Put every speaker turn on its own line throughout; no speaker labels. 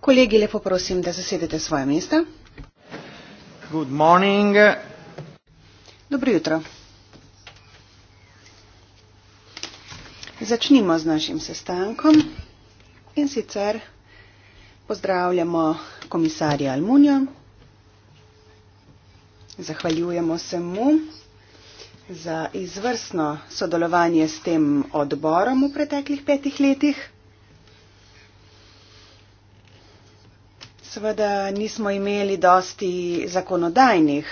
Kolegi, lepo prosim, da zasedete svoje mesta. Good morning. Dobro jutro. Začnimo z našim sestankom in sicer pozdravljamo komisarja Almunija. Zahvaljujemo se mu za izvrstno sodelovanje s tem odborom v preteklih petih letih. Seveda nismo imeli dosti zakonodajnih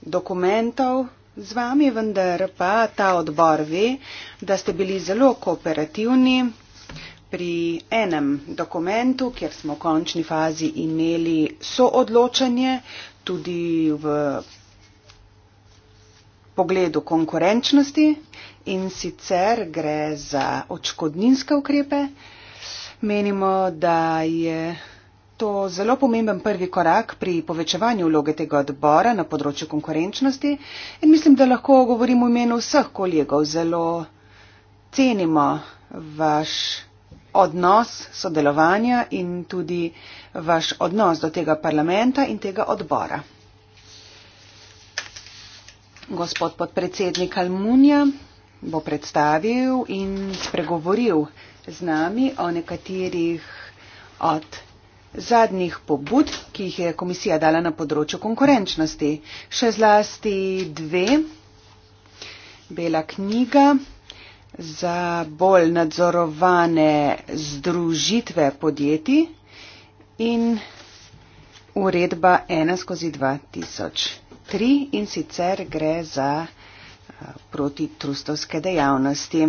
dokumentov z vami, vendar pa ta odbor ve, da ste bili zelo kooperativni pri enem dokumentu, kjer smo v končni fazi imeli soodločanje tudi v pogledu konkurenčnosti in sicer gre za očkodninske ukrepe. Menimo, da je to zelo pomemben prvi korak pri povečevanju vloge tega odbora na področju konkurenčnosti in mislim, da lahko govorim v imenu vseh kolegov. Zelo cenimo vaš odnos sodelovanja in tudi vaš odnos do tega parlamenta in tega odbora. Gospod podpredsednik Almunja bo predstavil in spregovoril z nami o nekaterih od zadnjih pobud, ki jih je komisija dala na področju konkurenčnosti. Še zlasti dve. Bela knjiga za bolj nadzorovane združitve podjetij in uredba 1 skozi 2000 tri in sicer gre za eh, protitrustovske dejavnosti.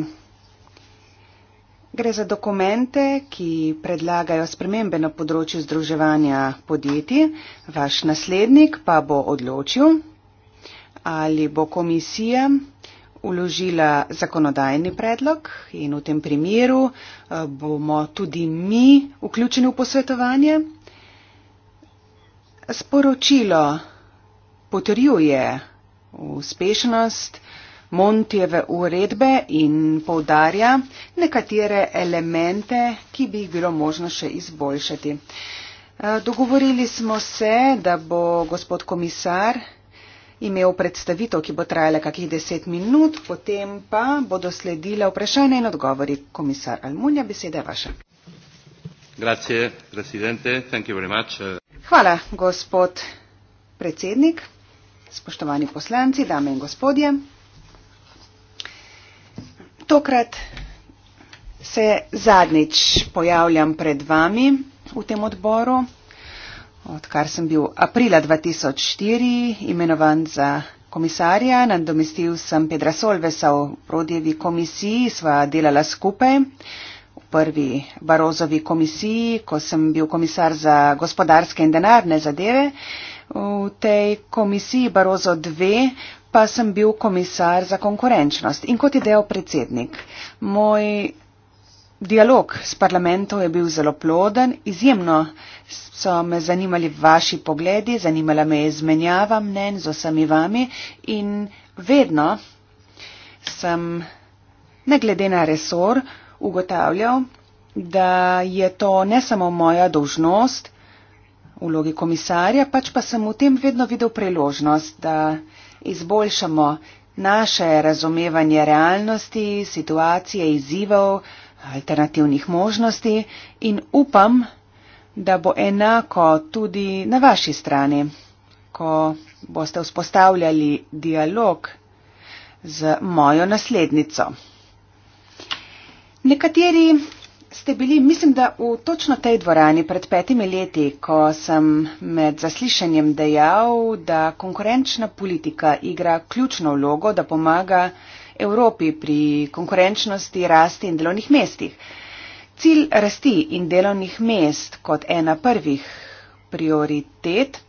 Gre za dokumente, ki predlagajo spremembe na področju združevanja podjetij. Vaš naslednik pa bo odločil, ali bo komisija uložila zakonodajni predlog in v tem primeru eh, bomo tudi mi vključeni v posvetovanje. Sporočilo potrjuje uspešnost Montijeve uredbe in povdarja nekatere elemente, ki bi jih bilo možno še izboljšati. E, dogovorili smo se, da bo gospod komisar imel predstavitev, ki bo trajala kakih deset minut, potem pa bodo sledile vprašanje in odgovori. Komisar Almunja, beseda je vaša. Grazie, Hvala, gospod predsednik spoštovani poslanci, dame in gospodje. Tokrat se zadnjič pojavljam pred vami v tem odboru, odkar sem bil aprila 2004 imenovan za komisarja. Nadomestil sem Pedra Solvesa v Prodjevi komisiji, sva delala skupaj v prvi Barozovi komisiji, ko sem bil komisar za gospodarske in denarne zadeve. V tej komisiji Barozo 2 pa sem bil komisar za konkurenčnost in kot je del predsednik. Moj dialog s parlamentom je bil zelo ploden, izjemno so me zanimali vaši pogledi, zanimala me je izmenjava mnen z vsemi vami in vedno sem, ne glede na resor, ugotavljal, da je to ne samo moja dožnost, vlogi komisarja, pač pa sem v tem vedno videl priložnost, da izboljšamo naše razumevanje realnosti, situacije, izzivov, alternativnih možnosti in upam, da bo enako tudi na vaši strani, ko boste vzpostavljali dialog z mojo naslednico. Nekateri ste bili, mislim, da v točno tej dvorani pred petimi leti, ko sem med zaslišanjem dejal, da konkurenčna politika igra ključno vlogo, da pomaga Evropi pri konkurenčnosti, rasti in delovnih mestih. Cilj rasti in delovnih mest kot ena prvih prioritet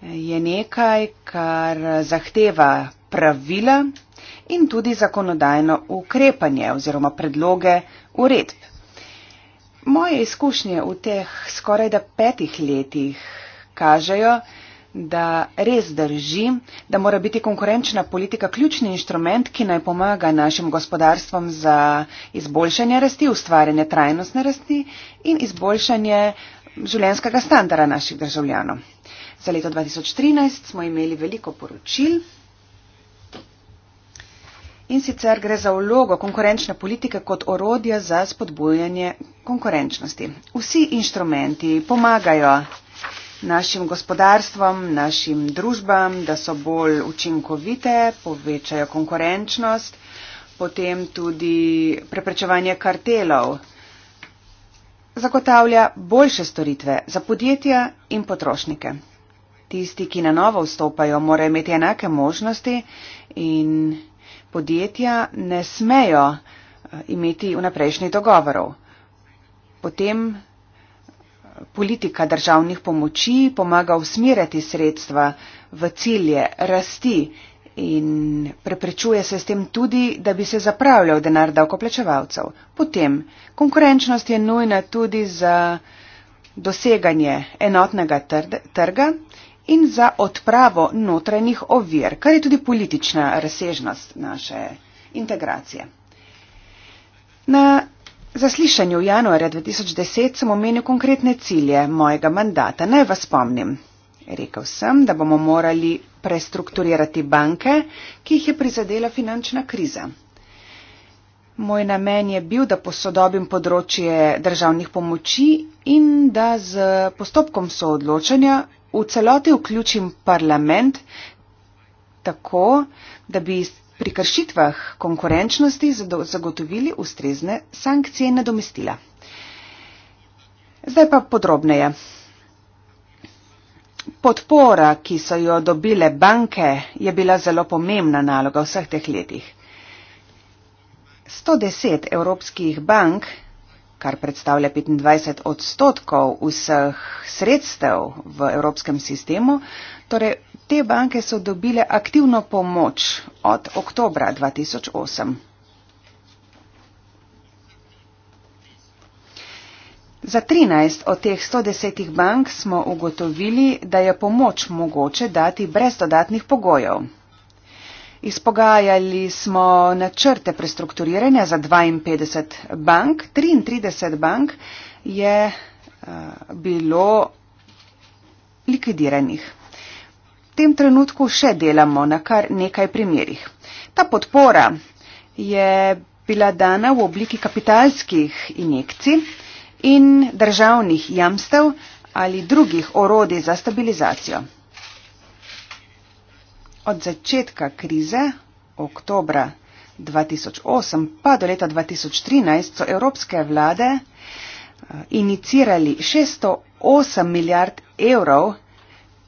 je nekaj, kar zahteva pravila in tudi zakonodajno ukrepanje oziroma predloge uredb moje izkušnje v teh skoraj da petih letih kažejo, da res drži, da mora biti konkurenčna politika ključni inštrument, ki naj pomaga našim gospodarstvom za izboljšanje rasti, ustvarjanje trajnostne rasti in izboljšanje življenskega standarda naših državljanov. Za leto 2013 smo imeli veliko poročil in sicer gre za vlogo konkurenčne politike kot orodja za spodbujanje konkurenčnosti. Vsi inštrumenti pomagajo našim gospodarstvom, našim družbam, da so bolj učinkovite, povečajo konkurenčnost, potem tudi preprečevanje kartelov zagotavlja boljše storitve za podjetja in potrošnike. Tisti, ki na novo vstopajo, morajo imeti enake možnosti in podjetja ne smejo eh, imeti vnaprejšnjih dogovorov. Potem eh, politika državnih pomoči pomaga usmirjati sredstva v cilje rasti in preprečuje se s tem tudi, da bi se zapravljal denar davkoplačevalcev. Potem konkurenčnost je nujna tudi za doseganje enotnega trga in za odpravo notranjih ovir, kar je tudi politična razsežnost naše integracije. Na zaslišanju v januarja 2010 sem omenil konkretne cilje mojega mandata. Naj vas spomnim. Rekel sem, da bomo morali prestrukturirati banke, ki jih je prizadela finančna kriza. Moj namen je bil, da posodobim področje državnih pomoči in da z postopkom soodločanja v celoti vključim parlament tako, da bi pri kršitvah konkurenčnosti zagotovili ustrezne sankcije in nadomestila. Zdaj pa podrobneje. Podpora, ki so jo dobile banke, je bila zelo pomembna naloga vseh teh letih. 110 evropskih bank kar predstavlja 25 odstotkov vseh sredstev v evropskem sistemu. Torej, te banke so dobile aktivno pomoč od oktobra 2008. Za 13 od teh 110 bank smo ugotovili, da je pomoč mogoče dati brez dodatnih pogojev. Izpogajali smo načrte prestrukturiranja za 52 bank, 33 bank je eh, bilo likvidiranih. V tem trenutku še delamo na kar nekaj primerjih. Ta podpora je bila dana v obliki kapitalskih injekcij in državnih jamstev ali drugih orodij za stabilizacijo od začetka krize, oktobra 2008 pa do leta 2013, so evropske vlade eh, inicirali 608 milijard evrov,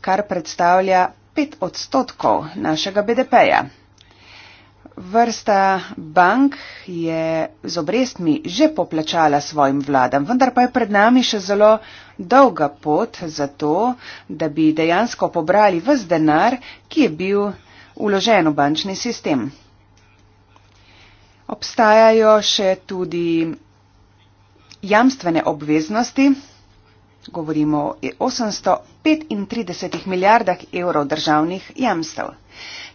kar predstavlja 5 odstotkov našega BDP-ja vrsta bank je z obrestmi že poplačala svojim vladam, vendar pa je pred nami še zelo dolga pot za to, da bi dejansko pobrali vse denar, ki je bil uložen v bančni sistem. Obstajajo še tudi jamstvene obveznosti, Govorimo o 835 milijardah evrov državnih jamstev.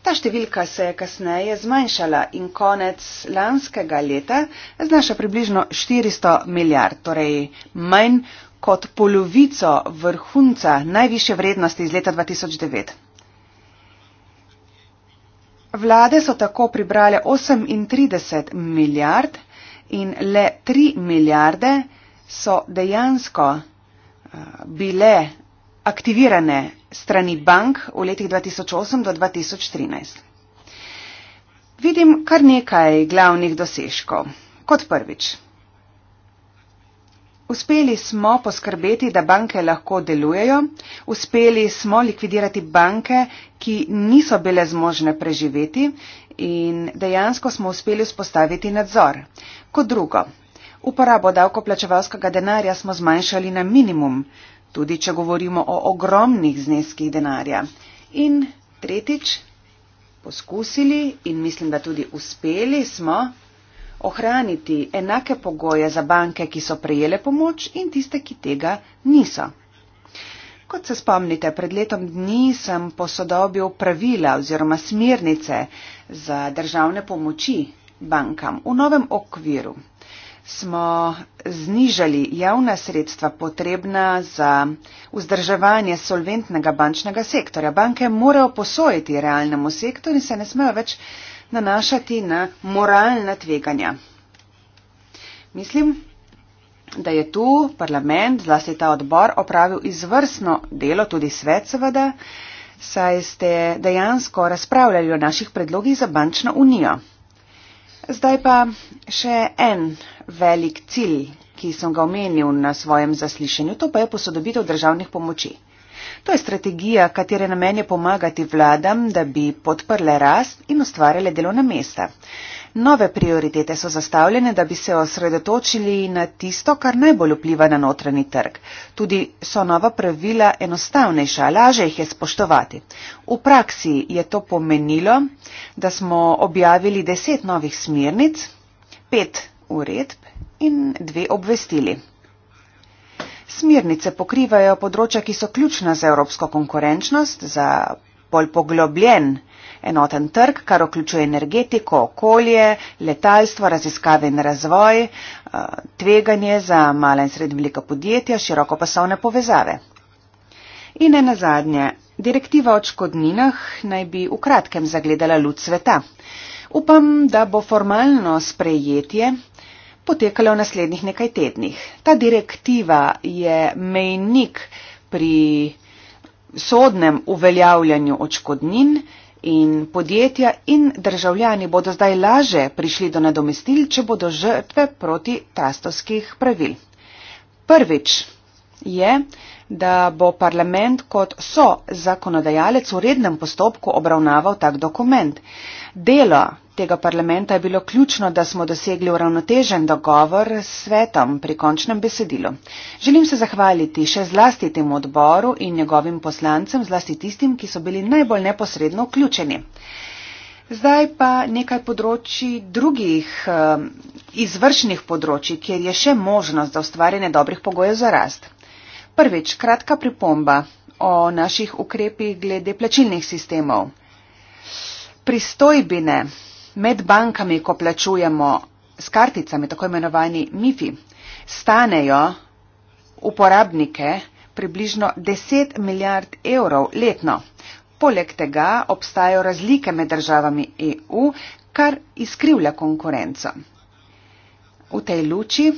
Ta številka se je kasneje zmanjšala in konec lanskega leta znaša približno 400 milijard, torej manj kot polovico vrhunca najviše vrednosti iz leta 2009. Vlade so tako pribrale 38 milijard in le 3 milijarde so dejansko bile aktivirane strani bank v letih 2008 do 2013. Vidim kar nekaj glavnih dosežkov. Kot prvič. Uspeli smo poskrbeti, da banke lahko delujejo, uspeli smo likvidirati banke, ki niso bile zmožne preživeti in dejansko smo uspeli vzpostaviti nadzor. Kot drugo, Uporabo davkoplačevalskega denarja smo zmanjšali na minimum, tudi če govorimo o ogromnih zneskih denarja. In tretjič, poskusili in mislim, da tudi uspeli smo ohraniti enake pogoje za banke, ki so prejele pomoč in tiste, ki tega niso. Kot se spomnite, pred letom dni sem posodobil pravila oziroma smernice za državne pomoči bankam v novem okviru smo znižali javna sredstva potrebna za vzdrževanje solventnega bančnega sektorja. Banke morajo posojiti realnemu sektorju in se ne smejo več nanašati na moralna tveganja. Mislim, da je tu parlament, zlasti ta odbor, opravil izvrstno delo, tudi svet seveda, saj ste dejansko razpravljali o naših predlogih za bančno unijo. Zdaj pa še en velik cilj, ki sem ga omenil na svojem zaslišanju, to pa je posodobitev državnih pomoči. To je strategija, katere namen je pomagati vladam, da bi podprle rast in ustvarjale delovna mesta. Nove prioritete so zastavljene, da bi se osredotočili na tisto, kar najbolj vpliva na notranji trg. Tudi so nova pravila enostavnejša, laže jih je spoštovati. V praksi je to pomenilo, da smo objavili deset novih smernic, pet uredb in dve obvestili. Smernice pokrivajo področja, ki so ključna za evropsko konkurenčnost, za bolj poglobljen enoten trg, kar vključuje energetiko, okolje, letalstvo, raziskave in razvoj, eh, tveganje za mala in sred velika podjetja, široko pasovne povezave. In ne nazadnje, direktiva o škodninah naj bi v kratkem zagledala lud sveta. Upam, da bo formalno sprejetje potekalo v naslednjih nekaj tednih. Ta direktiva je mejnik pri sodnem uveljavljanju očkodnin in podjetja in državljani bodo zdaj laže prišli do nadomestil, če bodo žrtve proti trastovskih pravil. Prvič je, da bo parlament kot so zakonodajalec v rednem postopku obravnaval tak dokument. Delo tega parlamenta je bilo ključno, da smo dosegli uravnotežen dogovor s svetom pri končnem besedilu. Želim se zahvaliti še zlasti temu odboru in njegovim poslancem, zlasti tistim, ki so bili najbolj neposredno vključeni. Zdaj pa nekaj področji drugih eh, izvršnih področji, kjer je še možnost za ustvarjanje dobrih pogojev za rast. Prvič, kratka pripomba o naših ukrepih glede plačilnih sistemov. Pristojbine med bankami, ko plačujemo s karticami, tako imenovani MIFI, stanejo uporabnike približno 10 milijard evrov letno. Poleg tega obstajajo razlike med državami EU, kar izkrivlja konkurenco. V tej luči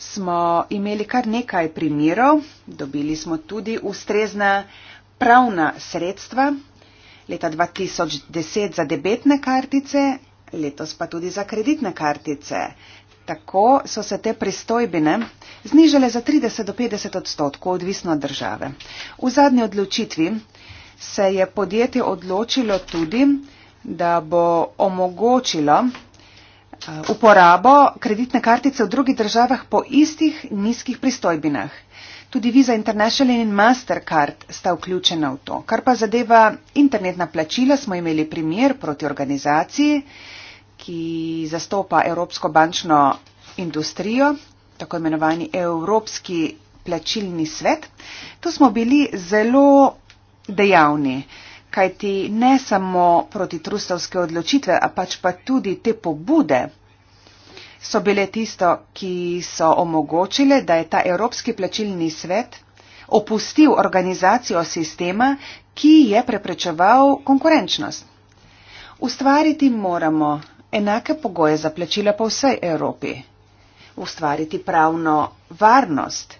smo imeli kar nekaj primerov, dobili smo tudi ustrezna pravna sredstva leta 2010 za debetne kartice, letos pa tudi za kreditne kartice. Tako so se te pristojbine znižale za 30 do 50 odstotkov, odvisno od države. V zadnji odločitvi se je podjetje odločilo tudi, da bo omogočilo Eh, uporabo kreditne kartice v drugih državah po istih nizkih pristojbinah. Tudi Visa International in Mastercard sta vključena v to. Kar pa zadeva internetna plačila, smo imeli primer proti organizaciji, ki zastopa Evropsko bančno industrijo, tako imenovani Evropski plačilni svet. Tu smo bili zelo dejavni kajti ne samo proti trustavske odločitve, a pač pa tudi te pobude so bile tisto, ki so omogočile, da je ta Evropski plačilni svet opustil organizacijo sistema, ki je preprečeval konkurenčnost. Ustvariti moramo enake pogoje za plačila po vsej Evropi. Ustvariti pravno varnost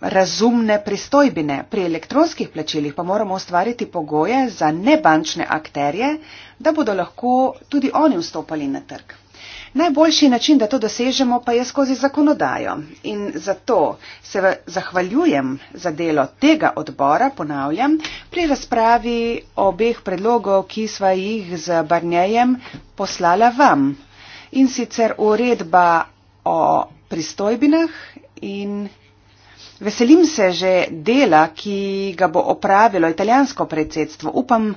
razumne pristojbine. Pri elektronskih plačilih pa moramo ustvariti pogoje za nebančne akterje, da bodo lahko tudi oni vstopali na trg. Najboljši način, da to dosežemo, pa je skozi zakonodajo. In zato se zahvaljujem za delo tega odbora, ponavljam, pri razpravi obeh predlogov, ki sva jih z Barnejem poslala vam. In sicer uredba o pristojbinah in Veselim se že dela, ki ga bo opravilo italijansko predsedstvo. Upam,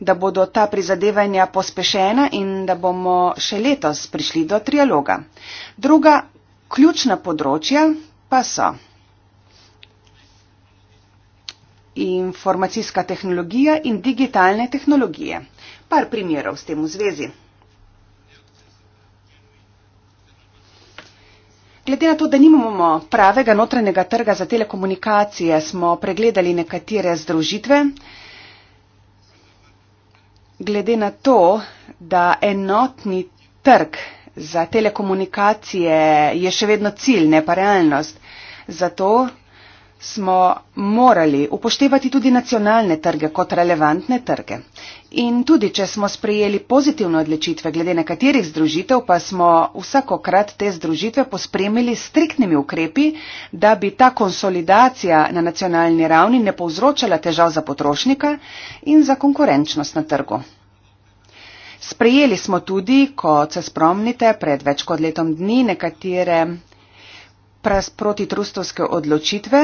da bodo ta prizadevanja pospešena in da bomo še letos prišli do trialoga. Druga ključna področja pa so informacijska tehnologija in digitalne tehnologije. Par primerov s tem v zvezi. Glede na to, da nimamo pravega notranjega trga za telekomunikacije, smo pregledali nekatere združitve. Glede na to, da enotni trg za telekomunikacije je še vedno cilj, ne pa realnost. Zato smo morali upoštevati tudi nacionalne trge kot relevantne trge. In tudi, če smo sprejeli pozitivne odločitve glede nekaterih združitev, pa smo vsakokrat te združitve pospremili striktnimi ukrepi, da bi ta konsolidacija na nacionalni ravni ne povzročala težav za potrošnika in za konkurenčnost na trgu. Sprejeli smo tudi, kot se spomnite, pred več kot letom dni nekatere pres protitrustovske odločitve,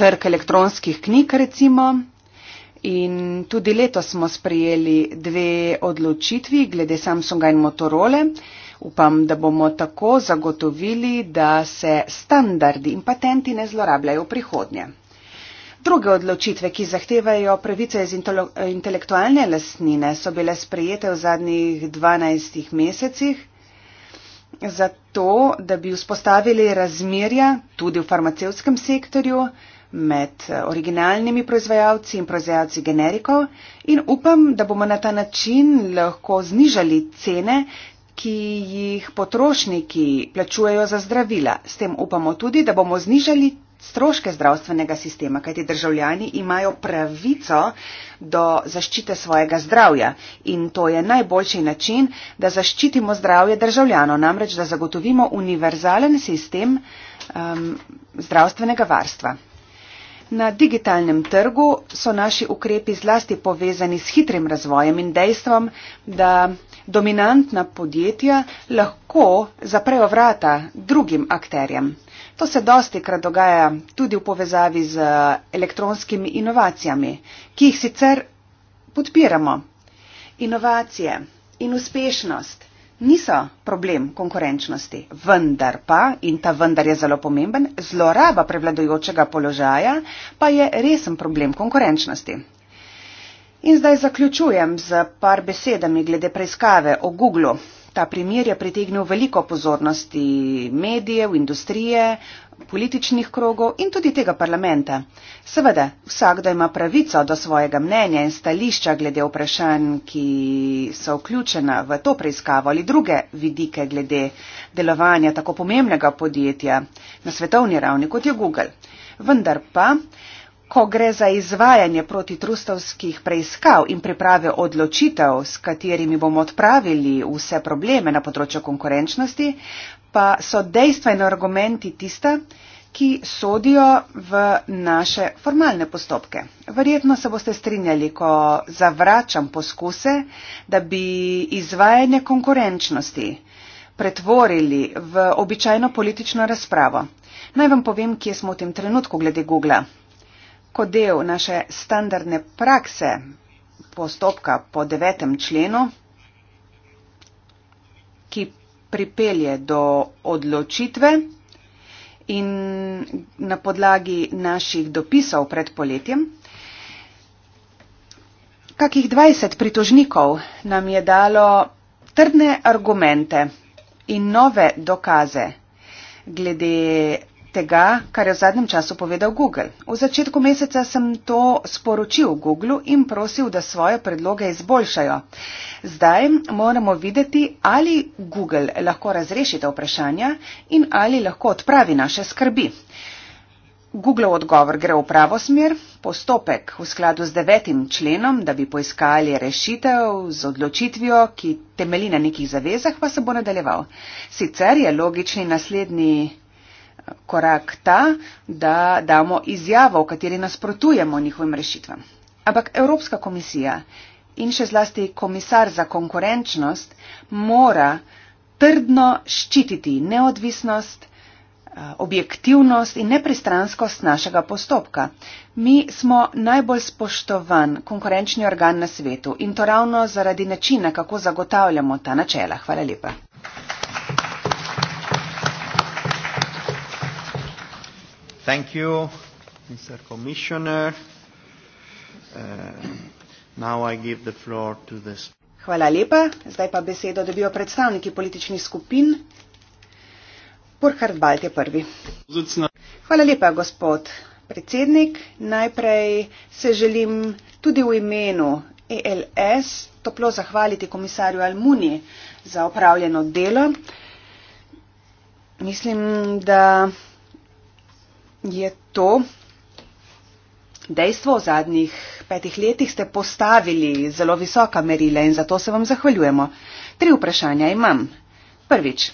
trg elektronskih knjig recimo. In tudi letos smo sprejeli dve odločitvi glede Samsunga in Motorola. Upam, da bomo tako zagotovili, da se standardi in patenti ne zlorabljajo v prihodnje. Druge odločitve, ki zahtevajo pravice iz intelektualne lasnine, so bile sprejete v zadnjih 12 mesecih za to, da bi vzpostavili razmerja tudi v farmacevskem sektorju med eh, originalnimi proizvajalci in proizvajalci generikov in upam, da bomo na ta način lahko znižali cene, ki jih potrošniki plačujejo za zdravila. S tem upamo tudi, da bomo znižali stroške zdravstvenega sistema, kajti državljani imajo pravico do zaščite svojega zdravja in to je najboljši način, da zaščitimo zdravje državljanov, namreč da zagotovimo univerzalen sistem um, zdravstvenega varstva. Na digitalnem trgu so naši ukrepi zlasti povezani s hitrim razvojem in dejstvom, da dominantna podjetja lahko zaprejo vrata drugim akterjem. To se dosti krat dogaja tudi v povezavi z eh, elektronskimi inovacijami, ki jih sicer podpiramo. Inovacije in uspešnost niso problem konkurenčnosti, vendar pa, in ta vendar je zelo pomemben, zloraba prevladojočega položaja pa je resen problem konkurenčnosti. In zdaj zaključujem z par besedami glede preiskave o Google. -u. Ta primer je pritegnil veliko pozornosti medijev, industrije, političnih krogov in tudi tega parlamenta. Seveda, vsakdo ima pravico do svojega mnenja in stališča glede vprašanj, ki so vključena v to preiskavo ali druge vidike glede delovanja tako pomembnega podjetja na svetovni ravni kot je Google. Vendar pa Ko gre za izvajanje protitrustovskih preiskav in priprave odločitev, s katerimi bomo odpravili vse probleme na področju konkurenčnosti, pa so dejstva in argumenti tiste, ki sodijo v naše formalne postopke. Verjetno se boste strinjali, ko zavračam poskuse, da bi izvajanje konkurenčnosti pretvorili v običajno politično razpravo. Naj vam povem, kje smo v tem trenutku glede Google. -a kot del naše standardne prakse postopka po devetem členu, ki pripelje do odločitve in na podlagi naših dopisov pred poletjem. Kakih 20 pritožnikov nam je dalo trdne argumente in nove dokaze glede tega, kar je v zadnjem času povedal Google. V začetku meseca sem to sporočil Google in prosil, da svoje predloge izboljšajo. Zdaj moramo videti, ali Google lahko razreši ta vprašanja in ali lahko odpravi naše skrbi. Google odgovor gre v pravo smer, postopek v skladu z devetim členom, da bi poiskali rešitev z odločitvijo, ki temeli na nekih zavezah, pa se bo nadaljeval. Sicer je logični naslednji korak ta, da damo izjavo, v kateri nasprotujemo njihovim rešitvam. Ampak Evropska komisija in še zlasti komisar za konkurenčnost mora trdno ščititi neodvisnost eh, objektivnost in nepristranskost našega postopka. Mi smo najbolj spoštovan konkurenčni organ na svetu in to ravno zaradi načina, kako zagotavljamo ta načela. Hvala lepa.
Thank you, Mr. Commissioner. Uh, now I give the floor to this.
Hvala lepa. Zdaj pa besedo dobijo predstavniki političnih skupin. Burkhard Balt je prvi. Hvala lepa, gospod predsednik. Najprej se želim tudi v imenu ELS toplo zahvaliti komisarju Almuni za opravljeno delo. Mislim, da je to dejstvo v zadnjih petih letih ste postavili zelo visoka merila in zato se vam zahvaljujemo. Tri vprašanja imam. Prvič.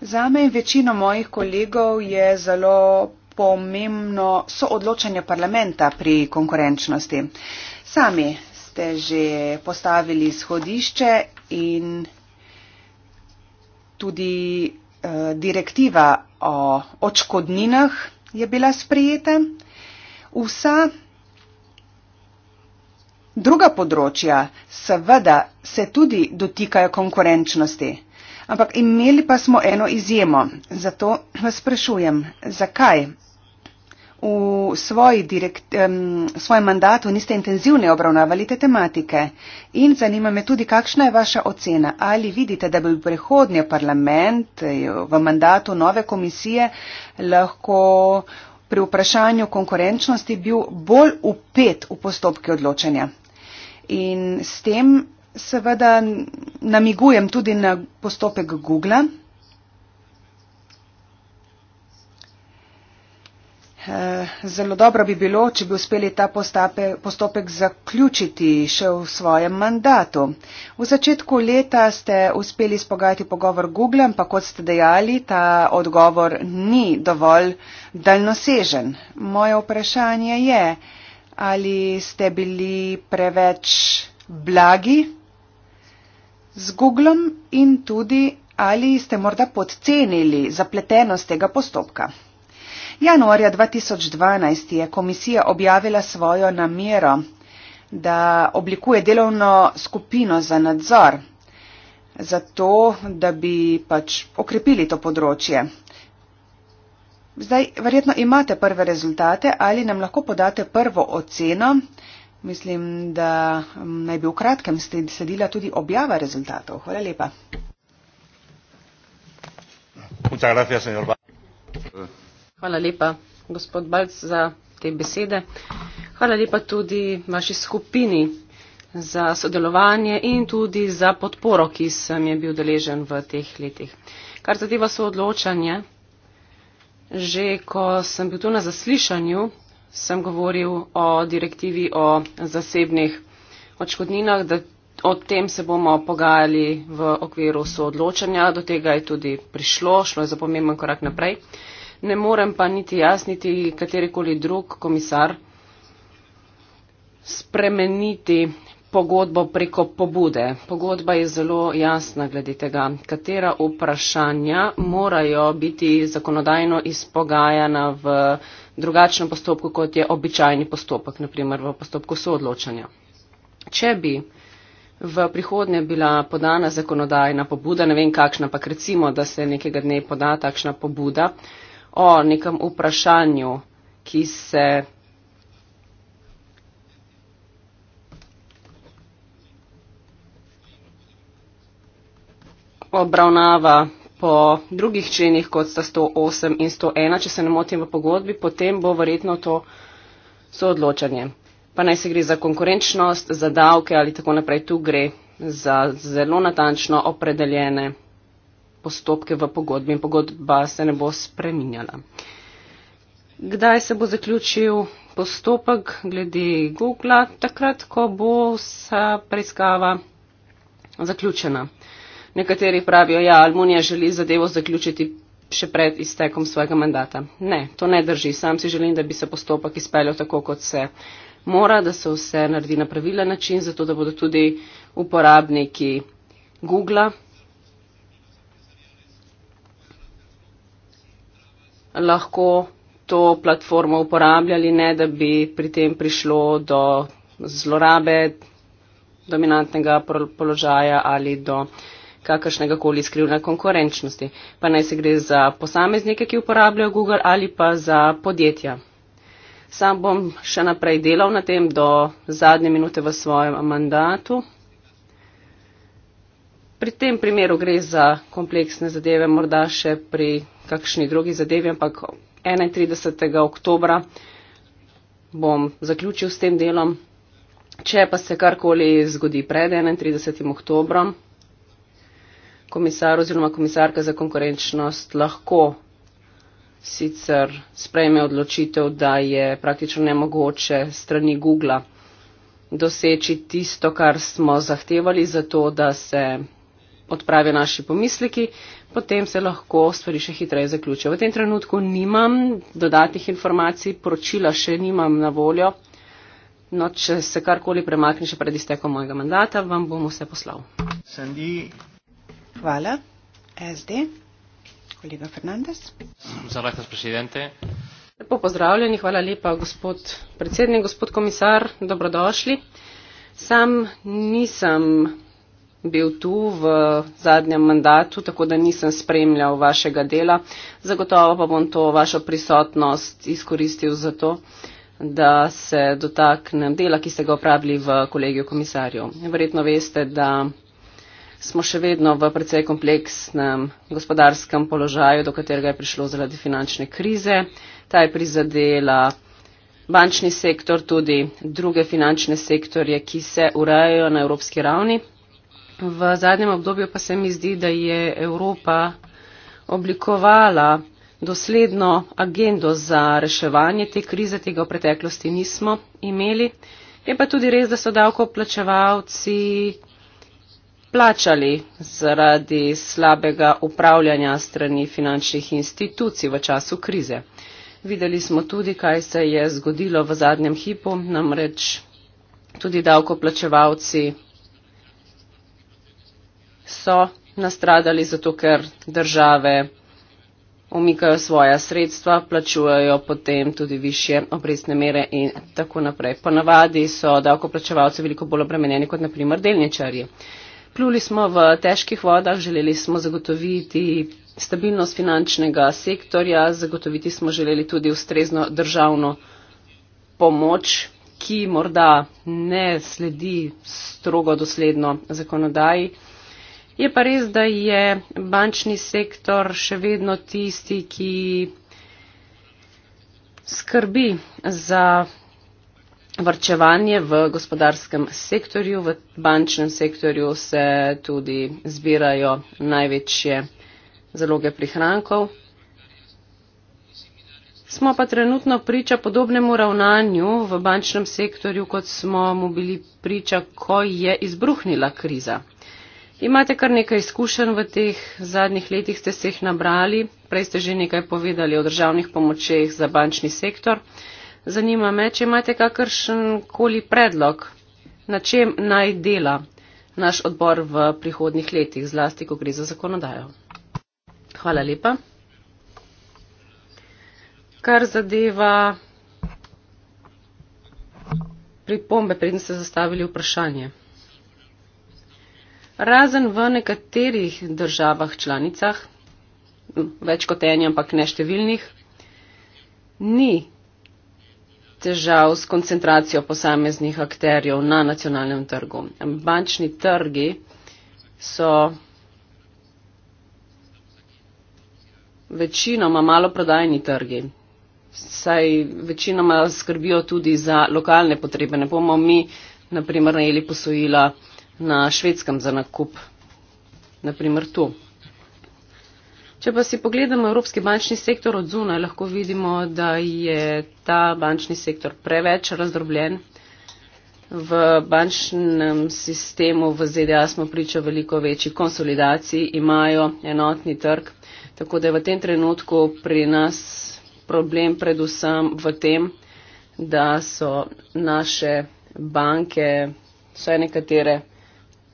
Za me in večino mojih kolegov je zelo pomembno soodločanje parlamenta pri konkurenčnosti. Sami ste že postavili shodišče in tudi eh, direktiva o očkodninah je bila sprijeta. Vsa druga področja seveda se tudi dotikajo konkurenčnosti, ampak imeli pa smo eno izjemo. Zato vas sprašujem, zakaj? v direkt, um, svojem mandatu niste intenzivno obravnavali te tematike. In zanima me tudi, kakšna je vaša ocena. Ali vidite, da bi prihodnji parlament eh, v mandatu nove komisije lahko pri vprašanju konkurenčnosti bil bolj upet v postopke odločanja. In s tem seveda namigujem tudi na postopek Google, Eh, zelo dobro bi bilo, če bi uspeli ta postape, postopek zaključiti še v svojem mandatu. V začetku leta ste uspeli spogajati pogovor Google, pa kot ste dejali, ta odgovor ni dovolj daljnosežen. Moje vprašanje je, ali ste bili preveč blagi z Googlem in tudi, ali ste morda podcenili zapletenost tega postopka. Januarja 2012 je komisija objavila svojo namero, da oblikuje delovno skupino za nadzor, zato da bi pač okrepili to področje. Zdaj, verjetno imate prve rezultate ali nam lahko podate prvo oceno. Mislim, da naj bi v kratkem sledila tudi objava rezultatov. Hvala lepa.
Muchas gracias, señor. Eh,
Hvala lepa, gospod Balc, za te besede. Hvala lepa tudi vaši skupini za sodelovanje in tudi za podporo, ki sem je bil deležen v teh letih. Kar zadeva svoje odločanje, že ko sem bil tu na zaslišanju, sem govoril o direktivi o zasebnih odškodninah, da o tem se bomo pogajali v okviru soodločanja, do tega je tudi prišlo, šlo je za pomemben korak naprej. Uh, ne morem pa niti jaz, niti katerikoli drug komisar spremeniti pogodbo preko pobude. Pogodba je zelo jasna glede tega, katera vprašanja morajo biti zakonodajno izpogajana v drugačnem postopku, kot je običajni postopek, naprimer v postopku soodločanja. Če bi v prihodnje bila podana zakonodajna pobuda, ne vem kakšna, pa recimo, da se nekega dne poda takšna pobuda, o nekem vprašanju, ki se obravnava po drugih členih, kot sta 108 in 101, če se ne motim v pogodbi, potem bo verjetno to soodločanje. Pa naj se gre za konkurenčnost, za davke ali tako naprej, tu gre za zelo natančno opredeljene postopke v pogodbi in pogodba se ne bo spreminjala. Kdaj se bo zaključil postopek glede Google, takrat, ko bo vsa preiskava zaključena. Nekateri pravijo, ja, Almunija želi zadevo zaključiti še pred iztekom svojega mandata. Ne, to ne drži. Sam si želim, da bi se postopek izpeljal tako, kot se mora, da se vse naredi na pravilen način, zato da bodo tudi uporabniki Google lahko to platformo uporabljali, ne da bi pri tem prišlo do zlorabe dominantnega položaja ali do kakršnega koli skrivna konkurenčnosti. Pa naj se gre za posameznike, ki uporabljajo Google ali pa za podjetja. Sam bom še naprej delal na tem do zadnje minute v svojem mandatu. Pri tem primeru gre za kompleksne zadeve, morda še pri kakšni drugi zadevi, ampak 31. oktober bom zaključil s tem delom. Če pa se karkoli zgodi pred 31. oktober, komisar oziroma komisarka za konkurenčnost lahko sicer sprejme odločitev, da je praktično nemogoče strani Google doseči tisto, kar smo zahtevali za to, da se odprave naši pomisleki, potem se lahko stvari še hitreje zaključijo. V tem trenutku nimam dodatnih informacij, poročila še nimam na voljo. No, če se karkoli premakne še pred iztekom mojega mandata, vam bom vse poslal.
Sandi. Hvala.
SD. Kolega Fernandez.
Zalahka, presidente.
Lepo pozdravljeni, hvala lepa, gospod predsednik, gospod komisar, dobrodošli. Sam nisem bil tu v zadnjem mandatu, tako da nisem spremljal vašega dela. Zagotovo pa bom to vašo prisotnost izkoristil za to, da se dotaknem dela, ki ste ga opravili v kolegiju komisarjev. Verjetno veste, da smo še vedno v precej kompleksnem gospodarskem položaju, do katerega je prišlo zaradi finančne krize. Ta je prizadela bančni sektor, tudi druge finančne sektorje, ki se urejajo na evropski ravni v zadnjem obdobju pa se mi zdi, da je Evropa oblikovala dosledno agendo za reševanje te krize, tega v preteklosti nismo imeli. Je pa tudi res, da so davkoplačevalci plačali zaradi slabega upravljanja strani finančnih institucij v času krize. Videli smo tudi, kaj se je zgodilo v zadnjem hipu, namreč tudi davkoplačevalci so nastradali zato, ker države omikajo svoja sredstva, plačujejo potem tudi više obrestne mere in tako naprej. Ponavadi so davkoplačevalci veliko bolj obremenjeni kot naprimer delničarji. Pluli smo v težkih vodah, želeli smo zagotoviti stabilnost finančnega sektorja, zagotoviti smo želeli tudi ustrezno državno pomoč, ki morda ne sledi strogo dosledno zakonodaji. Je pa res, da je bančni sektor še vedno tisti, ki skrbi za vrčevanje v gospodarskem sektorju. V bančnem sektorju se tudi zbirajo največje zaloge prihrankov. Smo pa trenutno priča podobnemu ravnanju v bančnem sektorju, kot smo mu bili priča, ko je izbruhnila kriza. Imate kar nekaj izkušenj v teh zadnjih letih, ste se jih nabrali, prej ste že nekaj povedali o državnih pomočeh za bančni sektor. Zanima me, če imate kakršen koli predlog, na čem naj dela naš odbor v prihodnih letih, zlasti, ko gre za zakonodajo. Hvala lepa. Kar zadeva pripombe, predtem ste zastavili vprašanje razen v nekaterih državah članicah, več kot eni, ampak neštevilnih, ni težav s koncentracijo posameznih akterjev na nacionalnem trgu. Bančni trgi so večinoma maloprodajni trgi, saj večinoma skrbijo tudi za lokalne potrebe. Ne bomo mi, naprimer, najeli posojila na švedskem za nakup. Naprimer tu. Če pa si pogledamo evropski bančni sektor od zunaj, lahko vidimo, da je ta bančni sektor preveč razdrobljen. V bančnem sistemu v ZDA smo priča veliko večji konsolidaciji, imajo enotni trg, tako da je v tem trenutku pri nas problem predvsem v tem, da so naše banke, vsaj nekatere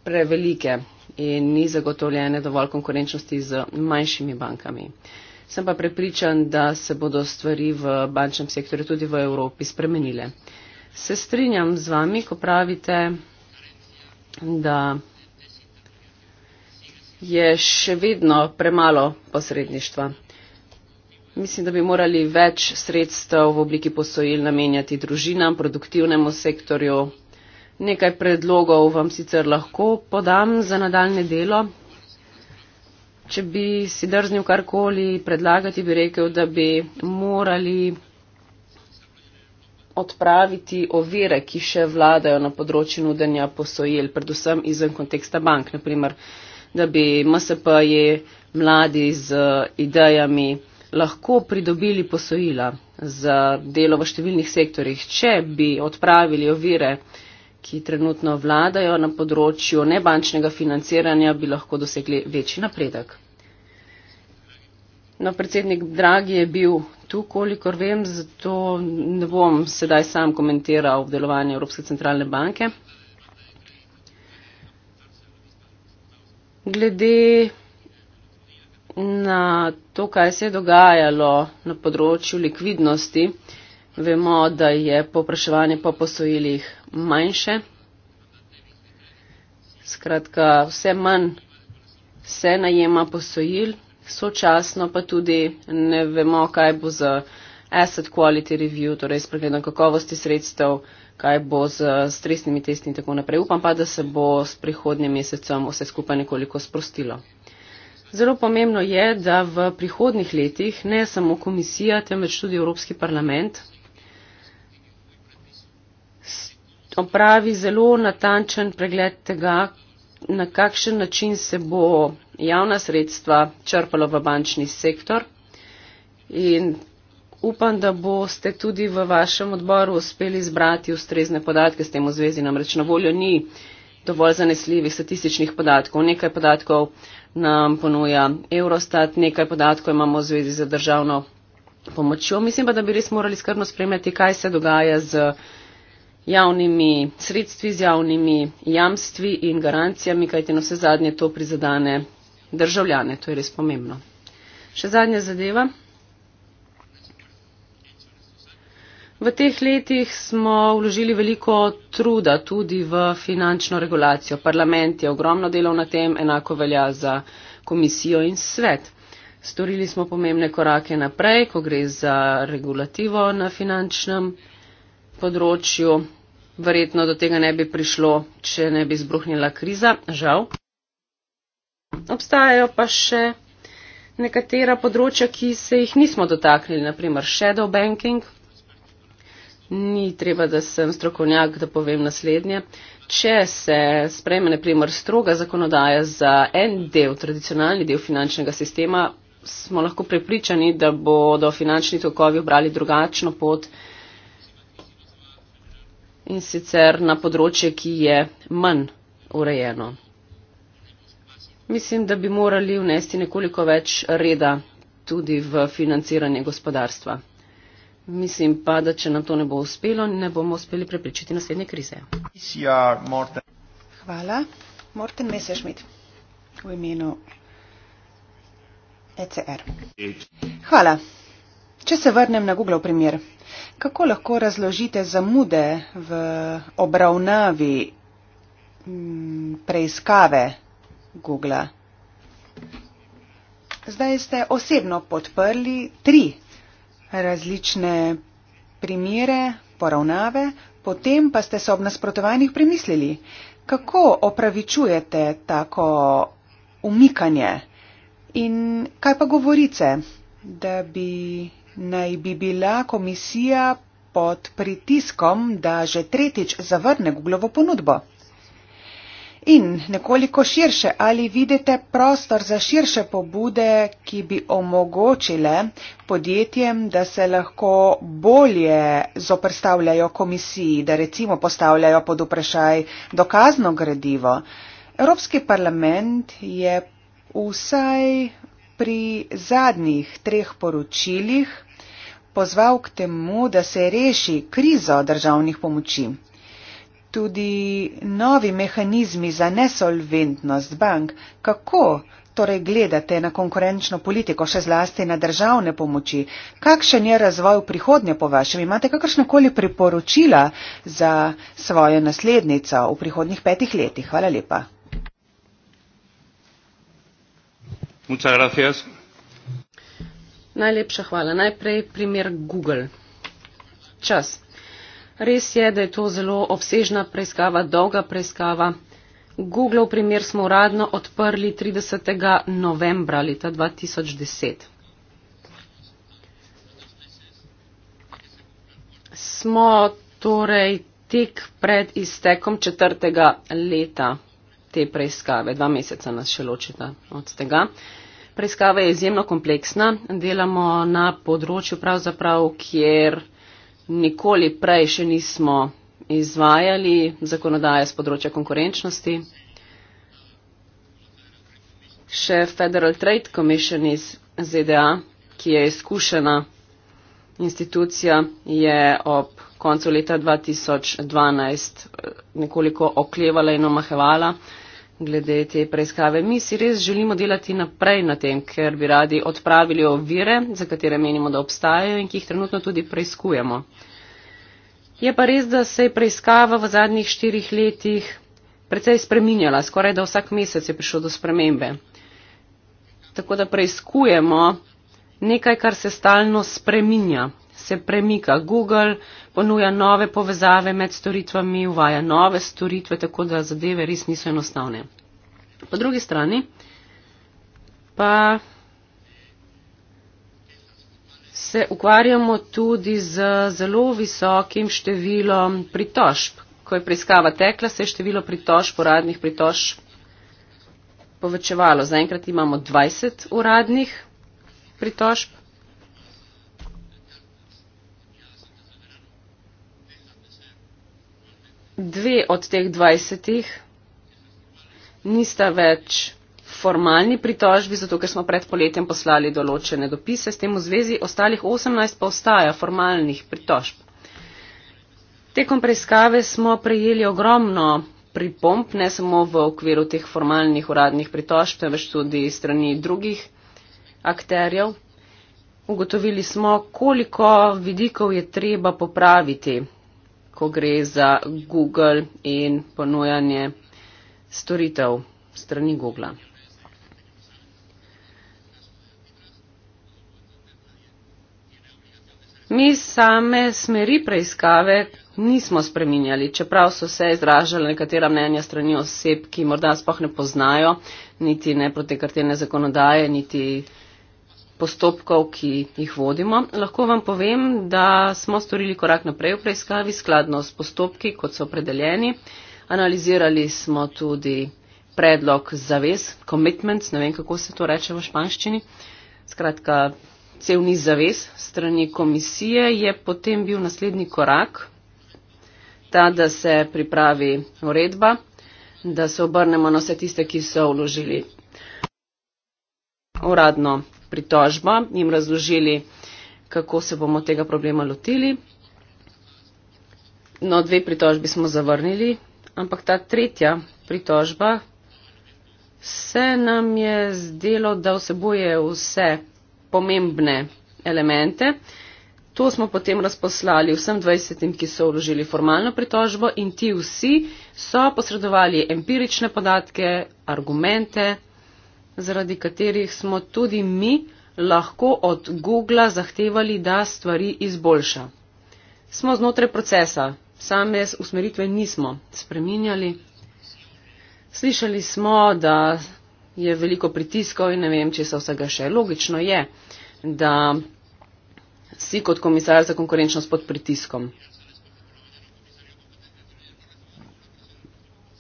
prevelike in ni zagotovljene dovolj konkurenčnosti z manjšimi bankami. Sem pa prepričan, da se bodo stvari v bančnem sektorju tudi v Evropi spremenile. Se strinjam z vami, ko pravite, da je še vedno premalo posredništva. Mislim, da bi morali več sredstev v obliki posojil namenjati družinam, produktivnemu sektorju, Nekaj predlogov vam sicer lahko podam za nadaljne delo. Če bi si drznil karkoli predlagati, bi rekel, da bi morali odpraviti ovire, ki še vladajo na področju nudenja posojil, predvsem izven konteksta bank. Naprimer, da bi MSP-ji mladi z idejami lahko pridobili posojila za delo v številnih sektorjih, če bi odpravili ovire, ki trenutno vladajo na področju nebančnega financiranja, bi lahko dosegli večji napredek. No, predsednik Dragi je bil tu, kolikor vem, zato ne bom sedaj sam komentiral delovanje Evropske centralne banke. Glede na to, kaj se je dogajalo na področju likvidnosti, vemo, da je popraševanje po posojilih manjše. Skratka, vse manj se najema posojil, sočasno pa tudi ne vemo, kaj bo z asset quality review, torej s pregledom kakovosti sredstev, kaj bo z stresnimi testi in tako naprej. Upam pa, da se bo s prihodnjim mesecem vse skupaj nekoliko sprostilo. Zelo pomembno je, da v prihodnih letih ne samo komisija, temveč tudi Evropski parlament opravi zelo natančen pregled tega, na kakšen način se bo javna sredstva črpalo v bančni sektor. In upam, da boste tudi v vašem odboru uspeli zbrati ustrezne podatke s tem v zvezi, namreč na voljo ni dovolj zanesljivih statističnih podatkov. Nekaj podatkov nam ponuja Eurostat, nekaj podatkov imamo v zvezi z državno pomočjo. Mislim pa, da bi res morali skrbno spremljati, kaj se dogaja z javnimi sredstvi, z javnimi jamstvi in garancijami, kajti na vse zadnje to prizadane državljane, to je res pomembno. Še zadnja zadeva. V teh letih smo vložili veliko truda tudi v finančno regulacijo. Parlament je ogromno delal na tem, enako velja za komisijo in svet. Storili smo pomembne korake naprej, ko gre za regulativo na finančnem področju verjetno do tega ne bi prišlo, če ne bi izbruhnila kriza, žal. Obstajajo pa še nekatera področja, ki se jih nismo dotaknili, naprimer shadow banking. Ni treba, da sem strokovnjak, da povem naslednje. Če se sprejme, naprimer, stroga zakonodaja za en del, tradicionalni del finančnega sistema, smo lahko prepričani, da bodo finančni tokovi obrali drugačno pot in sicer na področje, ki je manj urejeno. Mislim, da bi morali vnesti nekoliko več reda tudi v financiranje gospodarstva. Mislim pa, da če nam to ne bo uspelo, ne bomo uspeli prepričati naslednje krize.
Hvala. Morten Messerschmidt v imenu ECR. Hvala. Če se vrnem na Google primer. Kako lahko razložite zamude v obravnavi mm, preiskave Google? Zdaj ste osebno podprli tri različne primere poravnave, potem pa ste se ob nasprotovanjih premislili, kako opravičujete tako umikanje in kaj pa govorice, da bi naj bi bila komisija pod pritiskom, da že tretjič zavrne Googlovo ponudbo. In nekoliko širše, ali vidite prostor za širše pobude, ki bi omogočile podjetjem, da se lahko bolje zoprstavljajo komisiji, da recimo postavljajo pod vprašaj dokazno gradivo. Evropski parlament je vsaj pri zadnjih treh poročilih pozval k temu, da se reši krizo državnih pomoči. Tudi novi mehanizmi za nesolventnost bank, kako torej gledate na konkurenčno politiko, še zlasti na državne pomoči, kakšen je razvoj v prihodnje po vašem, imate kakršnakoli priporočila za svojo naslednico v prihodnjih petih letih? Hvala lepa. Muchas gracias.
Najlepša hvala. Najprej primer Google. Čas. Res je, da je to zelo obsežna preiskava, dolga preiskava. Google v primer smo uradno odprli 30. novembra leta 2010. Smo torej tik pred iztekom četrtega leta te preiskave, dva meseca nas še ločita od tega. Uh, preiskava je izjemno kompleksna. Delamo na področju, kjer nikoli prej še nismo izvajali zakonodaje z področja konkurenčnosti. Še Federal Trade Commission iz ZDA, ki je izkušena institucija, je ob koncu leta 2012 eh, nekoliko oklevala in omahevala glede te preiskave. Mi si res želimo delati naprej na tem, ker bi radi odpravili ovire, za katere menimo, da obstajajo in ki jih trenutno tudi preiskujemo. Je pa res, da se je preiskava v zadnjih štirih letih precej spreminjala, skoraj da vsak mesec je prišlo do spremembe. Tako da preiskujemo nekaj, kar se stalno spreminja se premika Google, ponuja nove povezave med storitvami, uvaja nove storitve, tako da zadeve res niso enostavne. Po drugi strani pa se ukvarjamo tudi z zelo visokim številom pritožb. Ko je preiskava tekla, se je število pritožb, uradnih pritožb povečevalo. Zaenkrat imamo 20 uradnih pritožb. dve od teh dvajsetih nista več formalni pritožbi, zato ker smo pred poletjem poslali določene dopise, s tem v zvezi ostalih 18 pa ostaja formalnih pritožb. Tekom preiskave smo prejeli ogromno pripomp, ne samo v okviru teh formalnih uradnih pritožb, temveč tudi strani drugih akterjev. Ugotovili smo, koliko vidikov je treba popraviti ko gre za Google in ponujanje storitev strani Google. Mi same smeri preiskave nismo spreminjali, čeprav so se izražale nekatera mnenja strani oseb, ki morda spoh ne poznajo niti ne protekartene zakonodaje, niti postopkov, ki jih vodimo. Lahko vam povem, da smo storili korak naprej v preiskavi skladno s postopki, kot so opredeljeni. Analizirali smo tudi predlog zavez, commitment, ne vem, kako se to reče v španščini. Skratka, cel niz zavez strani komisije je potem bil naslednji korak, ta, da se pripravi uredba, da se obrnemo na vse tiste, ki so vložili uradno pritožba, jim razložili, kako se bomo tega problema lotili. No, dve pritožbi smo zavrnili, ampak ta tretja pritožba se nam je zdelo, da vseboje vse pomembne elemente. To smo potem razposlali vsem 20, ki so vložili formalno pritožbo in ti vsi so posredovali empirične podatke, argumente, zaradi katerih smo tudi mi lahko od Google zahtevali, da stvari izboljša. Smo znotraj procesa, same usmeritve nismo spreminjali. Slišali smo, da je veliko pritiskov in ne vem, če se vsega še. Logično je, da si kot komisar za konkurenčnost pod pritiskom.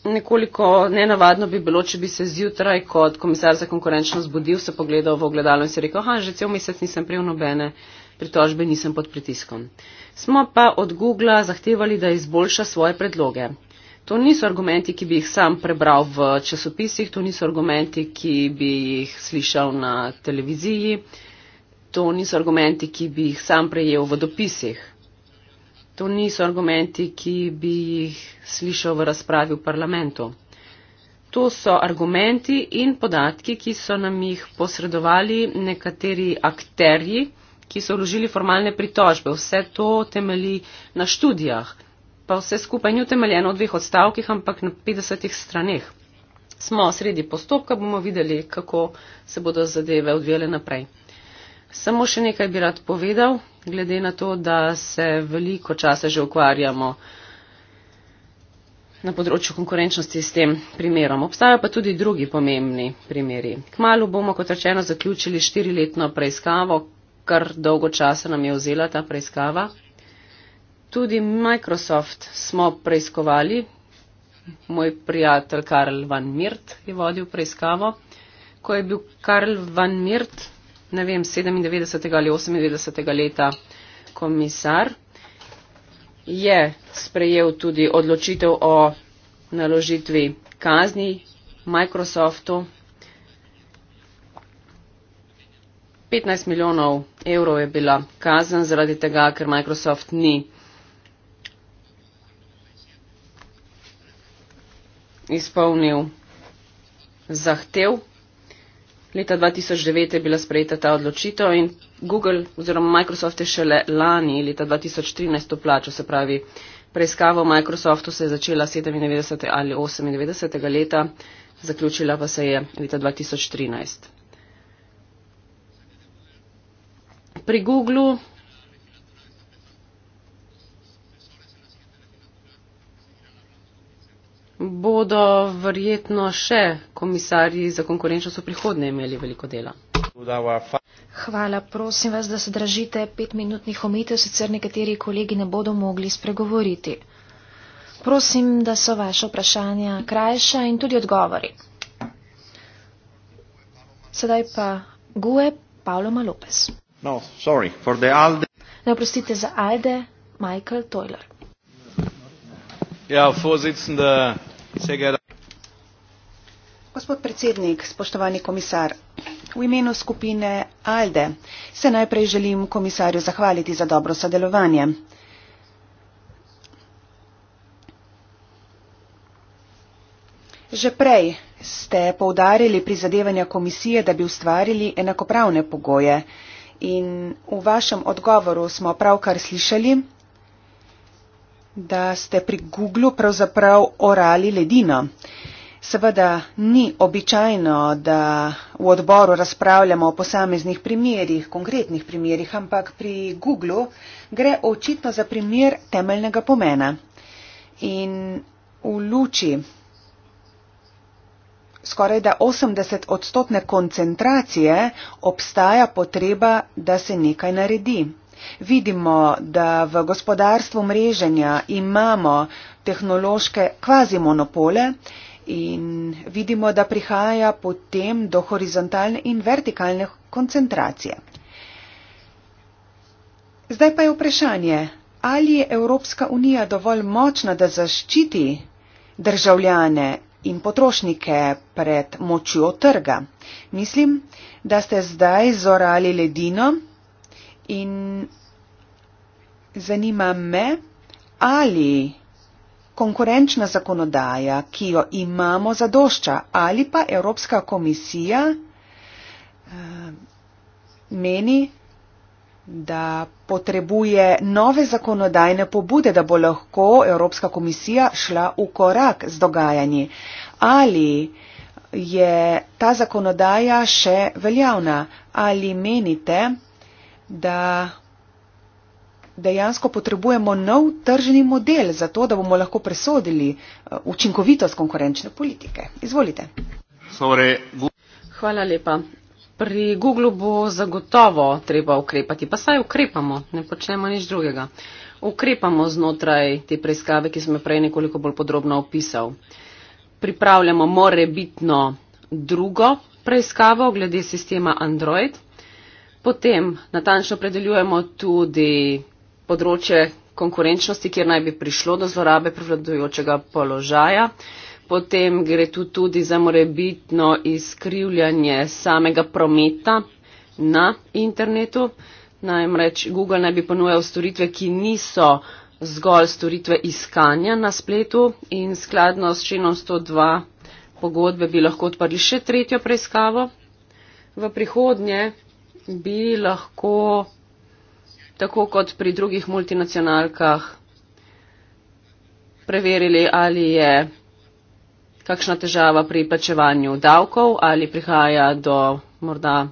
nekoliko nenavadno bi bilo, če bi se zjutraj kot komisar za konkurenčnost budil, se pogledal v ogledalo in si rekel, ha, že cel mesec nisem prijel nobene pritožbe, nisem pod pritiskom. Smo pa od Google zahtevali, da izboljša svoje predloge. To niso argumenti, ki bi jih sam prebral v časopisih, to niso argumenti, ki bi jih slišal na televiziji, to niso argumenti, ki bi jih sam prejel v dopisih. To niso argumenti, ki bi jih slišal v razpravi v parlamentu. To so argumenti in podatki, ki so nam jih posredovali nekateri akterji, ki so vložili formalne pritožbe. Vse to temeli na študijah. Pa vse skupaj ni utemeljeno v dveh odstavkih, ampak na 50 straneh. Smo sredi postopka, bomo videli, kako se bodo zadeve odvijale naprej. Samo še nekaj bi rad povedal, glede na to, da se veliko časa že ukvarjamo na področju konkurenčnosti s tem primerom. Obstajajo pa tudi drugi pomembni primeri. Kmalu bomo, kot rečeno, zaključili štiriletno preiskavo, kar dolgo časa nam je vzela ta preiskava. Tudi Microsoft smo preiskovali, moj prijatelj Karl Van Mirt je vodil preiskavo, ko je bil Karl Van Mirt ne vem, 97. ali 98. leta komisar, je sprejel tudi odločitev o naložitvi kazni Microsoftu. 15 milijonov evrov je bila kazen zaradi tega, ker Microsoft ni izpolnil zahtev Leta 2009 je bila sprejeta ta odločitev in Google oziroma Microsoft je šele lani, leta 2013, to plačo, se pravi, preiskava v Microsoftu se je začela 97. ali 98. leta, zaključila pa se je leta 2013. Pri Googlu bodo verjetno še komisarji za konkurenčnost v prihodnje imeli veliko dela.
Hvala, prosim vas, da se držite petminutnih omitev, sicer nekateri kolegi ne bodo mogli spregovoriti. Prosim, da so vaše vprašanja krajša in tudi odgovori. Sedaj pa Gue Pavloma Lopez.
No, sorry, for the Alde.
Ne oprostite za
Alde, Michael Toiler. Ja, gospod predsednik spoštovani komisar v imenu skupine alde se najprej želim komisarju zahvaliti za dobro sodelovanje že prej ste poudarili prizadevanja komisije da bi ustvarili enakopravne pogoje in v vašem odgovoru smo pravkar slišali da ste pri Google pravzaprav orali ledino. Seveda ni običajno, da v odboru razpravljamo o posameznih primerjih, konkretnih primerjih, ampak pri Google gre očitno za primer temeljnega pomena. In v luči skoraj da 80 odstotne koncentracije obstaja potreba, da se nekaj naredi. Vidimo, da v gospodarstvu mreženja imamo tehnološke kvazimonopole in vidimo, da prihaja potem do horizontalne in vertikalne koncentracije. Zdaj pa je vprašanje, ali je Evropska unija dovolj močna, da zaščiti državljane in potrošnike pred močjo trga. Mislim, da ste zdaj zorali ledino in zanima me, ali konkurenčna zakonodaja, ki jo imamo, zadošča ali pa Evropska komisija eh, meni, da potrebuje nove zakonodajne pobude, da bo lahko Evropska komisija šla v korak z dogajanji. Ali je ta zakonodaja še veljavna? Ali menite, da dejansko potrebujemo nov tržni model za to, da bomo lahko presodili eh, učinkovitost konkurenčne politike. Izvolite.
Hvala lepa. Pri Google bo zagotovo treba ukrepati, pa saj ukrepamo, ne počnemo nič drugega. Ukrepamo znotraj te preiskave, ki sem jo prej nekoliko bolj podrobno opisal. Pripravljamo morebitno drugo preiskavo glede sistema Android potem natančno predeljujemo tudi področje konkurenčnosti, kjer naj bi prišlo do zlorabe prevladujočega položaja. Potem gre tu tudi za morebitno izkrivljanje samega prometa na internetu. Namreč Google naj bi ponujal storitve, ki niso zgolj storitve iskanja na spletu in skladno s členom 102 pogodbe bi lahko odprli še tretjo preiskavo. V prihodnje bi lahko, tako kot pri drugih multinacionalkah, preverili, ali je kakšna težava pri plačevanju davkov, ali prihaja do morda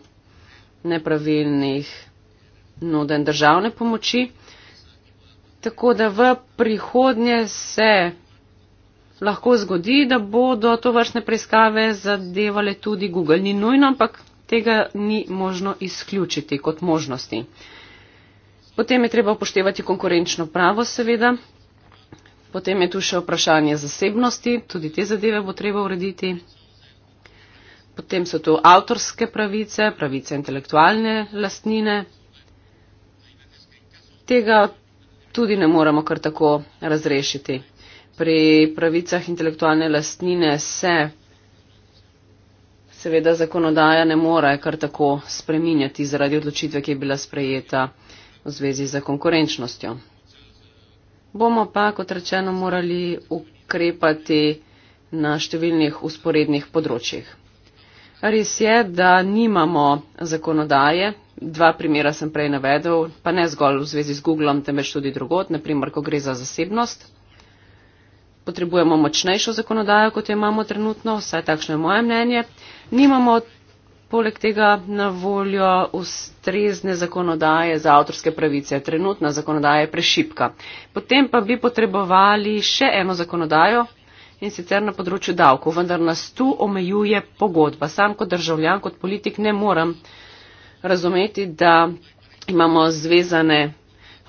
nepravilnih nuden državne pomoči. Tako da v prihodnje se lahko zgodi, da bodo to vrstne preiskave zadevale tudi Google. Ni nujno, ampak tega ni možno izključiti kot možnosti. Potem je treba upoštevati konkurenčno pravo, seveda. Potem je tu še vprašanje zasebnosti, tudi te zadeve bo treba urediti. Potem so tu avtorske pravice, pravice intelektualne lastnine. Tega tudi ne moramo kar tako razrešiti. Pri pravicah intelektualne lastnine se seveda zakonodaja ne more kar tako spreminjati zaradi odločitve, ki je bila sprejeta v zvezi za konkurenčnostjo. Bomo pa, kot rečeno, morali ukrepati na številnih usporednih področjih. Res je, da nimamo zakonodaje. Dva primera sem prej navedel, pa ne zgolj v zvezi z Googlom, temveč tudi drugot, naprimer, ko gre za zasebnost potrebujemo močnejšo zakonodajo, kot jo imamo trenutno, vsaj takšno je moje mnenje. Nimamo poleg tega na voljo ustrezne zakonodaje za avtorske pravice. Trenutna zakonodaja je prešipka. Potem pa bi potrebovali še eno zakonodajo in sicer na področju davkov, vendar nas tu omejuje pogodba. Sam kot državljan, kot politik ne moram razumeti, da imamo zvezane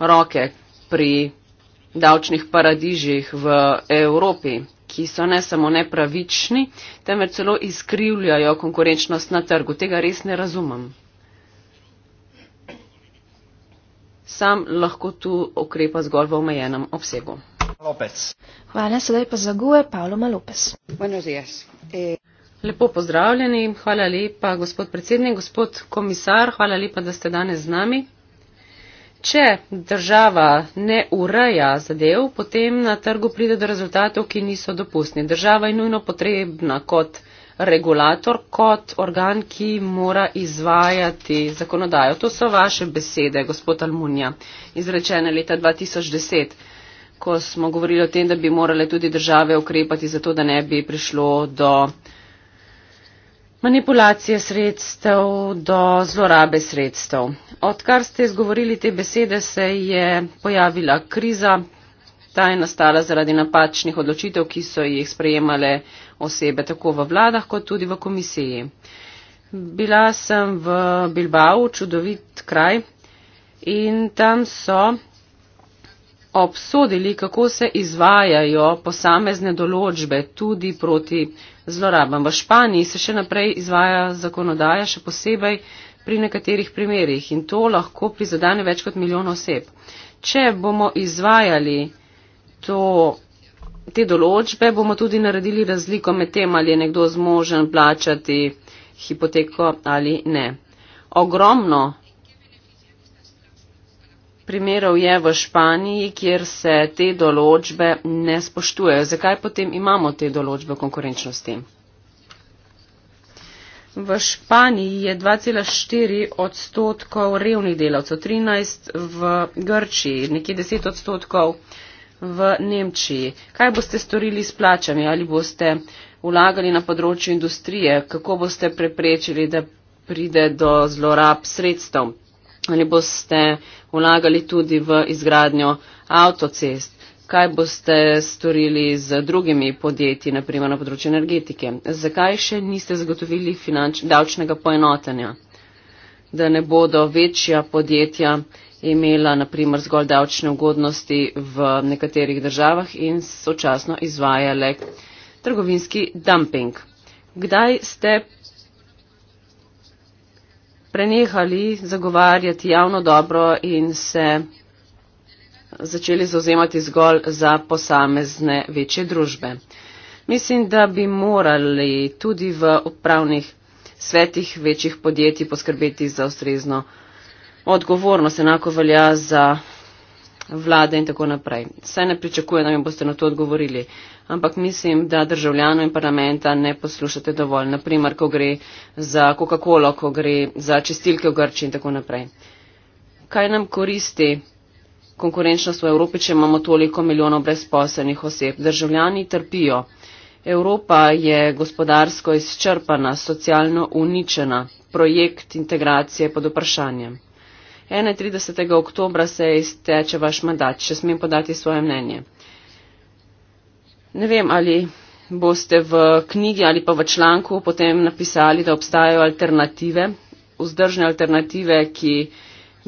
roke pri davčnih paradižih v Evropi, ki so ne samo nepravični, temveč celo izkrivljajo konkurenčnost na trgu. Tega res ne razumem. Sam lahko tu ukrepa zgolj v omejenem obsegu.
Lopez. Hvala, sedaj pa zaguje Pavlo Malopes. Eh,
Lepo pozdravljeni, hvala lepa gospod predsednik, gospod komisar, hvala lepa, da ste danes z nami. Če država ne ureja zadev, potem na trgu pride do rezultatov, ki niso dopustni. Država je nujno potrebna kot regulator, kot organ, ki mora izvajati zakonodajo. To so vaše besede, gospod Almunja, izrečene leta 2010, ko smo govorili o tem, da bi morale tudi države ukrepati zato, da ne bi prišlo do manipulacije sredstev do zlorabe sredstev. Odkar ste izgovorili te besede, se je pojavila kriza. Ta je nastala zaradi napačnih odločitev, ki so jih sprejemale osebe tako v vladah, kot tudi v komisiji. Bila sem v Bilbao, čudovit kraj, in tam so obsodili, kako se izvajajo posamezne določbe tudi proti zlorabam. V Španiji se še naprej izvaja zakonodaja, še posebej pri nekaterih primerjih in to lahko prizadane več kot milijon oseb. Če bomo izvajali to, te določbe, bomo tudi naredili razliko med tem, ali je nekdo zmožen plačati hipoteko ali ne. Ogromno primerov je v Španiji, kjer se te določbe ne spoštujejo. Zakaj potem imamo te določbe o konkurenčnosti? V Španiji je 2,4 odstotkov revnih delavcev, 13 v Grčiji, nekje 10 odstotkov v Nemčiji. Kaj boste storili s plačami? Ali boste vlagali na področju industrije? Kako boste preprečili, da pride do zlorab sredstev? ali boste vlagali tudi v izgradnjo avtocest. Kaj boste storili z drugimi podjetji, naprimer na področju energetike? Zakaj še niste zagotovili finanč, davčnega poenotenja? Da ne bodo večja podjetja imela naprimer zgolj davčne ugodnosti v nekaterih državah in sočasno izvajale trgovinski dumping. Kdaj ste prenehali zagovarjati javno dobro in se začeli zauzemati zgolj za posamezne večje družbe. Mislim, da bi morali tudi v upravnih svetih večjih podjetij poskrbeti za ustrezno odgovornost, enako velja za vlade in tako naprej. Vse ne pričakujem, da mi boste na to odgovorili ampak mislim, da državljanov in parlamenta ne poslušate dovolj. Naprimer, ko gre za Coca-Cola, ko gre za čistilke v Grči in tako naprej. Kaj nam koristi? konkurenčnost v Evropi, če imamo toliko milijonov brezposelnih oseb. Državljani trpijo. Evropa je gospodarsko izčrpana, socialno uničena. Projekt integracije pod vprašanjem. 31. oktobra se izteče vaš mandat, če smem podati svoje mnenje ne vem, ali boste v knjigi ali pa v članku potem napisali, da obstajajo alternative, vzdržne alternative, ki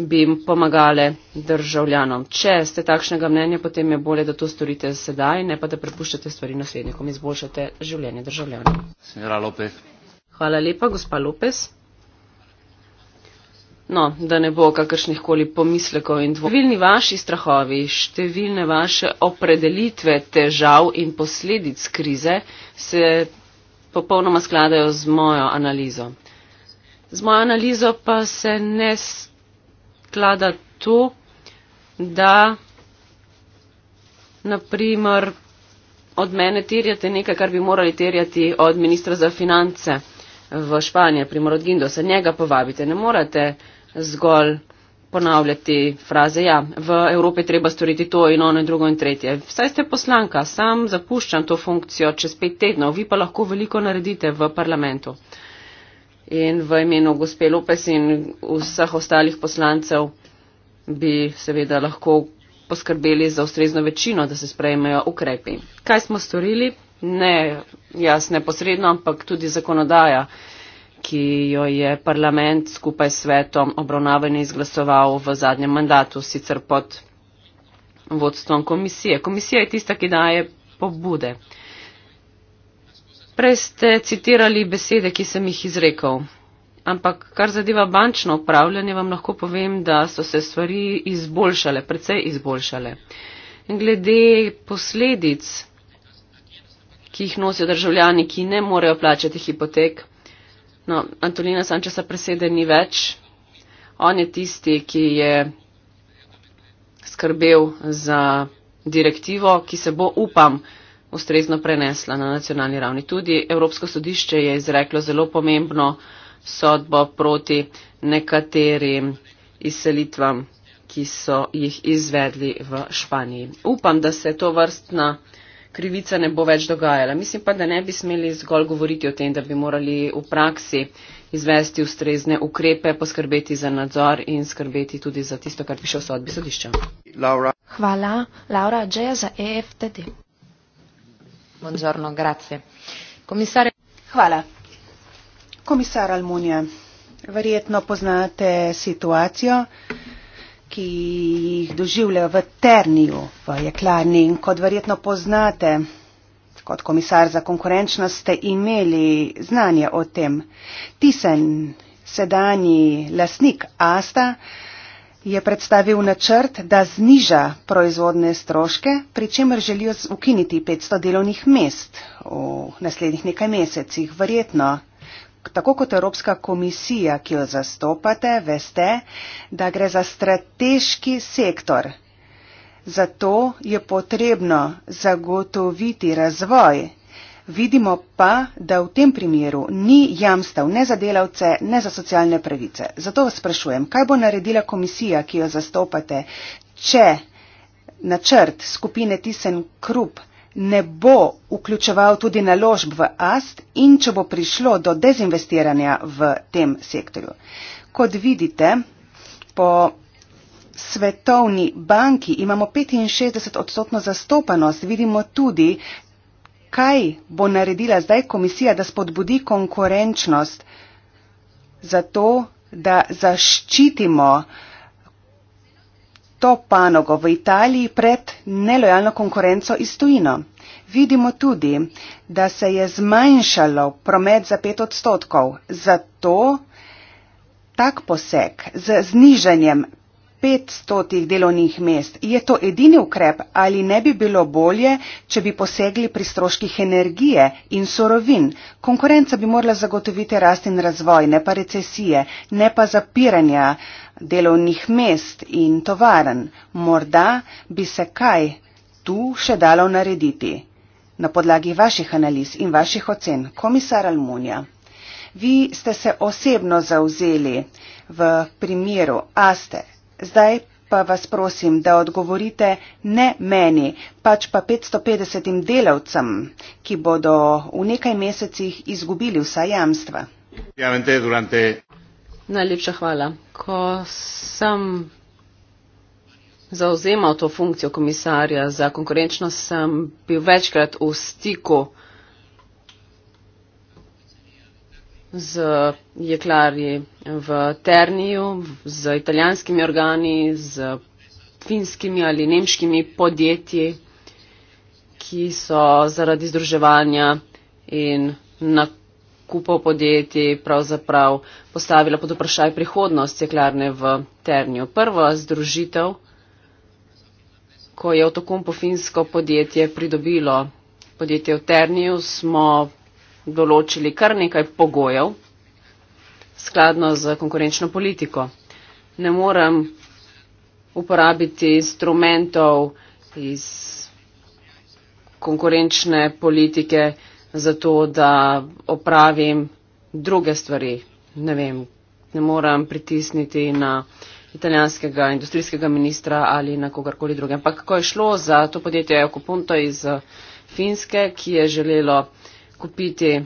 bi jim pomagale državljanom. Če ste takšnega mnenja, potem je bolje, da to storite sedaj, ne pa da prepuščate stvari naslednikom, izboljšate življenje državljanov. Hvala lepa, gospa Lopes. No, da ne bo kakršnih koli pomislekov in dvomov. Številni vaši strahovi, številne vaše opredelitve težav in posledic krize se popolnoma skladajo z mojo analizo. Z mojo analizo pa se ne sklada to, da naprimer od mene terjate nekaj, kar bi morali terjati od ministra za finance v Španiji, naprimer od Gindosa, njega povabite. Ne morate zgolj ponavljati fraze, ja, v Evropi treba storiti to in ono in drugo in tretje. Saj ste poslanka, sam zapuščam to funkcijo čez pet tednov, vi pa lahko veliko naredite v parlamentu. In v imenu gospe Lopes in vseh ostalih poslancev bi seveda lahko poskrbeli za ustrezno večino, da se sprejmejo ukrepi. Kaj smo storili? Ne, jaz neposredno, ampak tudi zakonodaja ki jo je parlament skupaj s svetom obravnaval in izglasoval v zadnjem mandatu, sicer pod vodstvom komisije. Komisija je tista, ki daje pobude. Prej ste citirali besede, ki sem jih izrekel, ampak kar zadeva bančno upravljanje, vam lahko povem, da so se stvari izboljšale, precej izboljšale. Glede posledic, ki jih nosijo državljani, ki ne morejo plačati hipotek, No, Antolina Sančesa presede ni več. On je tisti, ki je skrbel za direktivo, ki se bo, upam, ustrezno prenesla na nacionalni ravni. Tudi Evropsko sodišče je izreklo zelo pomembno sodbo proti nekaterim izselitvam, ki so jih izvedli v Španiji. Upam, da se to vrstna krivica ne bo več dogajala. Mislim pa, da ne bi smeli zgolj govoriti o tem, da bi morali v praksi izvesti ustrezne ukrepe, poskrbeti za nadzor in skrbeti tudi za tisto, kar piše v sodbi sodišča.
Laura.
Hvala. Laura Džeja za EFTD.
Buongiorno, grazie. Komisar... Hvala. Komisar Almunija, verjetno poznate situacijo ki jih doživljajo v Terniju, v jeklarni. In kot verjetno poznate, kot komisar za konkurenčnost ste imeli znanje o tem. Tisen, sedanji lasnik Asta, je predstavil načrt, da zniža proizvodne stroške, pri čemer želijo ukiniti 500 delovnih mest v naslednjih nekaj mesecih. Verjetno tako kot Evropska komisija, ki jo zastopate, veste, da gre za strateški sektor. Zato je potrebno zagotoviti razvoj. Vidimo pa, da v tem primeru ni jamstav ne za delavce, ne za socialne pravice. Zato vas sprašujem, kaj bo naredila komisija, ki jo zastopate, če načrt skupine Tisen Krup ne bo vključeval tudi naložb v AST in če bo prišlo do dezinvestiranja v tem sektorju. Kot vidite, po svetovni banki imamo 65 odstotno zastopanost. Vidimo tudi, kaj bo naredila zdaj komisija, da spodbudi konkurenčnost zato, da zaščitimo uh, to panogo v Italiji pred nelojalno konkurenco iz tujino. Vidimo tudi, da se je zmanjšalo promet za pet odstotkov, zato tak poseg z znižanjem 500 delovnih mest. Je to edini ukrep ali ne bi bilo bolje, če bi posegli pri stroških energije in sorovin? Konkurenca bi morala zagotoviti rast in razvoj, ne pa recesije, ne pa zapiranja uh, delovnih mest in tovaren. Morda bi se kaj tu še dalo narediti na podlagi vaših analiz in vaših ocen, komisar Almunja. Vi ste se osebno zauzeli v primeru Aste. Zdaj pa vas prosim, da odgovorite ne meni, pač pa 550 delavcem, ki bodo v nekaj mesecih izgubili vsa jamstva. Najlepša
hvala ko sem zauzemal to funkcijo komisarja za konkurenčnost, sem bil večkrat v stiku z jeklarji v Terniju, z italijanskimi organi, z finskimi ali nemškimi podjetji, ki so zaradi združevanja in nakupov kupov podjetij pravzaprav postavila pod vprašaj prihodnost steklarne v Ternju. Prva združitev, ko je otokumpo finsko podjetje pridobilo podjetje v Ternju, smo določili kar nekaj pogojev skladno z konkurenčno politiko. Ne morem uporabiti instrumentov iz konkurenčne politike, zato, da opravim druge stvari. Ne vem, ne moram pritisniti na italijanskega industrijskega ministra ali na kogarkoli druge. Ampak ko je šlo za to podjetje Ecopunto iz eh, Finske, ki je želelo kupiti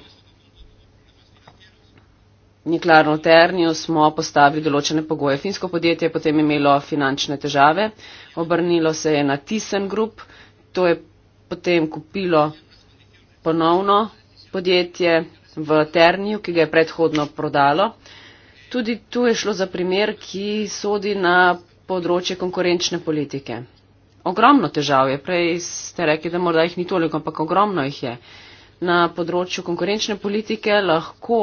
Niklarno Ternijo, smo postavili določene pogoje. Finsko podjetje je potem imelo finančne težave, obrnilo se je na Thyssen Group, to je potem kupilo ponovno podjetje v Terniju, ki ga je predhodno prodalo. Tudi tu je šlo za primer, ki sodi na področje konkurenčne politike. Ogromno težav je, prej ste rekli, da morda jih ni toliko, ampak ogromno jih je. Na področju konkurenčne politike lahko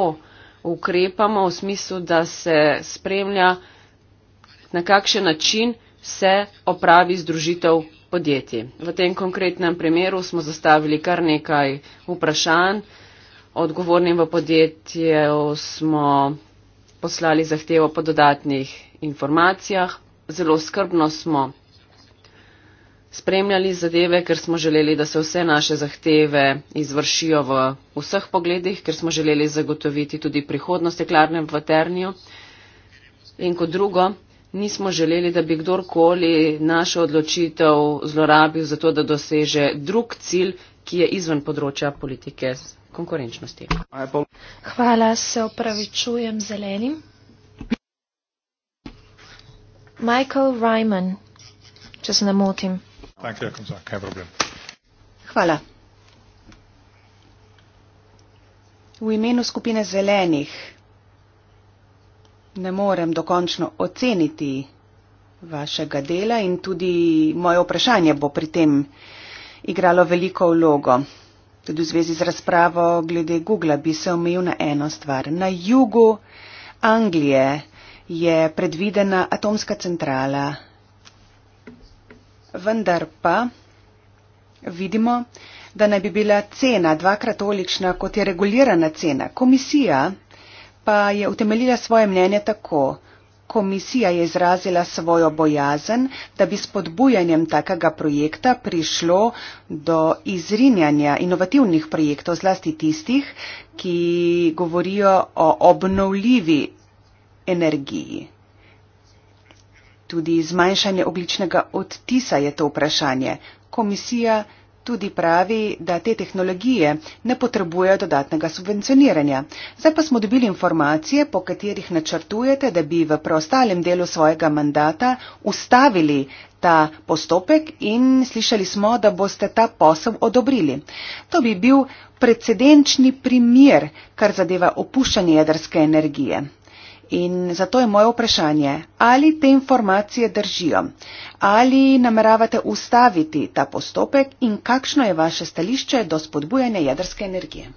ukrepamo v smislu, da se spremlja, na kakšen način se opravi združitev podjetij. V tem konkretnem primeru smo zastavili kar nekaj vprašanj. Odgovornim v podjetje smo poslali zahtevo po dodatnih informacijah. Zelo skrbno smo spremljali zadeve, ker smo želeli, da se vse naše zahteve izvršijo v vseh pogledih, ker smo želeli zagotoviti tudi prihodnost teklarne v Ternijo. In kot drugo, Nismo želeli, da bi kdorkoli našo odločitev zlorabil za to, da doseže drug cilj, ki je izven področja politike konkurenčnosti.
Hvala, se opravičujem zelenim. Michael Ryman, če se ne motim.
Hvala. V imenu skupine zelenih ne morem dokončno oceniti vašega dela in tudi moje vprašanje bo pri tem igralo veliko vlogo. Tudi v zvezi z razpravo glede Google bi se omejil na eno stvar. Na jugu Anglije je predvidena atomska centrala, vendar pa vidimo, da naj bi bila cena dvakrat tolikšna, kot je regulirana cena. Komisija pa je utemeljila svoje mnenje tako. Komisija je izrazila svojo bojazen, da bi spodbujanjem takega projekta prišlo do izrinjanja inovativnih projektov, zlasti tistih, ki govorijo o obnovljivi energiji. Tudi zmanjšanje ogličnega odtisa je to vprašanje. Komisija tudi pravi, da te tehnologije ne potrebujejo dodatnega subvencioniranja. Zdaj pa smo dobili informacije, po katerih načrtujete, da bi v preostalem delu svojega mandata ustavili ta postopek in slišali smo, da boste ta posel odobrili. To bi bil precedenčni primer, kar zadeva opuščanje jedrske energije. In zato je moje vprašanje, ali te informacije držijo, ali nameravate ustaviti ta postopek in kakšno je vaše stališče do spodbujanja jedrske energije.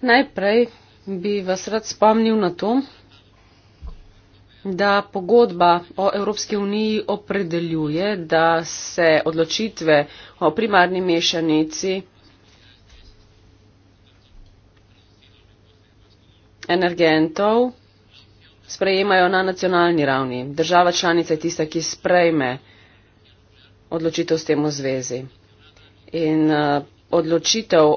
Najprej bi vas rad spomnil na to, da pogodba o Evropski uniji opredeljuje, da se odločitve o primarni mešanici energentov sprejemajo na nacionalni ravni. Država članica je tista, ki sprejme odločitev s tem v zvezi. In uh, odločitev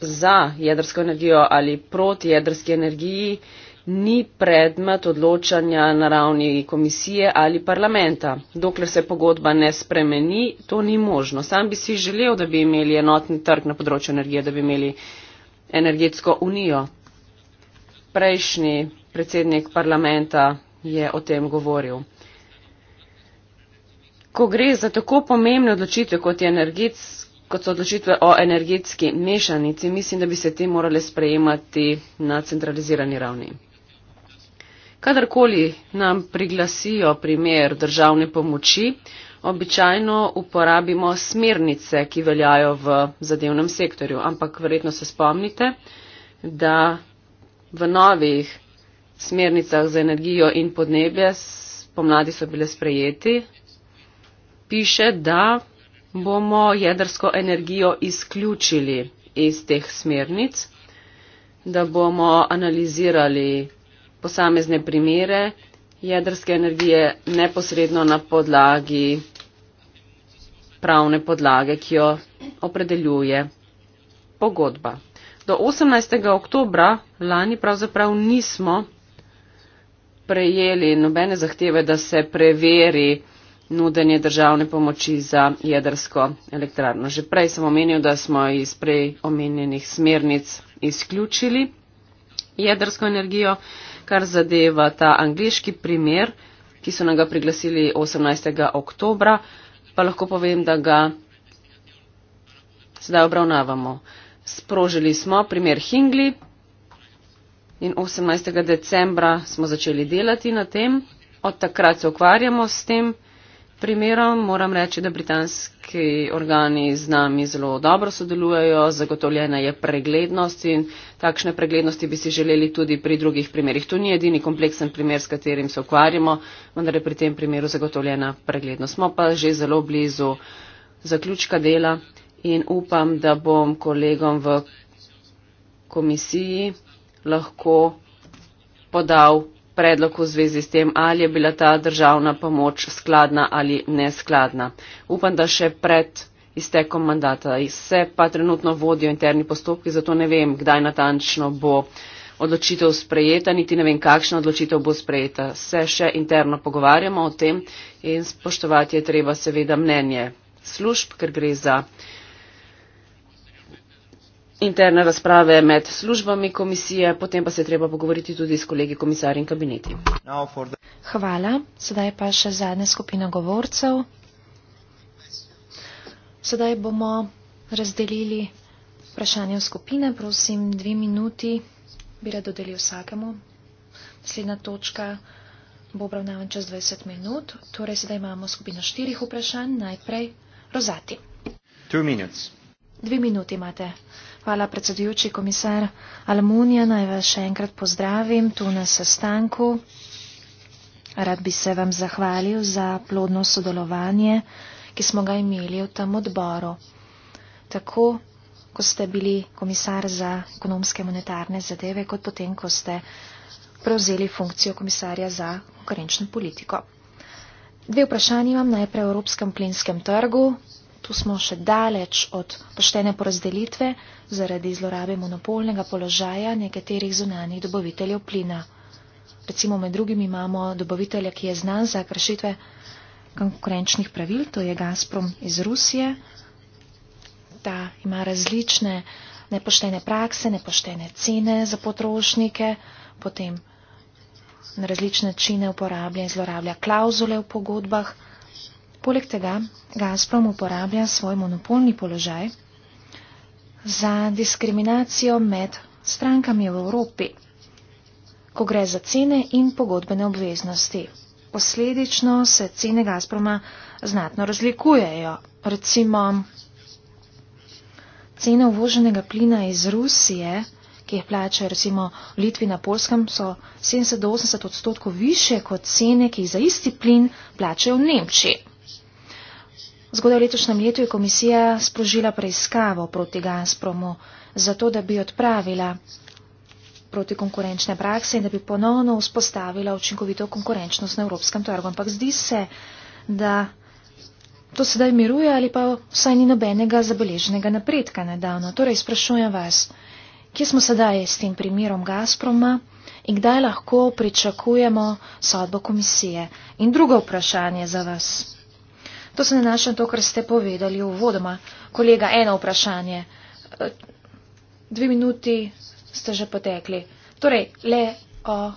za jedrsko energijo ali proti jedrski energiji ni predmet odločanja na ravni komisije ali parlamenta. Dokler se pogodba ne spremeni, to ni možno. Sam bi si želel, da bi imeli enotni trg na področju energije, da bi imeli energetsko unijo prejšnji predsednik parlamenta je o tem govoril. Ko gre za tako pomembne odločitve, kot, energic, kot so odločitve o energetski mešanici, mislim, da bi se te morale sprejemati na centralizirani ravni. Kadarkoli nam priglasijo primer državne pomoči, običajno uporabimo smernice, ki veljajo v zadevnem sektorju, ampak verjetno se spomnite, da v novih smernicah za energijo in podnebje, pomladi so bile sprejeti, piše, da bomo jedrsko energijo izključili iz teh smernic, da bomo analizirali posamezne primere jedrske energije neposredno na podlagi pravne podlage, ki jo opredeljuje pogodba do 18. oktobra lani pravzaprav nismo prejeli nobene zahteve, da se preveri nudenje državne pomoči za jedrsko elektrarno. Že prej sem omenil, da smo iz prej omenjenih smernic izključili jedrsko energijo, kar zadeva ta angliški primer, ki so nam ga priglasili 18. oktobra, pa lahko povem, da ga sedaj obravnavamo sprožili smo primer Hingli in 18. decembra smo začeli delati na tem. Od takrat se ukvarjamo s tem primerom. Moram reči, da britanski organi z nami zelo dobro sodelujejo, zagotovljena je preglednost in takšne preglednosti bi si želeli tudi pri drugih primerih. To ni edini kompleksen primer, s katerim se ukvarjamo, vendar je pri tem primeru zagotovljena preglednost. Smo pa že zelo blizu zaključka dela in upam, da bom kolegom v komisiji lahko podal predlog v zvezi s tem, ali je bila ta državna pomoč skladna ali neskladna. Upam, da še pred iztekom mandata se pa trenutno vodijo interni postopki, zato ne vem, kdaj natančno bo odločitev sprejeta, niti ne vem, kakšna odločitev bo sprejeta. Se še interno pogovarjamo o tem in spoštovati je treba seveda mnenje služb, ker gre za interne razprave med službami komisije, potem pa se je treba pogovoriti tudi s kolegi komisarji in kabineti.
Hvala. Sedaj pa še zadnja skupina govorcev. Sedaj bomo razdelili vprašanje v skupine. Prosim, dve minuti bi rad dodelil vsakemu. Naslednja točka bo obravnavan čez 20 minut. Torej, sedaj imamo skupino štirih vprašanj. Najprej Rozati. Dve minuti imate. Hvala, predsedujoči komisar Almunija. Naj vas še enkrat pozdravim tu na sestanku. Rad bi se vam zahvalil za plodno sodelovanje, ki smo ga imeli v tem odboru. Tako, ko ste bili komisar za ekonomske monetarne zadeve, kot potem, ko ste prevzeli funkcijo komisarja za konkurenčno politiko. Dve vprašanje imam najprej o evropskem plinskem trgu. Tu smo še daleč od poštene porazdelitve zaradi zlorabe monopolnega položaja nekaterih zunanjih dobaviteljev plina. Recimo med drugim imamo dobavitelja, ki je znan za kršitve konkurenčnih pravil, to je Gazprom iz Rusije. Ta ima različne nepoštene prakse, nepoštene cene za potrošnike, potem na različne načine uporablja in zlorablja klauzule v pogodbah. Poleg tega Gazprom uporablja svoj monopolni položaj za diskriminacijo med strankami v Evropi, ko gre za cene in pogodbene obveznosti. Posledično se cene Gazproma znatno razlikujejo. Recimo, cene uvoženega plina iz Rusije, ki jih plačajo recimo v Litvi na Polskem, so 70-80 odstotkov više kot cene, ki jih za isti plin plačajo v Nemčiji. Zgodaj v letošnjem letu je komisija sprožila preiskavo proti Gazpromu, zato da bi odpravila proti konkurenčne prakse in da bi ponovno vzpostavila učinkovito konkurenčnost na evropskem trgu. Ampak zdi se, da to sedaj miruje ali pa vsaj ni nobenega zabeleženega napredka nedavno. Torej sprašujem vas, kje smo sedaj s tem primerom Gazproma in kdaj lahko pričakujemo sodbo komisije? In drugo vprašanje za vas. To se nanaša na to, kar ste povedali v vodoma. Kolega, eno vprašanje. Eh, dve minuti ste že potekli. Torej, le o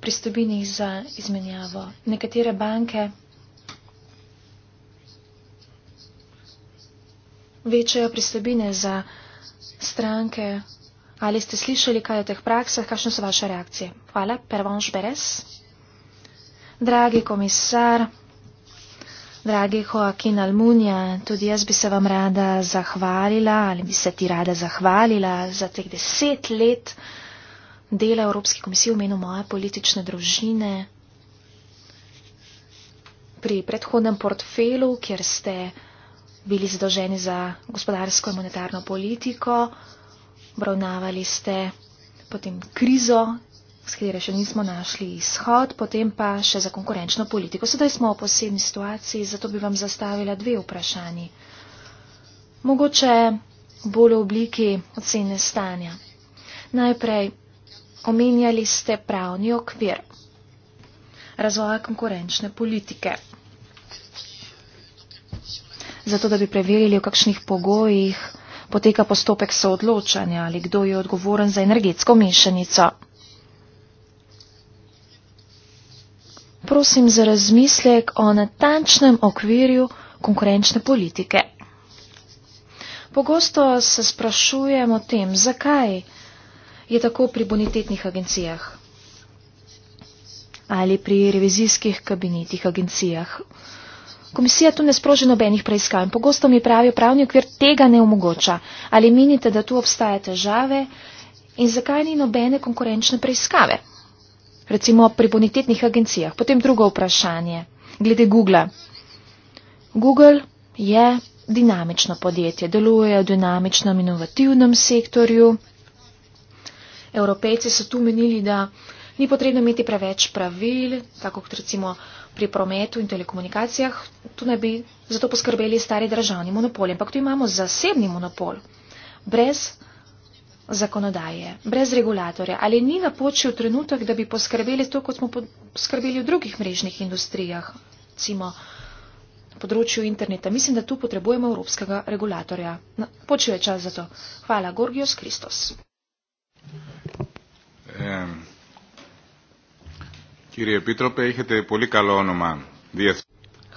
pristobinih za izmenjavo. Nekatere banke, večajo pristobine za stranke. Ali ste slišali kaj o teh praksah? Kakšne so vaše reakcije? Hvala. Pervanš Beres. Dragi komisar. Dragi Joaquin Almunja, tudi jaz bi se vam rada zahvalila ali bi se ti rada zahvalila za teh deset let dela Evropske komisije v imenu moje politične družine. Pri predhodnem portfelu, kjer ste bili zadolženi za gospodarsko in monetarno politiko, obravnavali ste potem krizo, s katere še nismo našli izhod, potem pa še za konkurenčno politiko. Sedaj smo v posebni situaciji, zato bi vam zastavila dve vprašanji. Mogoče bolj v obliki ocene stanja. Najprej, omenjali ste pravni okvir razvoja konkurenčne politike. Zato, da bi preverili, v kakšnih pogojih poteka postopek soodločanja ali kdo je odgovoren za energetsko mešanico. prosim za razmislek o natančnem okvirju konkurenčne politike. Pogosto se sprašujem o tem, zakaj je tako pri bonitetnih agencijah ali pri revizijskih kabinetih agencijah. Komisija tu ne sproži nobenih preiskav in pogosto mi pravijo, pravni okvir tega ne omogoča. Ali menite, da tu obstaja težave in zakaj ni nobene konkurenčne preiskave? recimo pri bonitetnih agencijah. Potem drugo vprašanje, glede Google. Google je dinamično podjetje, deluje v dinamičnem inovativnem sektorju. Evropejci so tu menili, da ni potrebno imeti preveč pravil, tako kot recimo pri prometu in telekomunikacijah, tu ne bi zato poskrbeli stari državni monopol, ampak tu imamo zasebni monopol. Brez zakonodaje, brez regulatorja, ali ni napočil trenutek, da bi poskrbeli to, kot smo poskrbeli v drugih mrežnih industrijah, recimo področju interneta. Mislim, da tu potrebujemo evropskega regulatorja. Počuje čas za to. Hvala, Gorgios Kristos.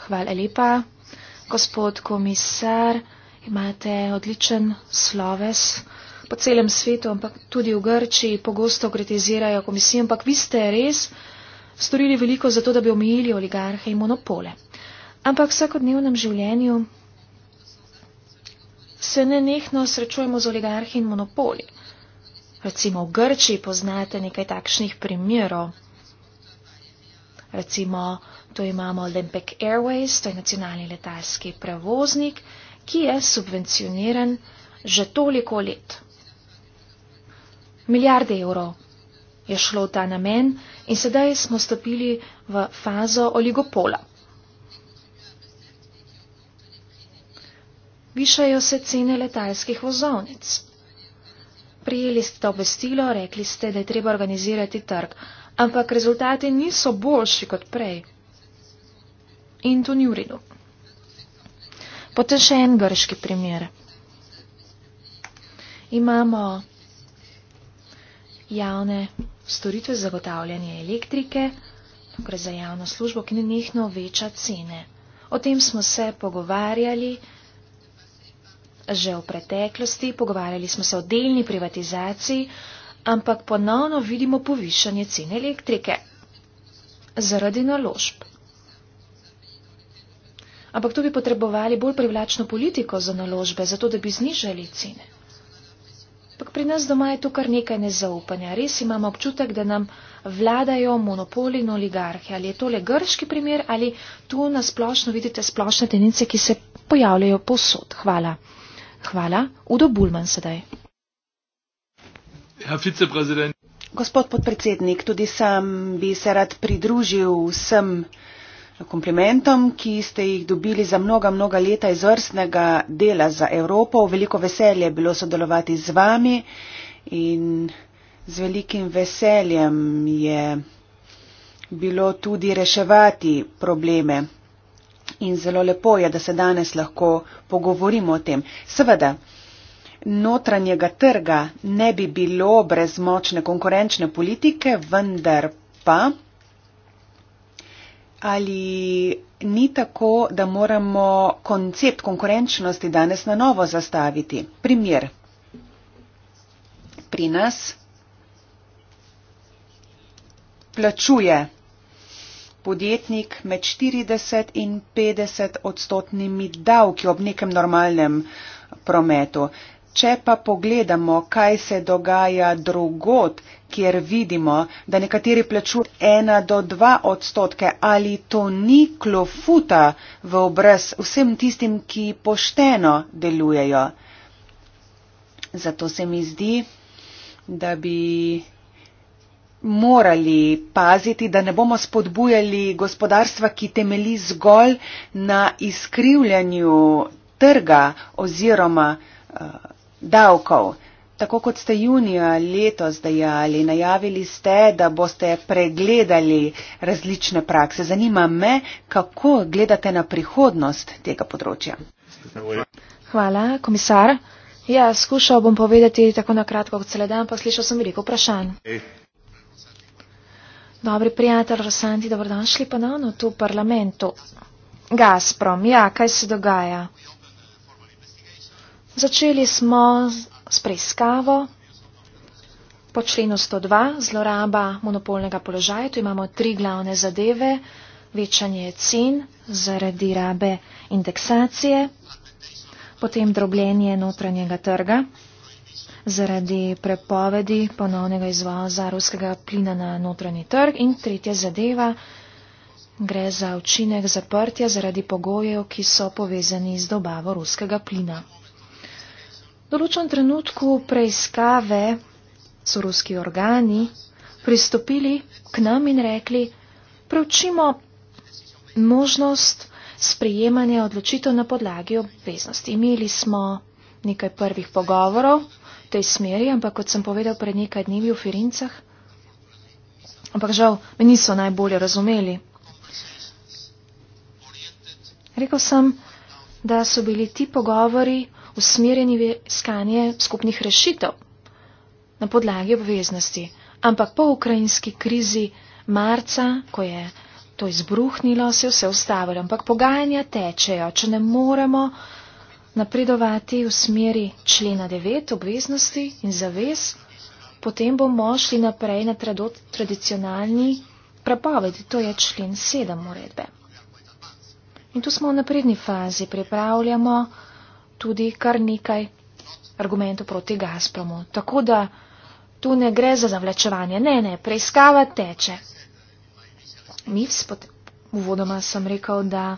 Hvala lepa. Gospod komisar, imate odličen sloves po celem svetu, ampak tudi v Grčiji pogosto kritizirajo komisijo, ampak vi ste res storili veliko za to, da bi omejili oligarhe in monopole. Ampak v vsakodnevnem življenju se ne nehno srečujemo z oligarhi in monopoli. Recimo v Grčiji poznate nekaj takšnih primerov. Recimo, tu imamo Olympic Airways, to je nacionalni letalski prevoznik, ki je subvencioniran že toliko let. Milijarde evrov je šlo v ta namen in sedaj smo stopili v fazo oligopola. Višajo se cene letalskih vozovnic. Prijeli ste obvestilo, rekli ste, da je treba organizirati trg, ampak rezultati niso boljši kot prej. In to ni v redu. Potem še en grški primer. Imamo javne storitve zagotavljanje elektrike, tukaj za javno službo, ki ne nehno veča cene. O tem smo se pogovarjali že v preteklosti, pogovarjali smo se o delni privatizaciji, ampak ponovno vidimo povišanje cene elektrike zaradi naložb. Ampak tu bi potrebovali bolj privlačno politiko za naložbe, zato da bi znižali cene. Ampak pri nas doma je to kar nekaj nezaupanja. Res imamo občutek, da nam vladajo monopoli in oligarhe. Ali je tole grški primer ali tu nasplošno vidite splošne tenice, ki se pojavljajo posod.
Hvala. Hvala. Udo Bulman sedaj. Ja, Gospod podpredsednik, tudi sam bi se rad pridružil vsem komplimentom, ki ste jih dobili za mnoga, mnoga leta izvrstnega dela za Evropo. Veliko veselje je bilo sodelovati z vami in z velikim veseljem je bilo tudi reševati probleme. In zelo lepo je, da se danes lahko pogovorimo o tem. Seveda, notranjega trga ne bi bilo brez močne konkurenčne politike, vendar pa ali ni tako, da moramo koncept konkurenčnosti danes na novo zastaviti. Primer. Pri nas plačuje podjetnik med 40 in 50 odstotnimi davki ob nekem normalnem prometu. Če pa pogledamo, kaj se dogaja drugot, kjer vidimo, da nekateri plačujejo ena do dva odstotke, ali to ni klofuta v obraz vsem tistim, ki pošteno delujejo. Zato se mi zdi, da bi morali paziti, da ne bomo spodbujali gospodarstva, ki temeli zgolj na izkrivljanju trga oziroma uh, davkov. Tako kot ste junija letos dejali, najavili ste, da boste pregledali različne prakse. Zanima me, kako gledate na prihodnost tega področja.
Hvala, komisar. Ja, skušal bom povedati tako na kratko, kot se le dam, pa slišal sem veliko vprašanj. Dobri prijatelj Rosanti, dobrodošli ponovno tu v parlamentu. Gazprom, ja, kaj se dogaja? Začeli smo s preiskavo po členu 102, zloraba monopolnega položaja. Tu imamo tri glavne zadeve. Večanje cen zaradi rabe indeksacije, potem drobljenje notranjega trga zaradi prepovedi ponovnega izvoza ruskega plina na notranji trg in tretja zadeva gre za učinek zaprtja zaradi pogojev, ki so povezani z dobavo ruskega plina določen trenutku preiskave so ruski organi pristopili k nam in rekli, preučimo možnost sprejemanja odločitev na podlagi obveznosti. Imeli smo nekaj prvih pogovorov v tej smeri, ampak kot sem povedal pred nekaj dnevi v Firincah, ampak žal me niso najbolje razumeli. Rekl sem, da so bili ti pogovori usmerjeni v iskanje skupnih rešitev na podlagi obveznosti. Ampak po ukrajinski krizi marca, ko je to izbruhnilo, se je vse ustavilo. Ampak pogajanja tečejo, če ne moremo napredovati v smeri člena 9 obveznosti in zavez, potem bomo šli naprej na tradicionalni prepovedi, to je člen 7 uredbe. In tu smo v napredni fazi, pripravljamo tudi kar nekaj argumentov proti Gazpromu. Tako da tu ne gre za zavlačevanje. Ne, ne, preiskava teče. Mi vvodoma sem rekel, da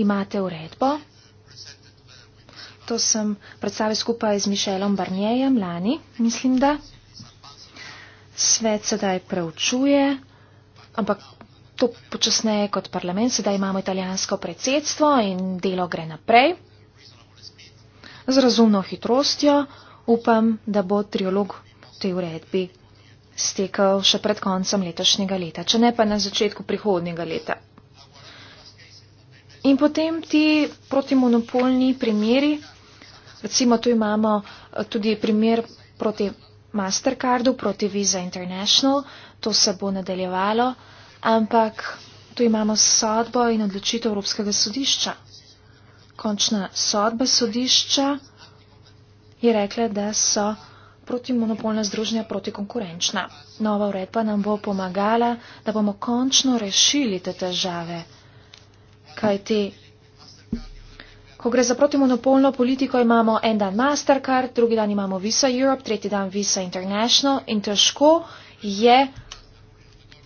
imate uredbo. To sem predstavil skupaj z Mišelom Barnjejem lani, mislim, da. Svet sedaj preučuje, ampak to počasneje kot parlament. Sedaj imamo italijansko predsedstvo in delo gre naprej z razumno hitrostjo, upam, da bo triolog te uredbi stekel še pred koncem letošnjega leta, če ne pa na začetku prihodnjega leta. In potem ti protimonopolni primeri, recimo tu imamo eh, tudi primer proti Mastercardu, proti Visa International, to se bo nadaljevalo, ampak tu imamo sodbo in odločitev Evropskega sodišča. Končna sodba sodišča je rekla, da so protimonopolna združnja protikonkurenčna. Nova uredba nam bo pomagala, da bomo končno rešili te težave. Kaj ti? Ko gre za protimonopolno politiko, imamo en dan Mastercard, drugi dan imamo Visa Europe, tretji dan Visa International in težko je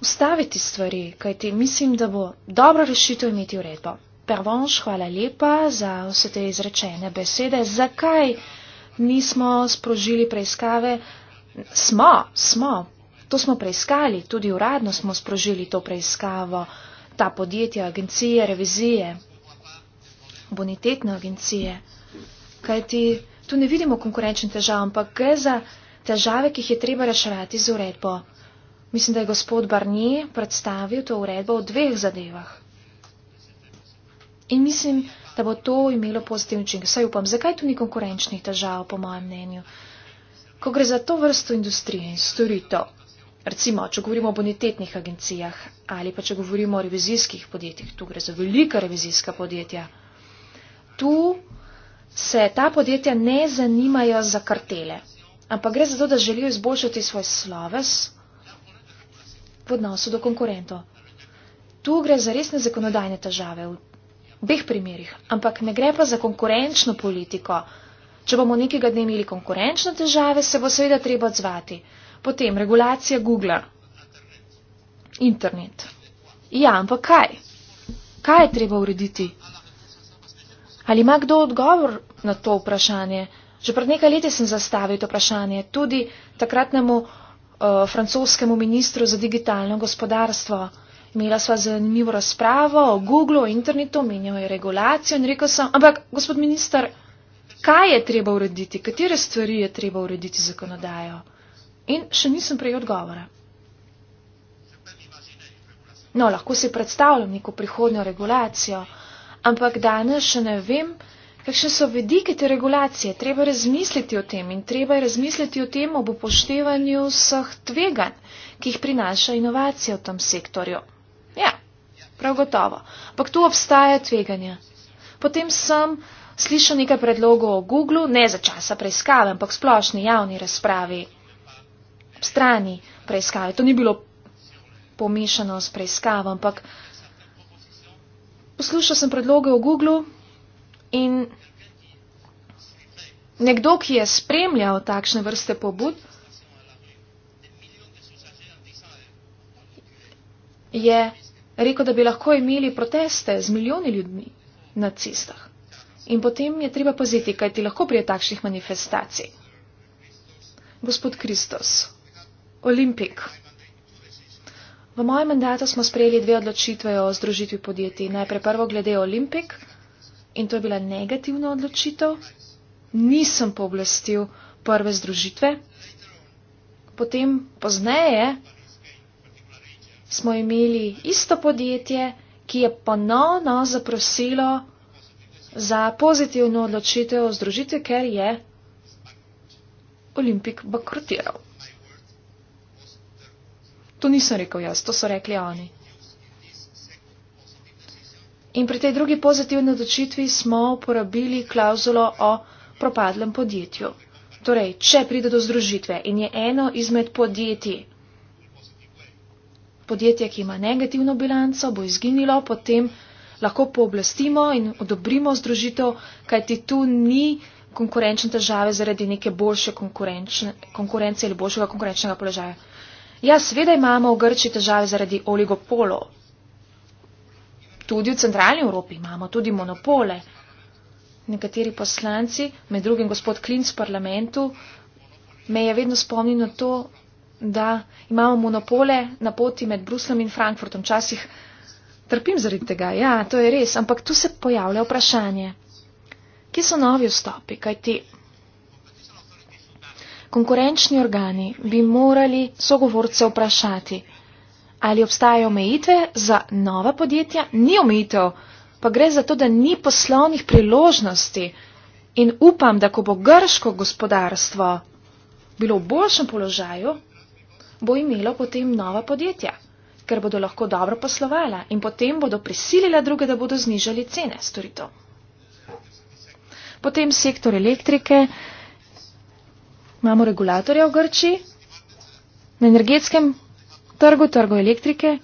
ustaviti stvari, kajti mislim, da bo dobra rešitev imeti uredbo. Pervonš, hvala lepa za vse te izrečene besede. Zakaj nismo sprožili preiskave? Smo, smo. To smo preiskali, tudi uradno smo sprožili to preiskavo. Ta podjetja, agencije, revizije, bonitetne agencije. Kaj ti tu ne vidimo konkurenčnih težav, ampak gre za težave, ki jih je treba reševati z uredbo. Mislim, da je gospod Barni predstavil to uredbo v dveh zadevah. In mislim, da bo to imelo pozitivni učinek. Saj upam, zakaj tu ni konkurenčnih težav, po mojem mnenju. Ko gre za to vrsto industrije in storitev, recimo, če govorimo o bonitetnih agencijah ali pa če govorimo o revizijskih podjetjih, tu gre za velika revizijska podjetja, tu se ta podjetja ne zanimajo za kartele, ampak gre za to, da želijo izboljšati svoj sloves v odnosu do konkurentov. Tu gre za resne zakonodajne težave, obeh primerjih, ampak ne gre pa za konkurenčno politiko. Če bomo nekega dne imeli konkurenčne težave, se bo seveda treba odzvati. Potem regulacija Google. Internet. Ja, ampak kaj? Kaj je treba urediti? Ali ima kdo odgovor na to vprašanje? Že pred nekaj leti sem zastavil to vprašanje tudi takratnemu uh, francoskemu ministru za digitalno gospodarstvo imela sva zanimivo razpravo o Google, o internetu, omenjala je regulacijo in rekel sem, ampak gospod minister, kaj je treba urediti, katere stvari je treba urediti zakonodajo? In še nisem prej odgovora. No, lahko si predstavljam neko prihodnjo regulacijo, ampak danes še ne vem, kakšne so vedike te regulacije. Treba razmisliti o tem in treba je razmisliti o tem ob upoštevanju vseh tveganj, ki jih prinaša inovacija v tem sektorju. Ja, prav gotovo. Ampak tu obstaja tveganje. Potem sem slišal nekaj predlogov o Google, ne za časa preiskave, ampak splošni javni razpravi, strani preiskave. To ni bilo pomešano s preiskavo, ampak poslušal sem predloge o Google in nekdo, ki je spremljal takšne vrste pobud, je rekel, da bi lahko imeli proteste z milijoni ljudmi na cestah. In potem je treba paziti, kaj ti lahko prije takšnih manifestacij. Gospod Kristus, Olimpik. V mojem mandatu smo sprejeli dve odločitve o združitvi podjetij. Najprej prvo glede Olimpik in to je bila negativna odločitev. Nisem pooblastil prve združitve. Potem, pozneje, smo imeli isto podjetje, ki je ponovno zaprosilo za pozitivno odločitev o združitvi, ker je Olimpik bankrotiral. To nisem rekel jaz, to so rekli oni. In pri tej drugi pozitivni odločitvi smo uporabili klauzulo o propadlem podjetju. Torej, če pride do združitve in je eno izmed podjetij podjetje, ki ima negativno bilanco, bo izginilo, potem lahko pooblastimo in odobrimo združitev, kajti tu ni konkurenčne težave zaradi neke boljše konkurence ali boljšega konkurenčnega položaja. Ja, sveda imamo v Grči težave zaradi oligopolov. Tudi v centralni Evropi imamo, tudi monopole. Nekateri poslanci, med drugim gospod Klinc v parlamentu, me je vedno spomnil na to, da imamo monopole na poti med Bruslom in Frankfurtom. Včasih trpim zaradi tega, ja, to je res, ampak tu se pojavlja vprašanje, kje so novi vstopi, kajti konkurenčni organi bi morali sogovorce vprašati, ali obstajajo omejitve za nova podjetja, ni omejitev, pa gre za to, da ni poslovnih priložnosti. In upam, da ko bo grško gospodarstvo bilo v boljšem položaju, bo imelo potem nova podjetja, ker bodo lahko dobro poslovala in potem bodo prisilile druge, da bodo znižali cene storitev. Potem sektor elektrike, imamo regulatorja v Grči, na energetskem trgu, trgu elektrike.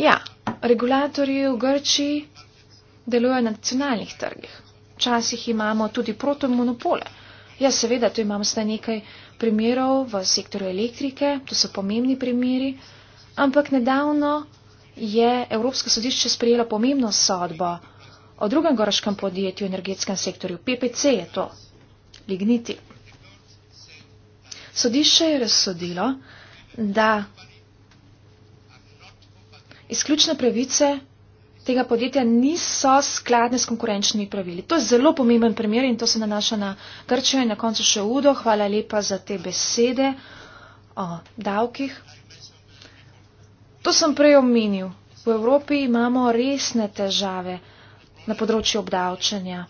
Ja, regulatorji v Grči delujejo na nacionalnih trgih. Včasih imamo tudi protomonopole. Ja, seveda, tu imamo sta nekaj primerov v sektorju elektrike, to so pomembni primeri, ampak nedavno je Evropsko sodišče sprejelo pomembno sodbo o drugem goraškem podjetju v energetskem sektorju, PPC je to, Ligniti. Sodišče je razsodilo, da izključne pravice tega podjetja niso skladne s konkurenčnimi pravili. To je zelo pomemben primer in to se nanaša na Grčijo in na koncu še Udo. Hvala lepa za te besede o davkih. To sem prej omenil. V Evropi imamo resne težave na področju obdavčanja.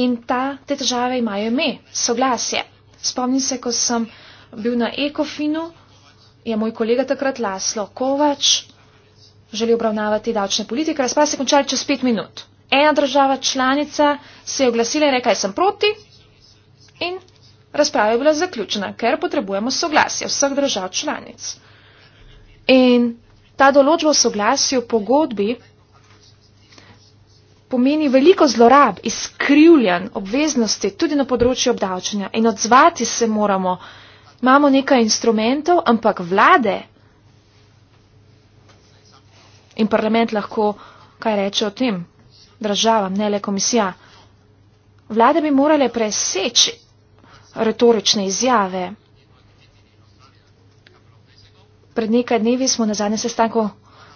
In ta, te težave imajo ime, soglasje. Spomnim se, ko sem bil na Ekofinu, je moj kolega takrat Laslo Kovač želi obravnavati davčne politike. Razprava se je končala čez pet minut. Ena država članica se je oglasila in rekla, da sem proti in razprava je bila zaključena, ker potrebujemo soglasje vseh držav članic. In ta določba o soglasju pogodbi pomeni veliko zlorab, izkrivljen obveznosti tudi na področju obdavčanja in odzvati se moramo. Imamo nekaj instrumentov, ampak vlade In parlament lahko kaj reče o tem, državam, ne le komisija. Vlade bi morale preseči retorične izjave. Pred nekaj dnevi smo na zadnjem sestanku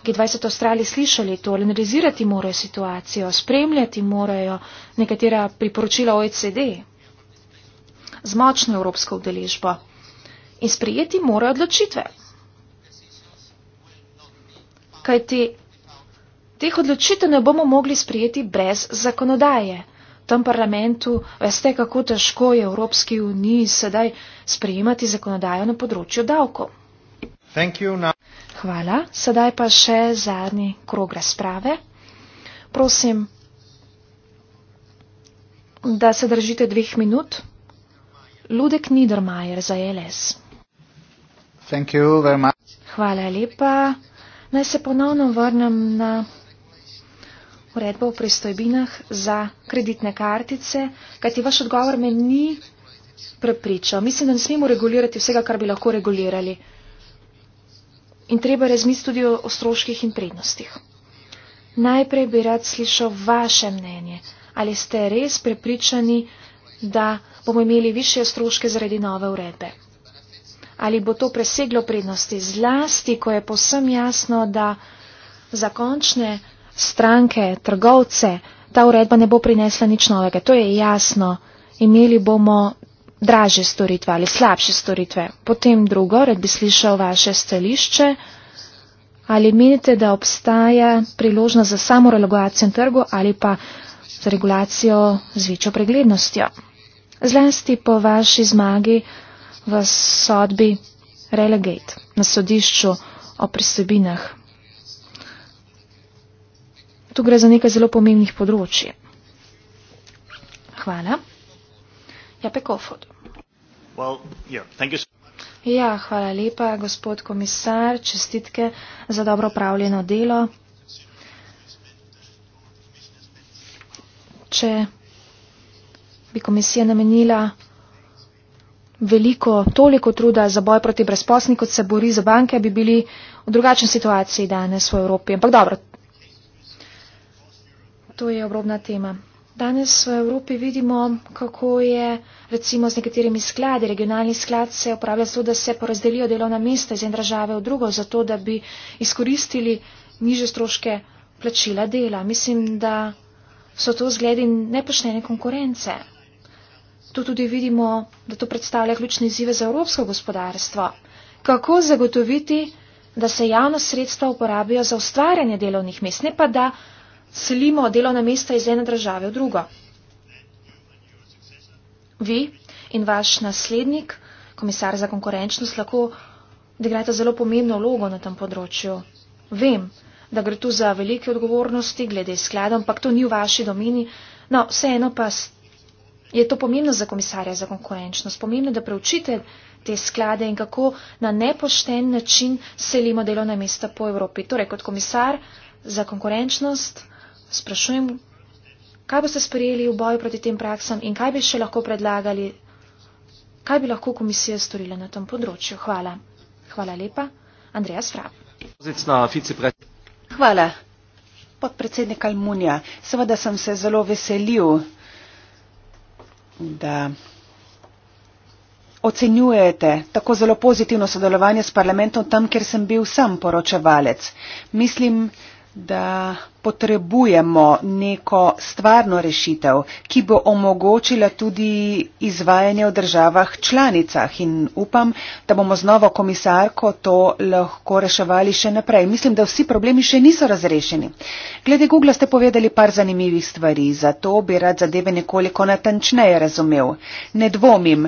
G20 Avstralije slišali to, analizirati morajo situacijo, spremljati morajo nekatera priporočila OECD z močno evropsko udeležbo in sprijeti morajo odločitve kajti teh odločitev ne bomo mogli sprijeti brez zakonodaje. V tem parlamentu veste, kako težko je Evropski uniji sedaj sprijemati zakonodajo na področju davkov. Hvala. Sedaj pa še zadnji krog razprave. Prosim, da se držite dveh minut. Ludek Niedermayer za LS. Hvala lepa. Naj se ponovno vrnem na uredbo o pristojbinah za kreditne kartice, kajti vaš odgovor me ni prepričal. Mislim, da ne smemo regulirati vsega, kar bi lahko regulirali. In treba razmisliti tudi o stroških in prednostih. Najprej bi rad slišal vaše mnenje. Ali ste res prepričani, da bomo imeli više stroške zaradi nove uredbe? ali bo to preseglo prednosti. Zlasti, ko je posem jasno, da za končne stranke, trgovce, ta uredba ne bo prinesla nič novega. To je jasno. Imeli bomo draže storitve ali slabše storitve. Potem drugo, red bi slišal vaše stališče. Ali menite, da obstaja priložnost za samo relogacijo na trgu ali pa za regulacijo z večjo preglednostjo? Zlasti po vaši zmagi v sodbi Relegate na sodišču o pristojbinah. Tu gre za nekaj zelo pomembnih področji. Hvala. Ja, Pekofod. Well, yeah, ja, hvala lepa, gospod komisar. Čestitke za dobro upravljeno delo. Če bi komisija namenila veliko, toliko truda za boj proti brezposlim, kot se bori za banke, bi bili v drugačni situaciji danes v Evropi. Ampak dobro, to je obrobna tema. Danes v Evropi vidimo, kako je recimo z nekaterimi skladi, regionalni sklad se upravlja zato, da se porazdelijo delovna mesta iz ene države v drugo, zato da bi izkoristili niže stroške plačila dela. Mislim, da so to zgledi nepoštene konkurence. Tu tudi vidimo, da to predstavlja ključne izzive za evropsko gospodarstvo. Kako zagotoviti, da se javna sredstva uporabijo za ustvarjanje delovnih mest, ne pa da selimo delovna mesta iz ene države v drugo. Vi in vaš naslednik, komisar za konkurenčnost, lahko odigrate zelo pomembno vlogo na tem področju. Vem, da gre tu za velike odgovornosti glede skladov, ampak to ni v vaši domeni. No, vseeno pa ste je to pomembno za komisarja za konkurenčnost, pomembno, da preučite te sklade in kako na nepošten način selimo delovna mesta po Evropi. Torej, kot komisar za konkurenčnost sprašujem, kaj boste sprejeli v boju proti tem praksam in kaj bi še lahko predlagali, kaj bi lahko komisija storila na tem področju. Hvala.
Hvala lepa. Andreja Sfrab. Hvala. Podpredsednik Almunija, seveda sem se zelo veselil da ocenjujete tako zelo pozitivno sodelovanje s parlamentom tam, kjer sem bil sam poročevalec. Mislim, da potrebujemo neko stvarno rešitev, ki bo omogočila tudi izvajanje v državah članicah in upam, da bomo z novo komisarko to lahko reševali še naprej. Mislim, da vsi problemi še niso razrešeni. Glede Google ste povedali par zanimivih stvari, zato bi rad zadeve nekoliko natančneje razumel. Ne dvomim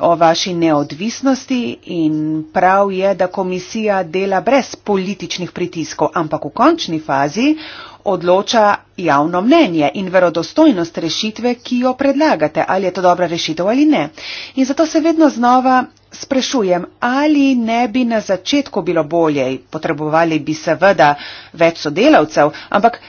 o vaši neodvisnosti in prav je, da komisija dela brez političnih pritiskov, ampak v končni fazi, odloča javno mnenje in verodostojnost rešitve, ki jo predlagate, ali je to dobra rešitev ali ne. In zato se vedno znova sprašujem, ali ne bi na začetku bilo bolje, potrebovali bi seveda več sodelavcev, ampak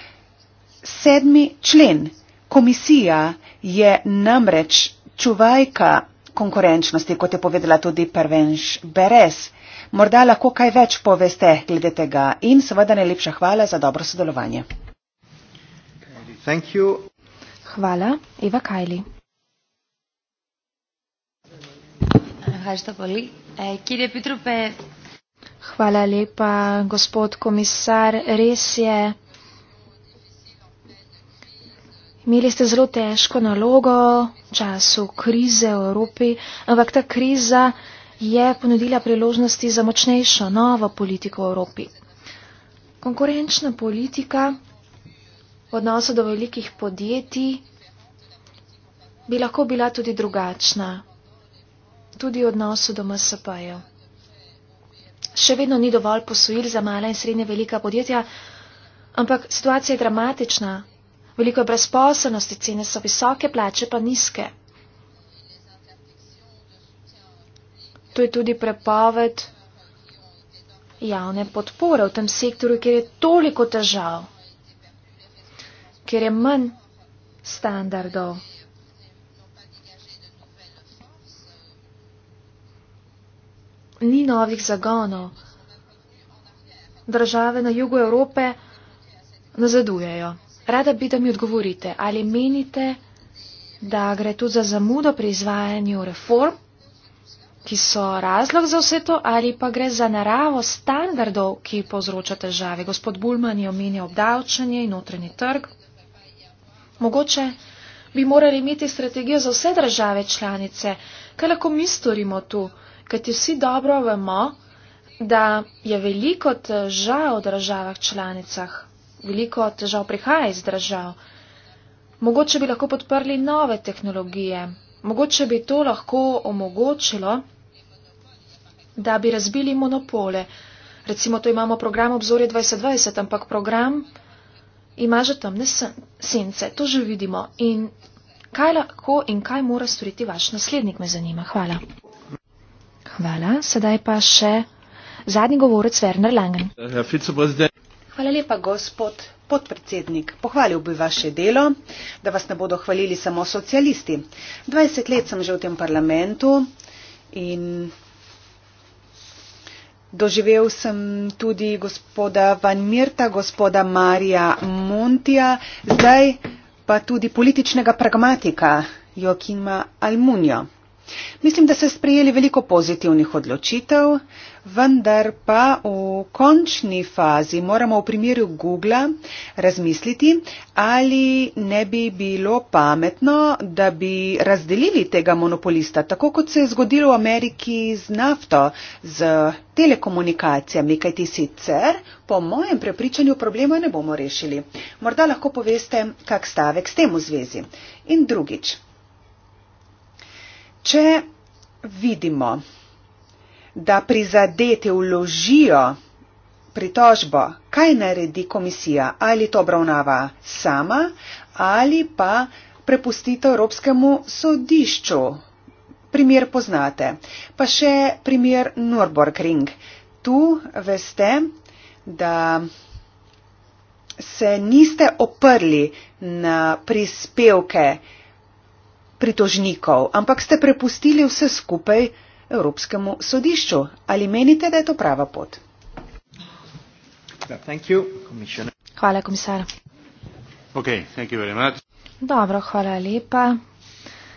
sedmi člen komisija je namreč čuvajka konkurenčnosti, kot je povedala tudi prvenš Beres. Morda lahko kaj več poveste glede tega in seveda najlepša hvala za dobro sodelovanje. Thank you. Hvala. Eva Kajli.
Hvala lepa, gospod komisar. Res je, imeli ste zelo težko nalogo v času krize v Evropi, ampak ta kriza je ponudila priložnosti za močnejšo novo politiko v Evropi. Konkurenčna politika odnosu do velikih podjetij bi lahko bila tudi drugačna, tudi v odnosu do MSP-jev. Še vedno ni dovolj posojil za mala in srednje velika podjetja, ampak situacija je dramatična. Veliko je brezposobnosti, cene so visoke, plače pa nizke. To je tudi prepoved javne podpore v tem sektorju, kjer je toliko težav ker je manj standardov. Ni novih zagonov. Države na jugu Evrope nazadujejo. Rada bi, da mi odgovorite, ali menite, da gre tu za zamudo pri izvajanju reform, ki so razlog za vse to, ali pa gre za naravo standardov, ki povzroča težave. Gospod Bulman je omenil obdavčanje in notranji trg. Mogoče bi morali imeti strategijo za vse države članice, kaj lahko mi storimo tu, kajti vsi dobro vemo, da je veliko težav v državah članicah, veliko težav prihaja iz držav. Mogoče bi lahko podprli nove tehnologije, mogoče bi to lahko omogočilo, da bi razbili monopole. Recimo, to imamo program obzorje 2020, ampak program ima že temne sence, to že vidimo. In kaj lahko in kaj mora storiti vaš naslednik, me zanima. Hvala. Hvala. Sedaj pa še
zadnji govorec Werner Langen. Hvala lepa, gospod podpredsednik. Pohvalil bi vaše delo, da vas ne bodo hvalili samo socialisti. 20 let sem že v tem parlamentu in Doživel sem tudi gospoda Van Mirta, gospoda Marija Montija, zdaj pa tudi političnega pragmatika Jokima Almunjo. Mislim, da ste sprejeli veliko pozitivnih odločitev, vendar pa v končni fazi moramo v primeru Google razmisliti, ali ne bi bilo pametno, da bi razdelili tega monopolista, tako kot se je zgodilo v Ameriki z nafto, z telekomunikacijami, kajti sicer po mojem prepričanju problema ne bomo rešili. Morda lahko poveste, kak stavek s tem v zvezi. In drugič. Če vidimo, da prizadete vložijo pritožbo, kaj naredi komisija? Ali to obravnava sama ali pa prepustite Evropskemu sodišču? Primer poznate. Pa še primer Nürburgring. Tu veste, da se niste oprli na prispevke, pritožnikov, ampak ste prepustili vse skupaj Evropskemu sodišču. Ali menite, da je to prava pot?
Ja, you, hvala, komisar. Okay, Dobro, hvala lepa.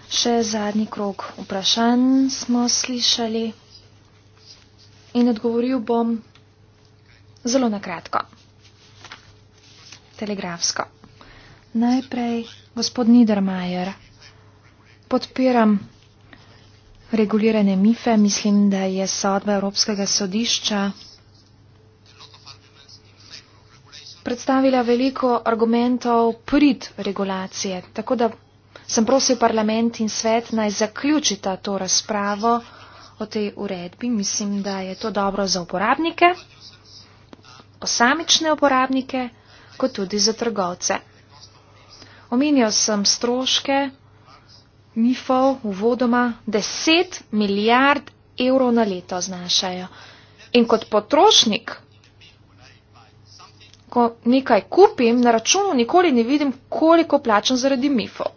Še zadnji krok vprašanj smo slišali in odgovoril bom zelo nakratko. Telegrafsko. Najprej gospod Niedermayer podpiram regulirane mife. Mislim, da je sodba Evropskega sodišča predstavila veliko argumentov prid regulacije. Tako da sem prosil parlament in svet naj zaključita to razpravo o tej uredbi. Mislim, da je to dobro za uporabnike, posamične uporabnike, kot tudi za trgovce. Omenjal sem stroške, MIFO-ov uvodoma 10 milijard evrov na leto znašajo. In kot potrošnik, ko nekaj kupim, na računu nikoli ne vidim, koliko plačam zaradi MIFO-ov.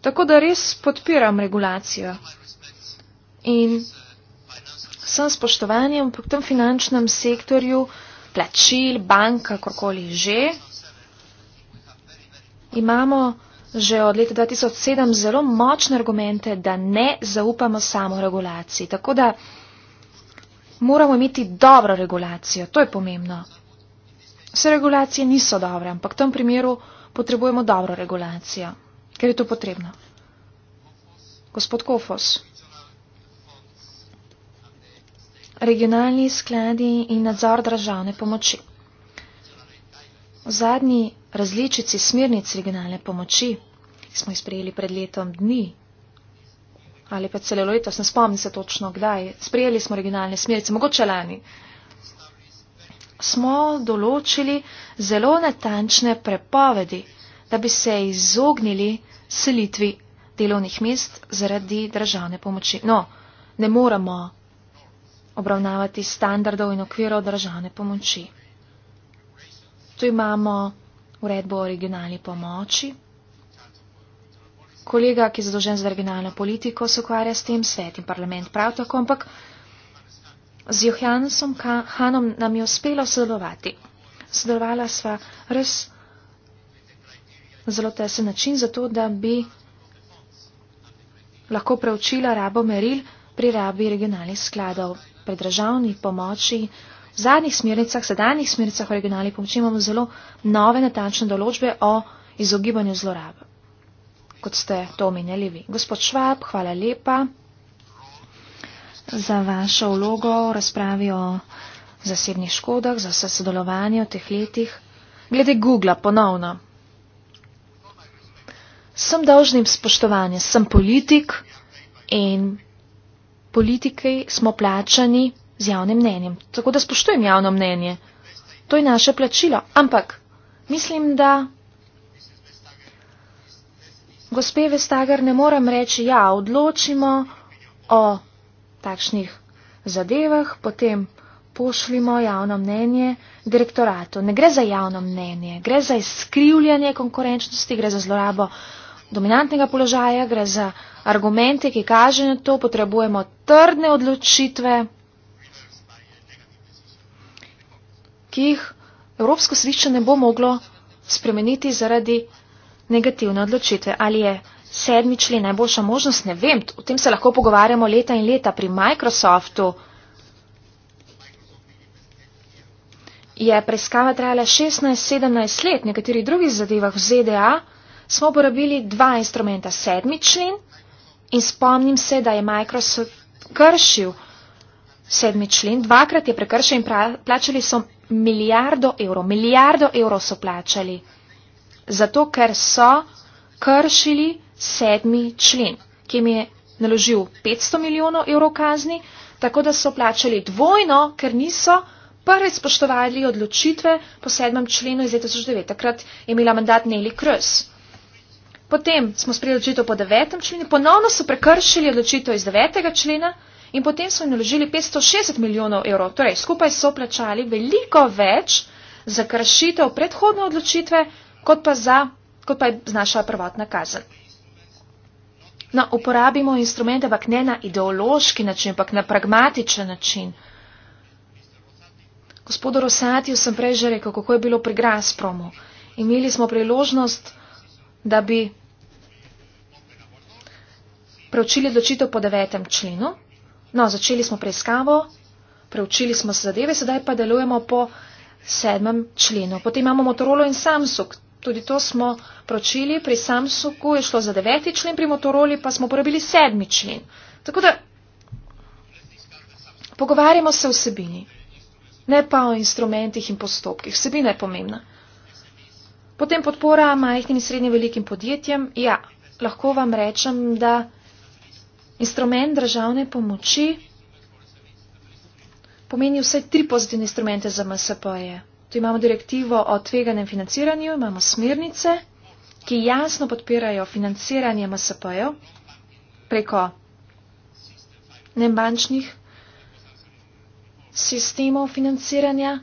Tako da res podpiram regulacijo. In sem spoštovanjem po tem finančnem sektorju, plačil, banka, kakorkoli že, imamo že od leta 2007 zelo močne argumente, da ne zaupamo samo regulaciji. Tako da moramo imeti dobro regulacijo, to je pomembno. Vse regulacije niso dobre, ampak v tem primeru potrebujemo dobro regulacijo, ker je to potrebno. Gospod Kofos. Regionalni skladi in nadzor državne pomoči. V zadnji različici smernic regionalne pomoči, ki smo jih sprejeli pred letom dni, ali pa celo letos, ne spomnim se točno kdaj, sprejeli smo regionalne smernice, mogoče lani, smo določili zelo natančne prepovedi, da bi se izognili selitvi delovnih mest zaradi državne pomoči. No, ne moramo obravnavati standardov in okvirov državne pomoči. Tu imamo uredbo o regionalni pomoči. Kolega, ki je zadožen za regionalno politiko, se ukvarja s tem, svet in parlament prav tako, ampak z Johansom Hanom nam je uspelo sodelovati. Sodelovala sva res zelo tesen način za to, da bi lahko preučila rabo meril pri rabi regionalnih skladov pri državni pomoči zadnjih smernicah, sedanjih smernicah originalnih pomoči imamo zelo nove natančne določbe o izogibanju zlorab. Kot ste to omenjali vi. Gospod Švab, hvala lepa za vašo vlogo v razpravi o zasebnih škodah, za sodelovanje v teh letih. Glede Google, ponovno. Sem dolžnim spoštovanje, sem politik in politiki smo plačani z javnim mnenjem. Tako da spoštujem javno mnenje. To je naše plačilo. Ampak mislim, da gospe Vestager ne morem reči, ja, odločimo o takšnih zadevah, potem pošljimo javno mnenje direktoratu. Ne gre za javno mnenje, gre za izkrivljanje konkurenčnosti, gre za zlorabo dominantnega položaja, gre za argumente, ki kažejo to, potrebujemo trdne odločitve. ki jih Evropsko sodišče ne bo moglo spremeniti zaradi negativne odločitve. Ali je sedmi člen najboljša možnost, ne vem. O tem se lahko pogovarjamo leta in leta pri Microsoftu. Je preiskava trajala 16-17 let, v nekaterih drugih zadevah v ZDA smo uporabili dva instrumenta, sedmi člen in spomnim se, da je Microsoft kršil sedmi člen, dvakrat je prekršen in plačali so milijardo evrov. Milijardo evrov so plačali. Zato, ker so kršili sedmi člen, ki jim je naložil 500 milijonov evrov kazni, tako da so plačali dvojno, ker niso prvi spoštovali odločitve po sedmem členu iz 2009. Takrat je imela mandat Neli Krs. Potem smo sprejeli odločitev po devetem členu, ponovno so prekršili odločitev iz devetega člena, in potem so jim naložili 560 milijonov evrov. Torej, skupaj so plačali veliko več za kršitev predhodne odločitve, kot pa, za, kot pa je znašala prvotna kazen. No, uporabimo instrumente, ampak ne na ideološki način, ampak na pragmatičen način. Gospodu Rosatiju sem prej že rekel, kako je bilo pri Gazpromu. Imeli smo priložnost, da bi preučili odločitev po devetem členu. No, začeli smo preiskavo, preučili smo se zadeve, sedaj pa delujemo po sedmem členu. Potem imamo Motorola in Samsung. Tudi to smo pročili pri Samsungu, je šlo za deveti člen, pri Motorola pa smo uporabili sedmi člen. Tako da pogovarjamo se vsebini, ne pa o instrumentih in postopkih. Vsebina je pomembna. Potem podpora majhnim in srednje velikim podjetjem. Ja, lahko vam rečem, da instrument državne pomoči pomeni vse tri pozitivne instrumente za MSP-je. Tu imamo direktivo o tveganem financiranju, imamo smernice, ki jasno podpirajo financiranje MSP-jev preko nebančnih sistemov financiranja.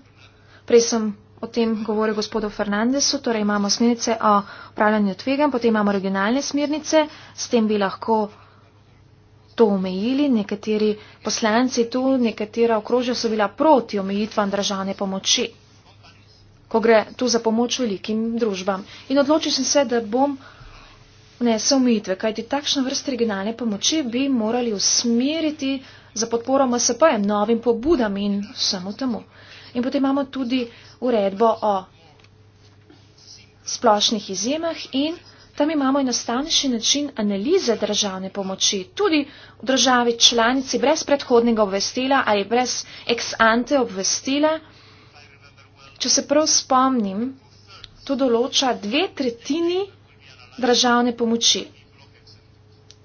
Prej sem o tem govoril gospodu Fernandesu, torej imamo smernice o upravljanju tvegan, potem imamo regionalne smernice, s tem bi lahko to omejili, nekateri poslanci tu, nekatera okrožja so bila proti omejitvam državne pomoči, ko gre tu za pomoč velikim družbam. In odločil sem se, da bom vnesel omejitve, kajti takšna vrsta regionalne pomoči bi morali usmeriti za podporo MSP-jem, novim pobudam in vsemu temu. In potem imamo tudi uredbo o splošnih izjemah in Tam imamo enostavnejši način analize državne pomoči, tudi v državi članici brez predhodnega obvestila ali brez ex ante obvestila. Če se prav spomnim, to določa dve tretjini državne pomoči.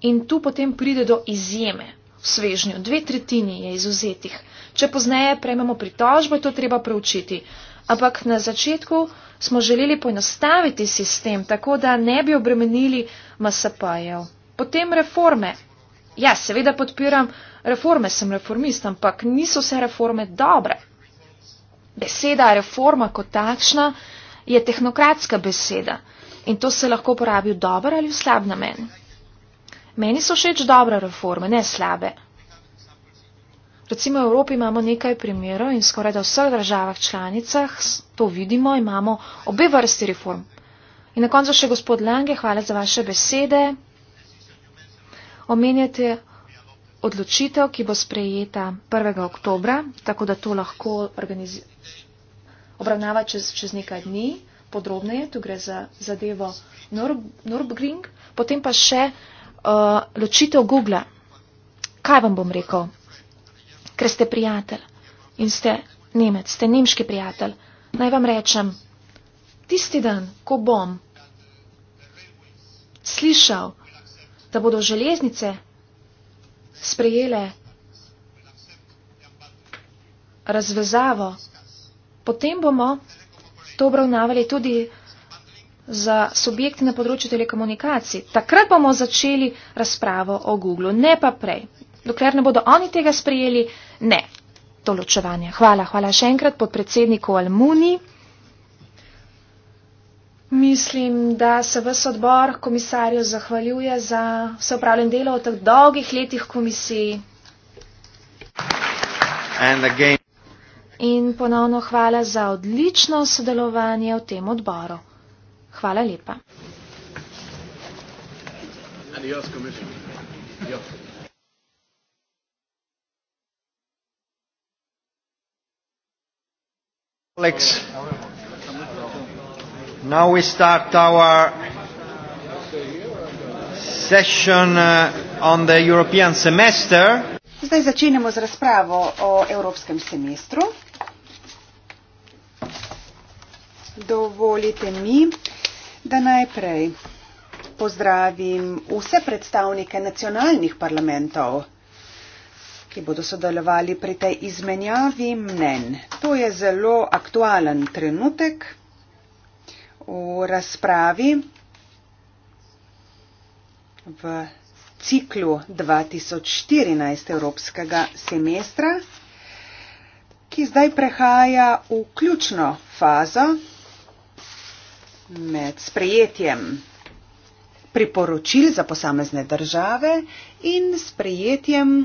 In tu potem pride do izjeme v svežnju. Dve tretjini je izuzetih. Če pozneje prejmemo pritožbo, je to treba preučiti ampak na začetku smo želeli poenostaviti sistem, tako da ne bi obremenili MSP-jev. Potem reforme. Ja, seveda podpiram reforme, sem reformist, ampak niso vse reforme dobre. Beseda reforma kot takšna je tehnokratska beseda in to se lahko uporabi v dober ali v slab namen. Meni so všeč dobre reforme, ne slabe. Recimo v Evropi imamo nekaj primerov in skoraj da v vseh državah članicah to vidimo, imamo obe vrsti reform. In na koncu še gospod Lange, hvala za vaše besede. Omenjate odločitev, ki bo sprejeta 1. oktobra, tako da to lahko obravnava čez, čez nekaj dni podrobneje. Tu gre za zadevo Nürburgring, potem pa še uh, ločitev Google. Kaj vam bom rekel? ker ste prijatelj in ste Nemec, ste nemški prijatelj. Naj vam rečem, tisti dan, ko bom slišal, da bodo železnice sprejele razvezavo, potem bomo to obravnavali tudi za subjekti na področju telekomunikacij. Takrat bomo začeli razpravo o Google, ne pa prej dokler ne bodo oni tega sprejeli, ne. Določevanje. Hvala, hvala še enkrat podpredsedniku Almuni. Mislim, da se vse odbor komisarju zahvaljuje za vse upravljen delo v teh dolgih letih komisiji. In ponovno hvala za odlično sodelovanje v tem odboru. Hvala lepa. Adios, Alex. Now we start our session uh, on the European semester.
Zdaj začenjamo z razpravo o evropskem semestru. Dovolite mi, da najprej pozdravim vse predstavnike nacionalnih parlamentov ki bodo sodelovali pri tej izmenjavi mnen. To je zelo aktualen trenutek v razpravi v ciklu 2014 Evropskega semestra, ki zdaj prehaja v ključno fazo med sprejetjem priporočil za posamezne države in sprejetjem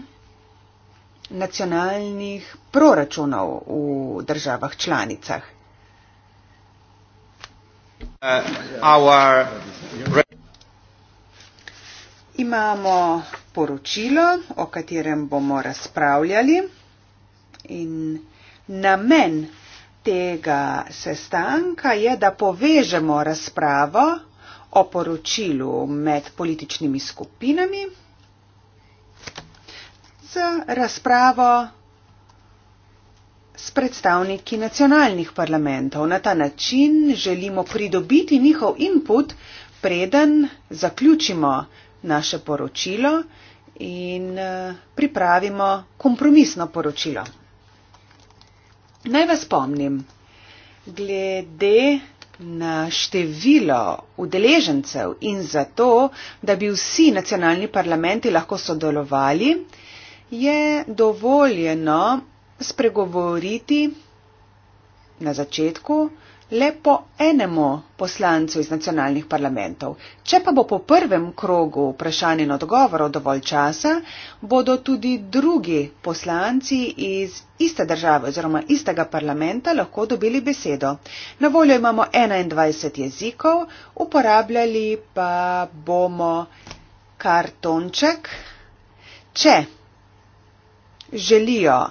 nacionalnih proračunov v državah članicah. Uh, Imamo poročilo, o katerem bomo razpravljali in namen tega sestanka je, da povežemo razpravo o poročilu med političnimi skupinami z razpravo s predstavniki nacionalnih parlamentov. Na ta način želimo pridobiti njihov input, preden zaključimo naše poročilo in eh, pripravimo kompromisno poročilo. Naj vas spomnim, glede na število udeležencev in zato, da bi vsi nacionalni parlamenti lahko sodelovali, je dovoljeno spregovoriti na začetku le po enemu poslancu iz nacionalnih parlamentov. Če pa bo po prvem krogu vprašanj in odgovorov dovolj časa, bodo tudi drugi poslanci iz iste države oziroma istega parlamenta lahko dobili besedo. Na voljo imamo 21 jezikov, uporabljali pa bomo kartonček. Če želijo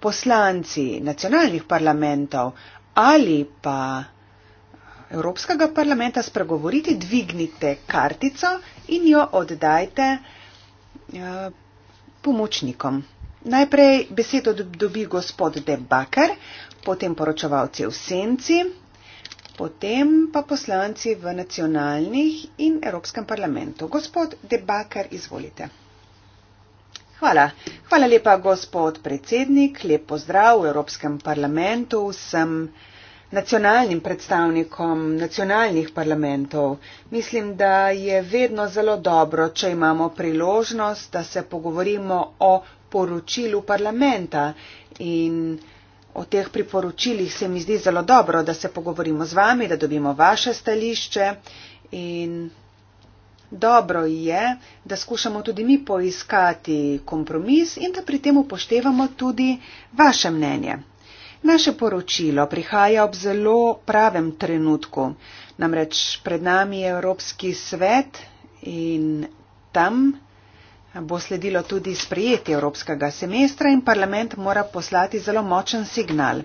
poslanci nacionalnih parlamentov ali pa Evropskega parlamenta spregovoriti, dvignite kartico in jo oddajte eh, pomočnikom. Najprej besedo dobi gospod De Baker, potem poročevalci v senci, potem pa poslanci v nacionalnih in Evropskem parlamentu. Gospod De Baker, izvolite. Hvala. Hvala lepa, gospod predsednik. Lep pozdrav v Evropskem parlamentu vsem nacionalnim predstavnikom nacionalnih parlamentov. Mislim, da je vedno zelo dobro, če imamo priložnost, da se pogovorimo o poročilu parlamenta in o teh priporočilih se mi zdi zelo dobro, da se pogovorimo z vami, da dobimo vaše stališče in dobro je, da skušamo tudi mi poiskati kompromis in da pri tem upoštevamo tudi vaše mnenje. Naše poročilo prihaja ob zelo pravem trenutku, namreč pred nami je Evropski svet in tam bo sledilo tudi sprejetje Evropskega semestra in parlament mora poslati zelo močen signal.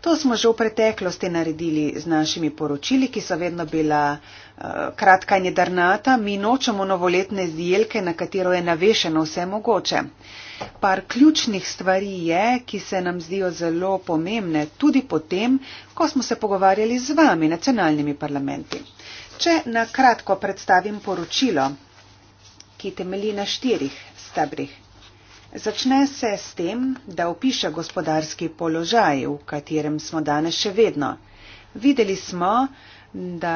To smo že v preteklosti naredili z našimi poročili, ki so vedno bila kratka in jedrnata, mi nočemo novoletne zjelke, na katero je navešeno vse mogoče. Par ključnih stvari je, ki se nam zdijo zelo pomembne, tudi potem, ko smo se pogovarjali z vami, nacionalnimi parlamenti. Če na kratko predstavim poročilo, ki temelji na štirih stebrih. Začne se s tem, da opiše gospodarski položaj, v katerem smo danes še vedno. Videli smo, da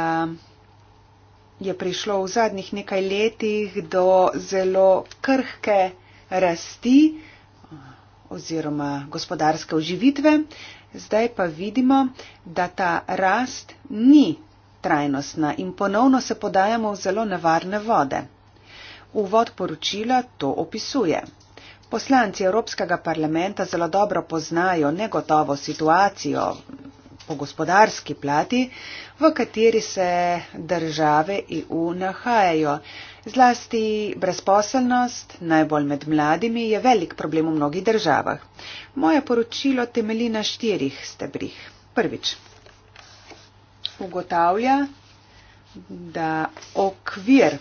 je prišlo v zadnjih nekaj letih do zelo krhke rasti eh, oziroma gospodarske oživitve. Zdaj pa vidimo, da ta rast ni trajnostna in ponovno se podajamo v zelo nevarne vode. Uvod poročila to opisuje. Poslanci Evropskega parlamenta zelo dobro poznajo negotovo situacijo po gospodarski plati, v kateri se države EU nahajajo. Zlasti brezposelnost, najbolj med mladimi, je velik problem v mnogih državah. Moje poročilo temeli na štirih stebrih. Prvič. Ugotavlja, da okvir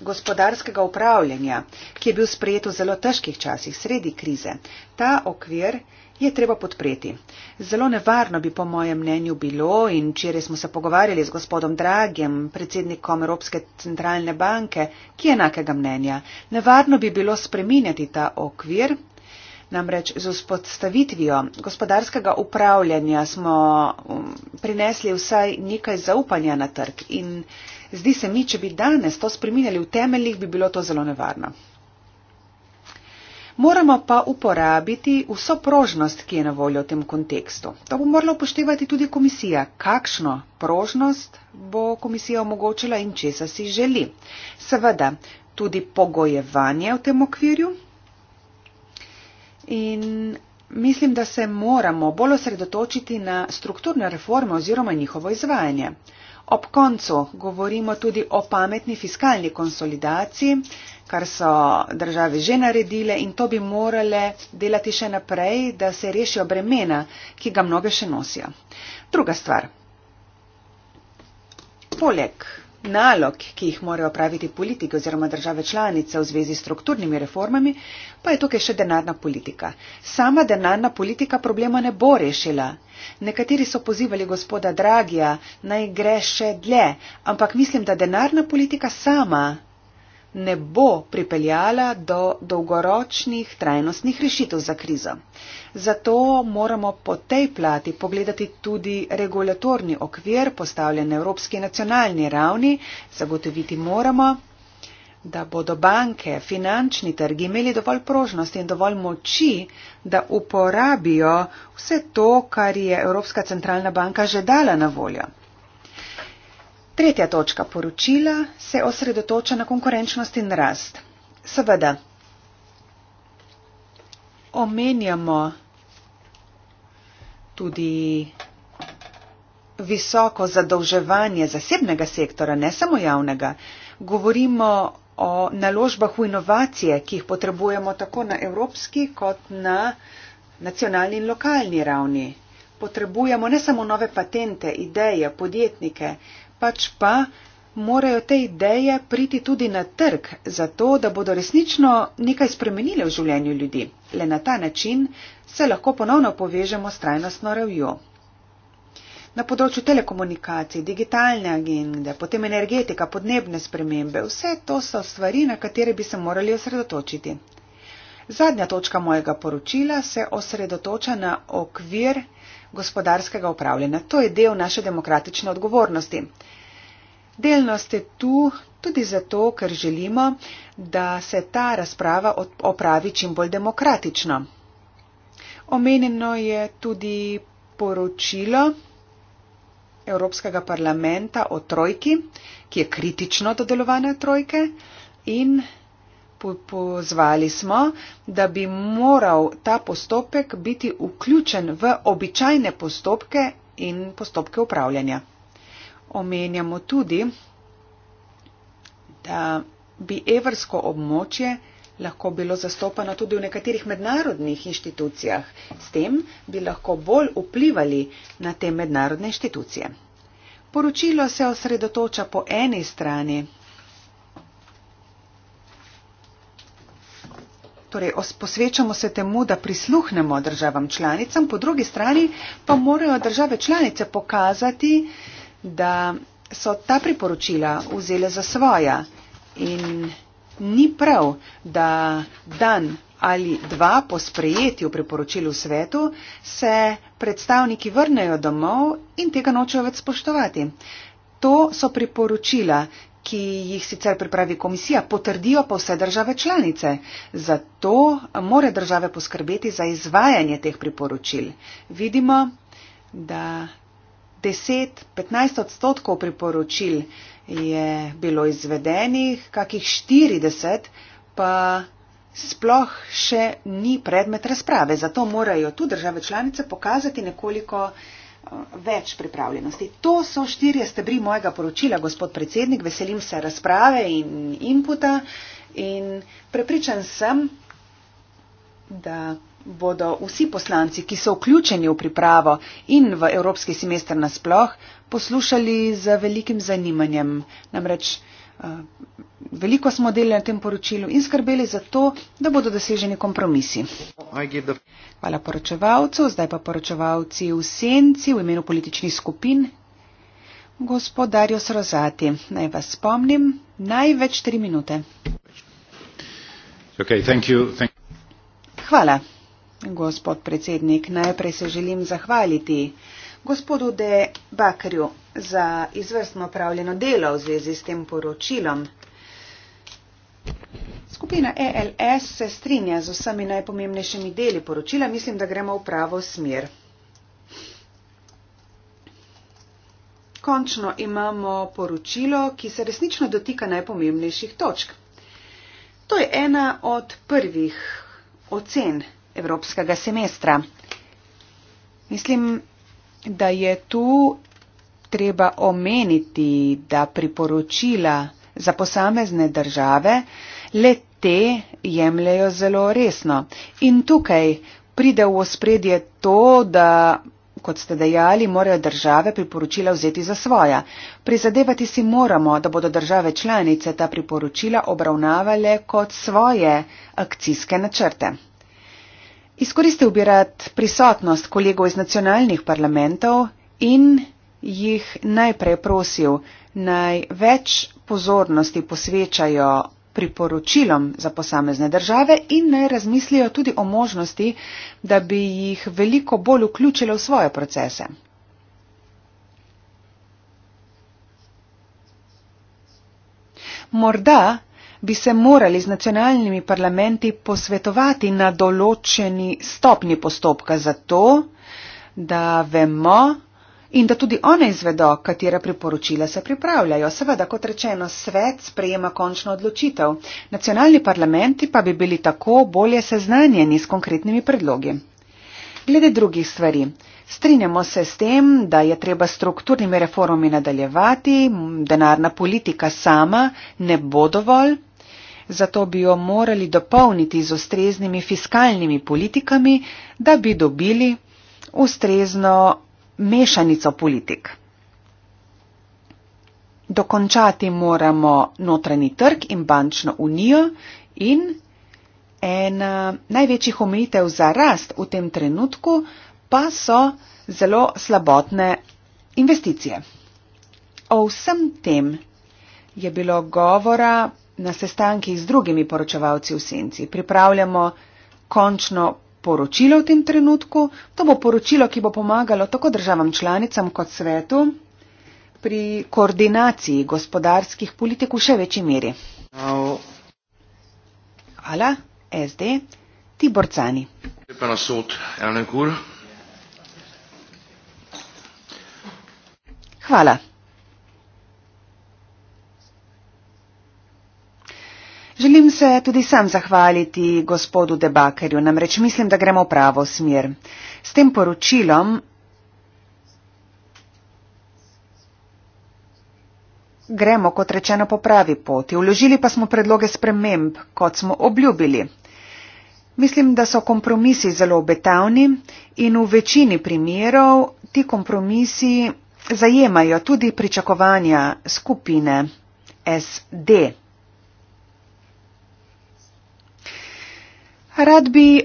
gospodarskega upravljanja, ki je bil sprejet v zelo težkih časih sredi krize, ta okvir je treba podpreti. Zelo nevarno bi po mojem mnenju bilo in včeraj smo se pogovarjali z gospodom Dragem, predsednikom Evropske centralne banke, ki je enakega mnenja. Nevarno bi bilo spreminjati ta okvir. Namreč z vzpostavitvijo gospodarskega upravljanja smo um, prinesli vsaj nekaj zaupanja na trg in zdi se mi, če bi danes to spreminjali v temeljih, bi bilo to zelo nevarno. Moramo pa uporabiti vso prožnost, ki je na voljo v tem kontekstu. To bo morala upoštevati tudi komisija. Kakšno prožnost bo komisija omogočila in česa si želi? Seveda, tudi pogojevanje v tem okvirju. In mislim, da se moramo bolj osredotočiti na strukturne reforme oziroma njihovo izvajanje. Ob koncu govorimo tudi o pametni fiskalni konsolidaciji, kar so države že naredile in to bi morale delati še naprej, da se rešijo bremena, ki ga mnoge še nosijo. Druga stvar. Poleg nalog, ki jih morajo praviti politiki oziroma države članice v zvezi s strukturnimi reformami, pa je tukaj še denarna politika. Sama denarna politika problema ne bo rešila, Nekateri so pozivali gospoda Dragija, naj gre še dlje, ampak mislim, da denarna politika sama ne bo pripeljala do dolgoročnih trajnostnih rešitev za krizo. Zato moramo po tej plati pogledati tudi regulatorni okvir postavljen na evropski nacionalni ravni. Zagotoviti moramo, da bodo banke, finančni trgi imeli dovolj prožnosti in dovolj moči, da uporabijo vse to, kar je Evropska centralna banka že dala na voljo. Tretja točka poročila se osredotoča na konkurenčnost in rast. Seveda, omenjamo tudi visoko zadolževanje zasebnega sektora, ne samo javnega. Govorimo o naložbah v inovacije, ki jih potrebujemo tako na evropski kot na nacionalni in lokalni ravni. Potrebujemo ne samo nove patente, ideje, podjetnike, pač pa morajo te ideje priti tudi na trg, zato da bodo resnično nekaj spremenile v življenju ljudi. Le na ta način se lahko ponovno povežemo s trajnostno ravjo na področju telekomunikacij, digitalne agende, potem energetika, podnebne spremembe, vse to so stvari, na katere bi se morali osredotočiti. Zadnja točka mojega poročila se osredotoča na okvir gospodarskega upravljanja. To je del naše demokratične odgovornosti. Delno ste tu tudi zato, ker želimo, da se ta razprava opravi čim bolj demokratično. Omenjeno je tudi poročilo, Evropskega parlamenta o trojki, ki je kritično dodelovana trojke in pozvali smo, da bi moral ta postopek biti vključen v običajne postopke in postopke upravljanja. Omenjamo tudi, da bi evrsko območje lahko bilo zastopano tudi v nekaterih mednarodnih inštitucijah. S tem bi lahko bolj vplivali na te mednarodne inštitucije. Poročilo se osredotoča po eni strani, torej posvečamo se temu, da prisluhnemo državam članicam, po drugi strani pa morajo države članice pokazati, da so ta priporočila vzele za svoja in ni prav, da dan ali dva po sprejetju priporočil v svetu se predstavniki vrnejo domov in tega nočejo več spoštovati. To so priporočila, ki jih sicer pripravi komisija, potrdijo pa vse države članice. Zato more države poskrbeti za izvajanje teh priporočil. Vidimo, da 10-15 odstotkov priporočil je bilo izvedenih, kakih 40 pa sploh še ni predmet razprave. Zato morajo tu države članice pokazati nekoliko eh, več pripravljenosti. To so štirje stebri mojega poročila, gospod predsednik. Veselim se razprave in inputa in prepričan sem, da bodo vsi poslanci, ki so vključeni v pripravo in v evropski semester nasploh, poslušali z velikim zanimanjem. Namreč eh, veliko smo delali na tem poročilu in skrbeli za to, da bodo doseženi kompromisi. Hvala poročevalcu, zdaj pa poročevalci v senci v imenu političnih skupin. Gospod Darjo Srozati, naj vas spomnim, največ tri minute.
Okay, thank you, thank
Hvala. Gospod predsednik, najprej se želim zahvaliti gospodu De Bakarju za izvrstno upravljeno delo v zvezi s tem poročilom. Skupina ELS se strinja z vsemi najpomembnejšimi deli poročila. Mislim, da gremo v pravo smer. Končno imamo poročilo, ki se resnično dotika najpomembnejših točk. To je ena od prvih ocen evropskega semestra. Mislim, da je tu treba omeniti, da priporočila za posamezne države le te jemljajo zelo resno. In tukaj pride v ospredje to, da, kot ste dejali, morajo države priporočila vzeti za svoja. Prizadevati si moramo, da bodo države članice ta priporočila obravnavale kot svoje akcijske načrte. Izkoristil bi rad prisotnost kolegov iz nacionalnih parlamentov in jih najprej prosil, naj več pozornosti posvečajo priporočilom za posamezne države in naj razmislijo tudi o možnosti, da bi jih veliko bolj vključile v svoje procese. Morda bi se morali z nacionalnimi parlamenti posvetovati na določeni stopni postopka zato, da vemo in da tudi one izvedo, katera priporočila se pripravljajo. Seveda, kot rečeno, svet sprejema končno odločitev. Nacionalni parlamenti pa bi bili tako bolje seznanjeni s konkretnimi predlogi. Glede drugih stvari. Strinjamo se s tem, da je treba strukturnimi reformami nadaljevati, denarna politika sama ne bo dovolj, zato bi jo morali dopolniti z ustreznimi fiskalnimi politikami, da bi dobili ustrezno mešanico politik. Dokončati moramo notranji trg in bančno unijo in ena največjih omejitev za rast v tem trenutku pa so zelo slabotne investicije. O vsem tem je bilo govora na sestankih z drugimi poročevalci v senci. Pripravljamo končno poročilo v tem trenutku. To bo poročilo, ki bo pomagalo tako državam članicam kot svetu pri koordinaciji gospodarskih politik v še večji meri. No. Hvala, SD, ti borcani. Hvala. Želim se tudi sam zahvaliti gospodu Debakerju, namreč mislim, da gremo v pravo smer. S tem poročilom gremo, kot rečeno, po pravi poti. Uložili pa smo predloge sprememb, kot smo obljubili. Mislim, da so kompromisi zelo obetavni in v večini primerov ti kompromisi zajemajo tudi pričakovanja skupine SD. Rad bi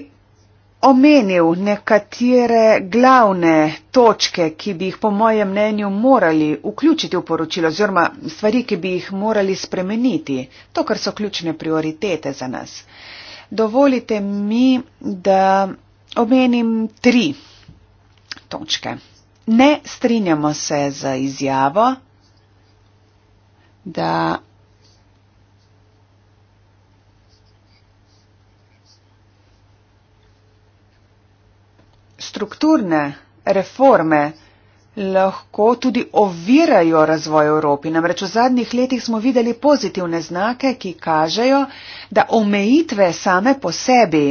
omenil nekatere glavne točke, ki bi jih po mojem mnenju morali vključiti v poročilo oziroma stvari, ki bi jih morali spremeniti, to, kar so ključne prioritete za nas. Dovolite mi, da omenim tri točke. Ne strinjamo se za izjavo, da strukturne reforme lahko tudi ovirajo razvoj Evropi. Namreč v zadnjih letih smo videli pozitivne znake, ki kažejo, da omejitve same po sebi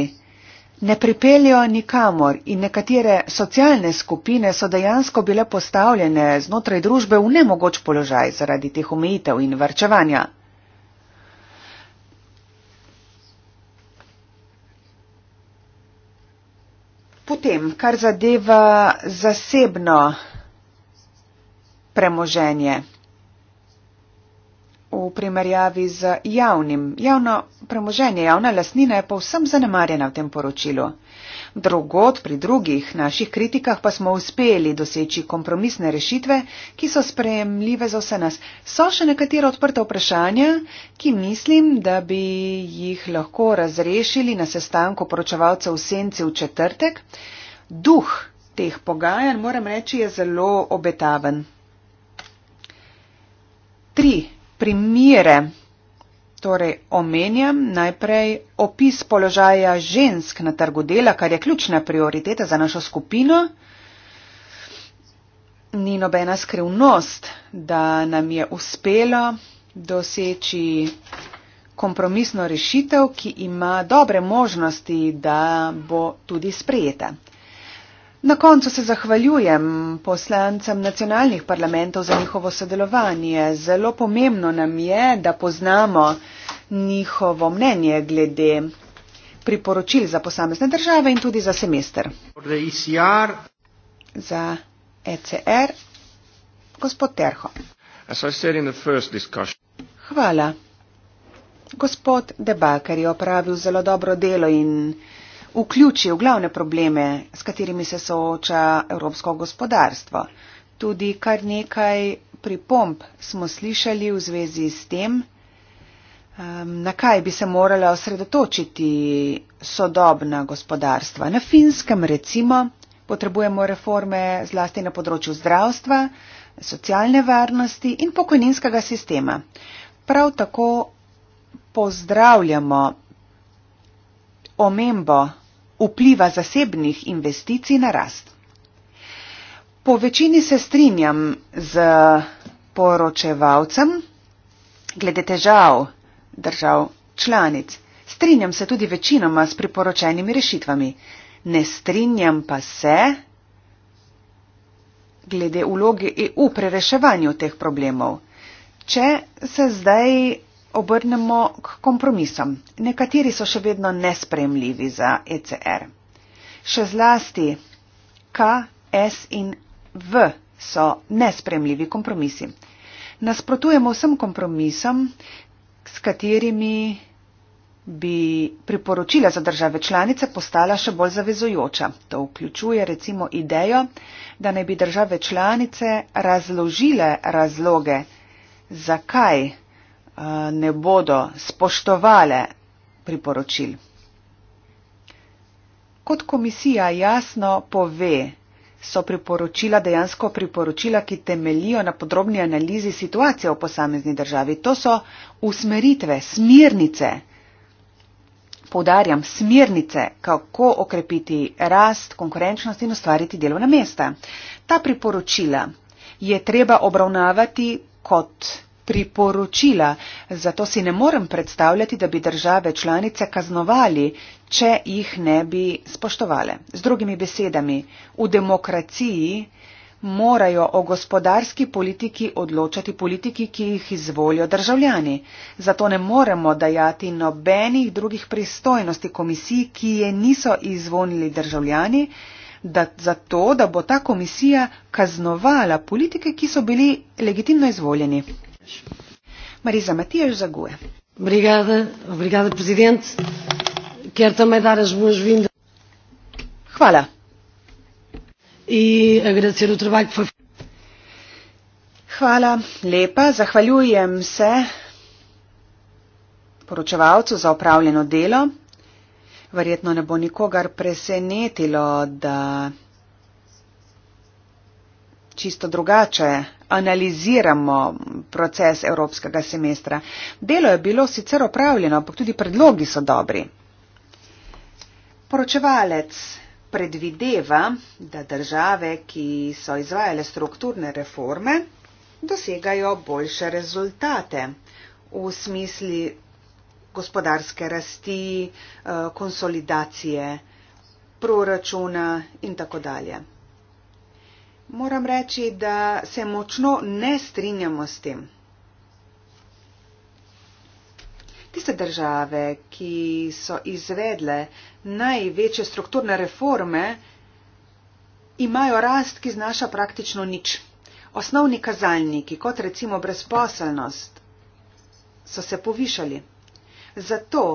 ne pripeljajo nikamor in nekatere socialne skupine so dejansko bile postavljene znotraj družbe v nemogoč položaj zaradi teh omejitev in varčevanja. Potem, kar zadeva zasebno premoženje v primerjavi z javnim. Javno premoženje, javna lasnina je povsem zanemarjena v tem poročilu. Drugod pri drugih naših kritikah pa smo uspeli doseči kompromisne rešitve, ki so sprejemljive za vse nas. So še nekatera odprta vprašanja, ki mislim, da bi jih lahko razrešili na sestanku poročevalcev v senci v četrtek. Duh teh pogajanj, moram reči, je zelo obetaven. Tri primere Torej, omenjam najprej opis položaja žensk na trgu dela, kar je ključna prioriteta za našo skupino. Ni nobena skrivnost, da nam je uspelo doseči kompromisno rešitev, ki ima dobre možnosti, da bo tudi sprejeta. Na koncu se zahvaljujem poslancem nacionalnih parlamentov za njihovo sodelovanje. Zelo pomembno nam je, da poznamo njihovo mnenje glede priporočil za posamezne države in tudi za semester. ICR. Za ECR, e gospod Terho. Hvala. Gospod Debaker je opravil zelo dobro delo in vključi v glavne probleme, s katerimi se sooča evropsko gospodarstvo. Tudi kar nekaj pripomp smo slišali v zvezi s tem, um, na kaj bi se morala osredotočiti sodobna gospodarstva. Na finskem recimo potrebujemo reforme zlasti na področju zdravstva, socialne varnosti in pokojninskega sistema. Prav tako pozdravljamo omembo vpliva zasebnih investicij na rast. Po večini se strinjam z poročevalcem glede težav držav članic. Strinjam se tudi večinoma s priporočenimi rešitvami. Ne strinjam pa se glede uloge EU pri reševanju teh problemov. Če se zdaj obrnemo k kompromisom. Nekateri so še vedno nespremljivi za ECR. Še zlasti K, S in V so nespremljivi kompromisi. Nasprotujemo vsem kompromisom, s katerimi bi priporočila za države članice postala še bolj zavezojoča. To vključuje recimo idejo, da ne bi države članice razložile razloge, zakaj Eh, ne bodo spoštovale priporočil. Kot komisija jasno pove, so priporočila dejansko priporočila, ki temelijo na podrobni analizi situacije v posamezni državi. To so usmeritve, smirnice. Podarjam smirnice, kako okrepiti rast, konkurenčnost in ustvariti delovna mesta. Ta priporočila je treba obravnavati kot priporočila, zato si ne morem predstavljati, da bi države članice kaznovali, če jih ne bi spoštovale. Z drugimi besedami, v demokraciji morajo o gospodarski politiki odločati politiki, ki jih izvolijo državljani. Zato ne moremo dajati nobenih drugih pristojnosti komisiji, ki je niso izvolili državljani, da, zato da bo ta komisija kaznovala politike, ki so bili legitimno izvoljeni. Matias. Marisa Matias Zagué. Obrigada, obrigada Presidente. Quero também dar as boas-vindas. Hvala. In e agradecer o trabalho que foi feito. Hvala lepa, zahvaljujem se poročevalcu za opravljeno delo. Verjetno ne bo nikogar presenetilo, da čisto drugače analiziramo proces evropskega semestra. Delo je bilo sicer opravljeno, ampak tudi predlogi so dobri. Poročevalec predvideva, da države, ki so izvajale strukturne reforme, dosegajo boljše rezultate v smislu gospodarske rasti, eh, konsolidacije proračuna in tako dalje. Moram reči, da se močno ne strinjamo s tem. Tiste države, ki so izvedle največje strukturne reforme, imajo rast, ki znaša praktično nič. Osnovni kazalniki, kot recimo brezposelnost, so se povišali. Zato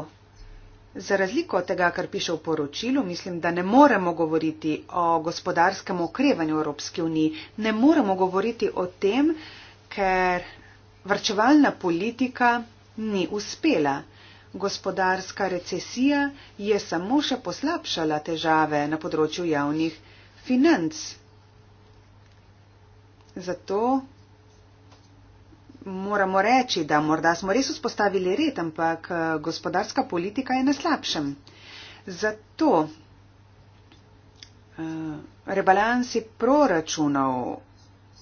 Za razliko od tega, kar piše v poročilu, mislim, da ne moremo govoriti o gospodarskem okrevanju Evropske unije, ne moremo govoriti o tem, ker vrčevalna politika ni uspela. Gospodarska recesija je samo še poslabšala težave na področju javnih financ. Zato moramo reči, da morda smo res vzpostavili red, ampak eh, gospodarska politika je na slabšem. Zato eh, rebalansi proračunov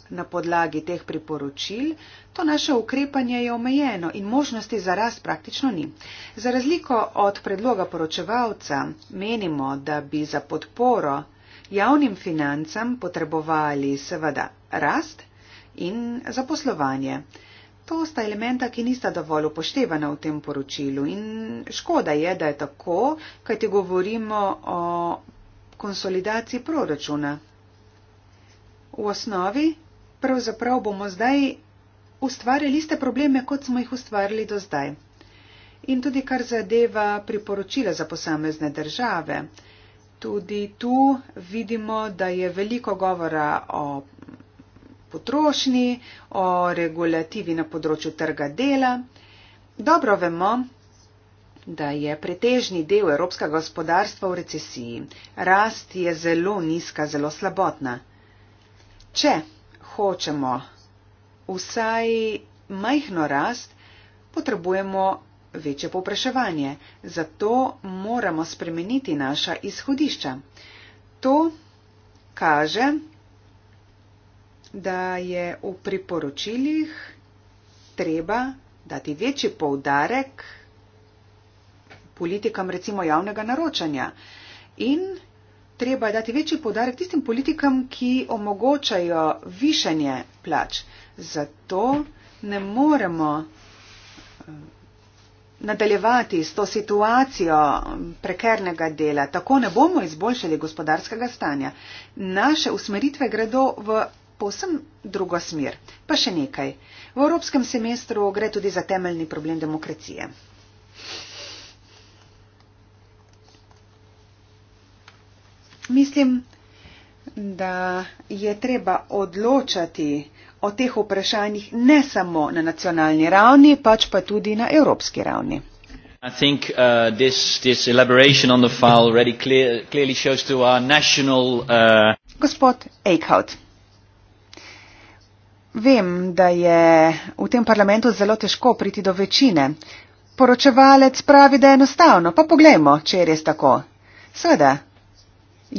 na podlagi teh priporočil, to naše ukrepanje je omejeno in možnosti za rast praktično ni. Za razliko od predloga poročevalca menimo, da bi za podporo javnim financam potrebovali seveda rast in zaposlovanje. To sta elementa, ki nista dovolj upoštevana v tem poročilu in škoda je, da je tako, kajti govorimo o konsolidaciji proračuna. V osnovi pravzaprav bomo zdaj ustvarjali iste probleme, kot smo jih ustvarjali do zdaj. In tudi kar zadeva priporočila za posamezne države. Tudi tu vidimo, da je veliko govora o potrošnji, o regulativi na področju trga dela. Dobro vemo, da je pretežni del evropskega gospodarstva v recesiji. Rast je zelo nizka, zelo slabotna. Če hočemo vsaj majhno rast, potrebujemo večje povpraševanje. Zato moramo spremeniti naša izhodišča. To kaže, da je v priporočilih treba dati večji poudarek politikam recimo javnega naročanja in treba je dati večji poudarek tistim politikam, ki omogočajo višanje plač. Zato ne moremo eh, nadaljevati s to situacijo prekernega dela. Tako ne bomo izboljšali gospodarskega stanja. Naše usmeritve gredo v posem drugo smer. Pa še nekaj. V evropskem semestru gre tudi za temeljni problem demokracije. Mislim, da je treba odločati o teh vprašanjih ne samo na nacionalni ravni, pač pa tudi na evropski ravni.
Think, uh, this, this clear,
clearly, clearly our national, uh... Gospod Eichhout. Vem, da je v tem parlamentu zelo težko priti do večine. Poročevalec pravi, da je enostavno, pa poglejmo, če je res tako. Seveda,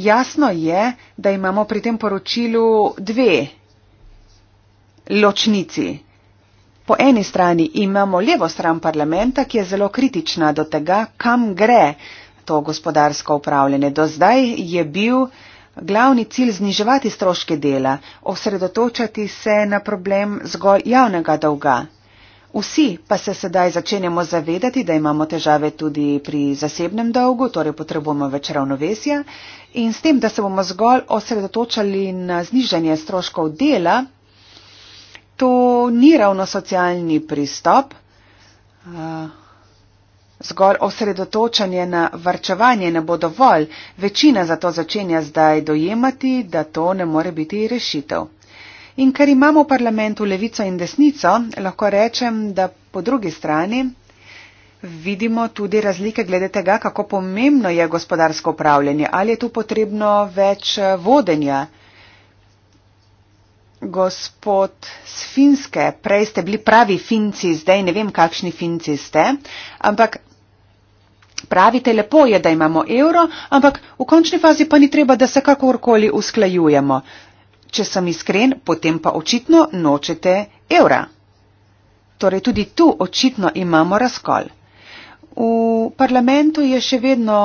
jasno je, da imamo pri tem poročilu dve ločnici. Po eni strani imamo levo stran parlamenta, ki je zelo kritična do tega, kam gre to gospodarsko upravljanje. Do zdaj je bil glavni cilj zniževati stroške dela, osredotočati se na problem zgolj javnega dolga. Vsi pa se sedaj začenjamo zavedati, da imamo težave tudi pri zasebnem dolgu, torej potrebujemo več ravnovesja in s tem, da se bomo zgolj osredotočali na znižanje stroškov dela, to ni ravno socialni pristop. Uh, Zgolj osredotočanje na varčevanje ne bo dovolj, večina zato začenja zdaj dojemati, da to ne more biti rešitev. In ker imamo v parlamentu levico in desnico, lahko rečem, da po drugi strani vidimo tudi razlike glede tega, kako pomembno je gospodarsko upravljanje, ali je tu potrebno več eh, vodenja. Gospod z Finske, prej ste bili pravi Finci, zdaj ne vem, kakšni Finci ste, ampak Pravite, lepo je, da imamo evro, ampak v končni fazi pa ni treba, da se kakorkoli usklajujemo. Če sem iskren, potem pa očitno nočete evra. Torej tudi tu očitno imamo razkol. V parlamentu je še vedno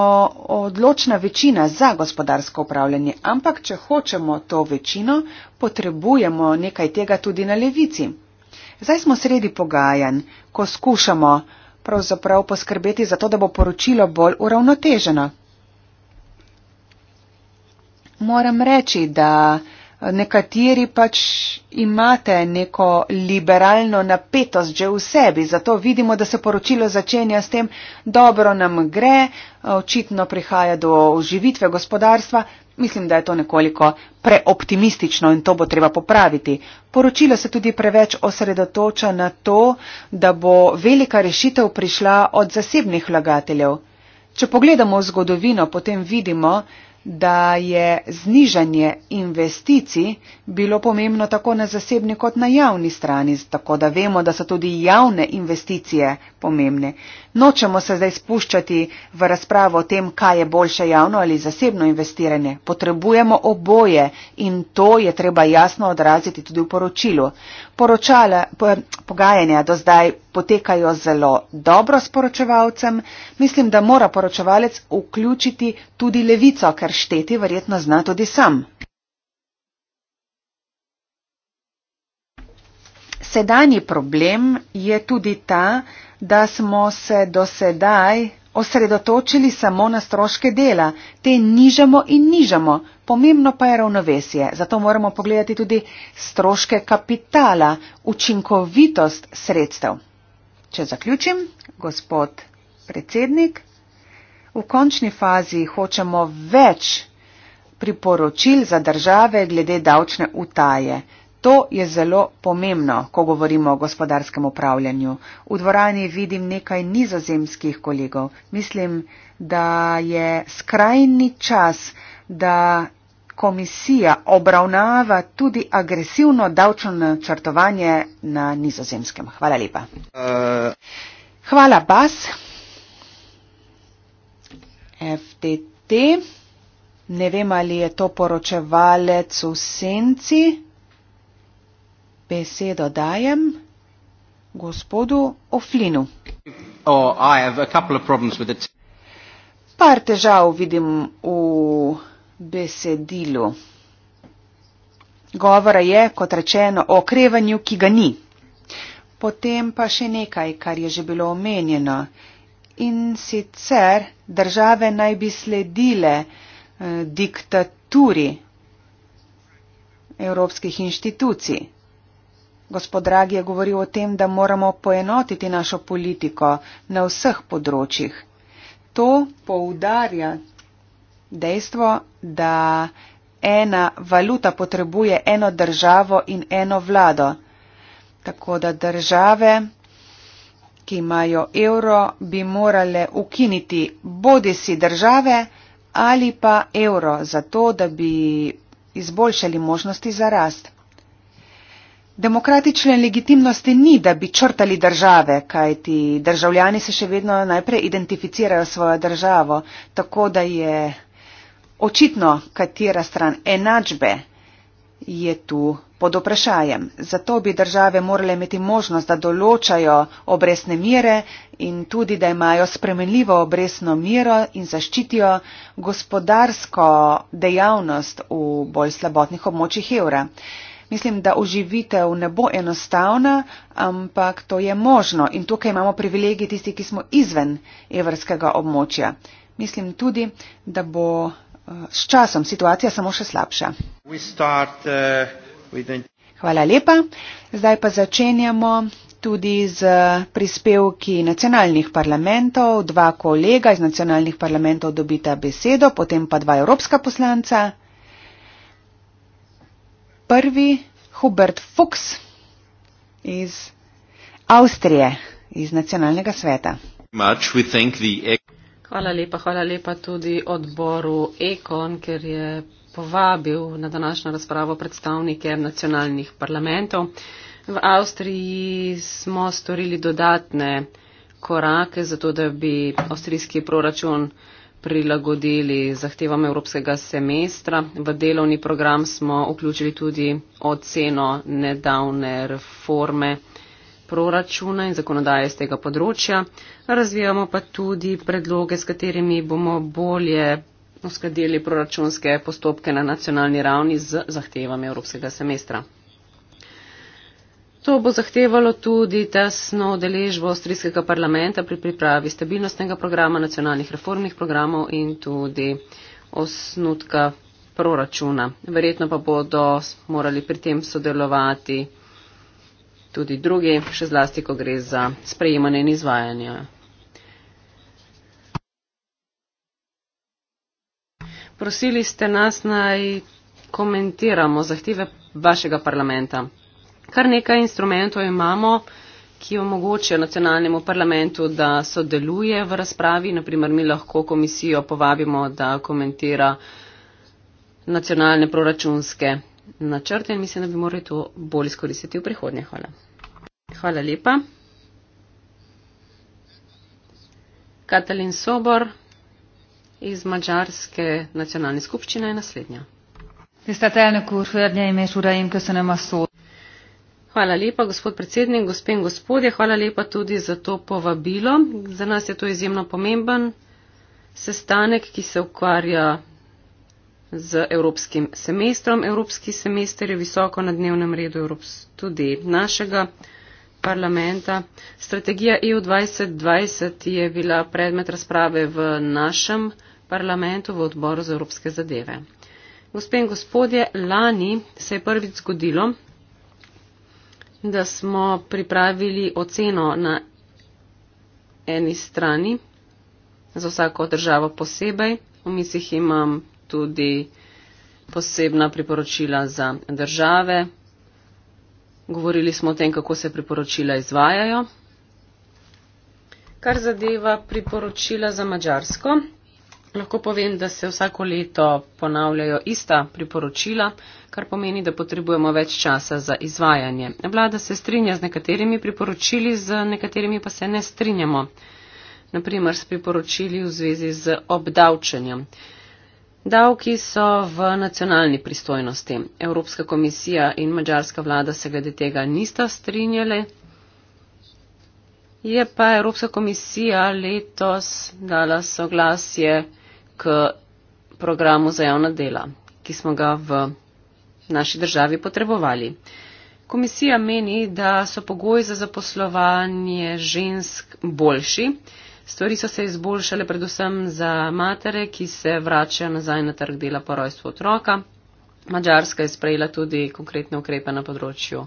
odločna večina za gospodarsko upravljanje, ampak če hočemo to večino, potrebujemo nekaj tega tudi na levici. Zdaj smo sredi pogajanj, ko skušamo pravzaprav poskrbeti za to, da bo poročilo bolj uravnoteženo. Moram reči, da Nekateri pač imate neko liberalno napetost že v sebi, zato vidimo, da se poročilo začenja s tem, dobro nam gre, očitno prihaja do oživitve gospodarstva. Mislim, da je to nekoliko preoptimistično in to bo treba popraviti. Poročilo se tudi preveč osredotoča na to, da bo velika rešitev prišla od zasebnih vlagateljev. Če pogledamo zgodovino, potem vidimo, da je znižanje investicij bilo pomembno tako na zasebni kot na javni strani, tako da vemo, da so tudi javne investicije pomembne. Nočemo se zdaj spuščati v razpravo o tem, kaj je boljše javno ali zasebno investiranje. Potrebujemo oboje in to je treba jasno odraziti tudi v poročilu. Poročala, po, pogajanja do zdaj potekajo zelo dobro s poročevalcem. Mislim, da mora poročevalec vključiti tudi levico, ker šteti verjetno zna tudi sam. Sedanji problem je tudi ta, da smo se do sedaj osredotočili samo na stroške dela. Te nižamo in nižamo. Pomembno pa je ravnovesje. Zato moramo pogledati tudi stroške kapitala, učinkovitost sredstev. Če zaključim, gospod predsednik, v končni fazi hočemo več priporočil za države glede davčne utaje. To je zelo pomembno, ko govorimo o gospodarskem upravljanju. V dvorani vidim nekaj nizozemskih kolegov. Mislim, da je skrajni čas, da komisija obravnava tudi agresivno davčno načrtovanje na nizozemskem. Hvala lepa. Uh. Hvala, Bas. FTT. Ne vem, ali je to poročevalec v senci besedo dajem gospodu Oflinu. Oh, Par težav vidim v besedilu. Govora je, kot rečeno, o okrevanju, ki ga ni. Potem pa še nekaj, kar je že bilo omenjeno. In sicer države naj bi sledile eh, diktaturi evropskih inštitucij. Gospod Dragi je govoril o tem, da moramo poenotiti našo politiko na vseh področjih. To poudarja dejstvo, da ena valuta potrebuje eno državo in eno vlado. Tako da države, ki imajo evro, bi morale ukiniti bodi si države ali pa evro, zato da bi izboljšali možnosti za rast. Demokratične legitimnosti ni, da bi črtali države, kajti državljani se še vedno najprej identificirajo svojo državo, tako da je očitno, katera stran enačbe je tu pod vprašajem. Zato bi države morale imeti možnost, da določajo obresne mire in tudi, da imajo spremenljivo obresno miro in zaščitijo gospodarsko dejavnost v bolj slabotnih območjih evra mislim, da oživitev ne bo enostavna, ampak to je možno in tukaj imamo privilegij tisti, ki smo izven evrskega območja. Mislim tudi, da bo eh, s časom situacija samo še slabša. Start, uh, the... Hvala lepa. Zdaj pa začenjamo tudi z prispevki nacionalnih parlamentov. Dva kolega iz nacionalnih parlamentov dobita besedo, potem pa dva evropska poslanca prvi Hubert Fuchs iz Avstrije, iz nacionalnega sveta.
E- hvala lepa, hvala lepa tudi odboru Ekon, ker je povabil na današnjo razpravo predstavnike nacionalnih parlamentov. V Avstriji smo storili dodatne korake, zato da bi avstrijski proračun prilagodili zahtevam evropskega semestra. V delovni program smo vključili tudi oceno nedavne reforme proračuna in zakonodaje z tega področja. Razvijamo pa tudi predloge, s katerimi bomo bolje uskladili proračunske postopke na nacionalni ravni z zahtevami evropskega semestra. To bo zahtevalo tudi tesno deležbo avstrijskega parlamenta pri pripravi stabilnostnega programa, nacionalnih reformnih programov in tudi osnutka proračuna. Verjetno pa bodo morali pri tem sodelovati tudi drugi, še zlasti, ko gre za sprejemanje in izvajanje. Prosili ste nas naj komentiramo zahteve vašega parlamenta kar nekaj instrumentov imamo, ki omogočajo nacionalnemu parlamentu, da sodeluje v razpravi. Naprimer, mi lahko komisijo povabimo, da komentira nacionalne proračunske načrte in mislim, da bi morali to bolj izkoristiti v prihodnje. Hvala. Hvala lepa. Katalin Sobor iz Mačarske nacionalne skupščine je naslednja.
Vi ste tajna kurfirnja in mešura in kasanema sod.
Hvala lepa, gospod predsednik, gospe in gospodje, hvala lepa tudi za to povabilo. Za nas je to izjemno pomemben sestanek, ki se ukvarja z evropskim semestrom. Evropski semester je visoko na dnevnem redu Evrops, tudi našega parlamenta. Strategija EU 2020 je bila predmet razprave v našem parlamentu, v odboru za evropske zadeve. Gospe in gospodje, lani se je prvič zgodilo, da smo pripravili oceno na eni strani za vsako državo posebej. V mislih imam tudi posebna priporočila za države. Govorili smo o tem, kako se priporočila izvajajo. Kar zadeva priporočila za Mačarsko, Lahko povem, da se vsako leto ponavljajo ista priporočila, kar pomeni, da potrebujemo več časa za izvajanje. Vlada se strinja z nekaterimi priporočili, z nekaterimi pa se ne strinjamo. Naprimer, s priporočili v zvezi z obdavčenjem. Davki so v nacionalni pristojnosti. Evropska komisija in mađarska vlada se glede tega nista strinjali. Je pa Evropska komisija letos dala soglasje k programu za javna dela, ki smo ga v naši državi potrebovali. Komisija meni, da so pogoji za zaposlovanje žensk boljši. Stvari so se izboljšale predvsem za matere, ki se vračajo nazaj na trg dela po rojstvu otroka. Mačarska je sprejela tudi konkretne ukrepe na področju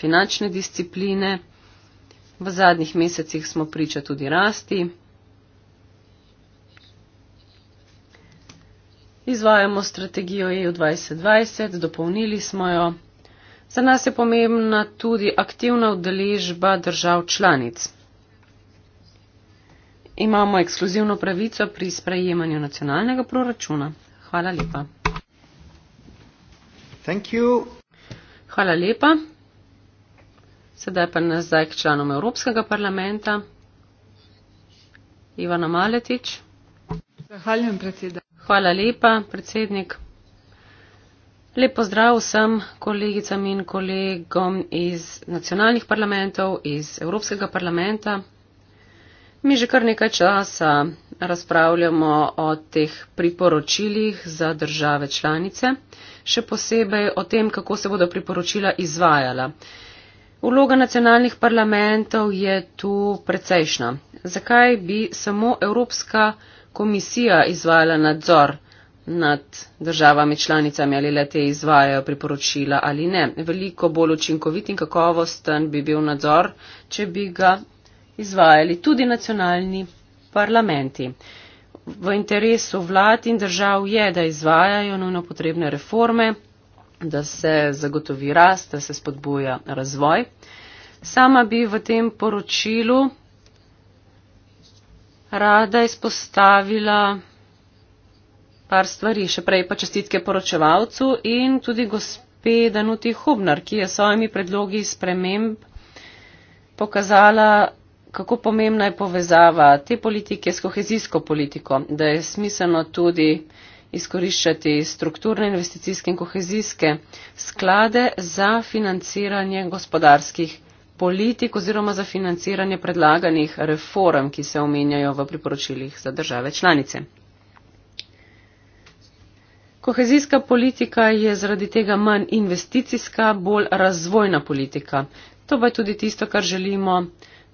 finančne discipline. V zadnjih mesecih smo priča tudi rasti, izvajamo strategijo EU 2020, dopolnili smo jo. Za nas je pomembna tudi aktivna udeležba držav članic. Imamo ekskluzivno pravico pri sprejemanju nacionalnega proračuna. Hvala lepa. Hvala lepa. Sedaj pa nazaj k članom Evropskega parlamenta. Ivana Maletič. Zahvaljujem predsedniku. Hvala lepa, predsednik. Lep pozdrav vsem kolegicam in kolegom iz nacionalnih parlamentov, iz Evropskega parlamenta. Mi že kar nekaj časa razpravljamo o teh priporočilih za države članice, še posebej o tem, kako se bodo priporočila izvajala. Vloga nacionalnih parlamentov je tu precejšna. Zakaj bi samo Evropska parlamenta komisija izvajala nadzor nad državami članicami, ali le te izvajajo priporočila ali ne. Veliko bolj učinkovit in kakovosten bi bil nadzor, če bi ga izvajali tudi nacionalni parlamenti. V interesu vlad in držav je, da izvajajo nujno potrebne reforme, da se zagotovi rast, da se spodbuja razvoj. Sama bi v tem poročilu rada izpostavila par stvari. Še prej pa čestitke poročevalcu in tudi gospe Danuti Hubnar, ki je s svojimi predlogi sprememb pokazala, kako pomembna je povezava te politike s kohezijsko politiko, da je smiselno tudi izkoriščati strukturne investicijske in kohezijske sklade za financiranje gospodarskih projektov politik oziroma za financiranje predlaganih reform, ki se omenjajo v priporočilih za države članice. Kohezijska politika je zaradi tega manj investicijska, bolj razvojna politika. To pa je tudi tisto, kar želimo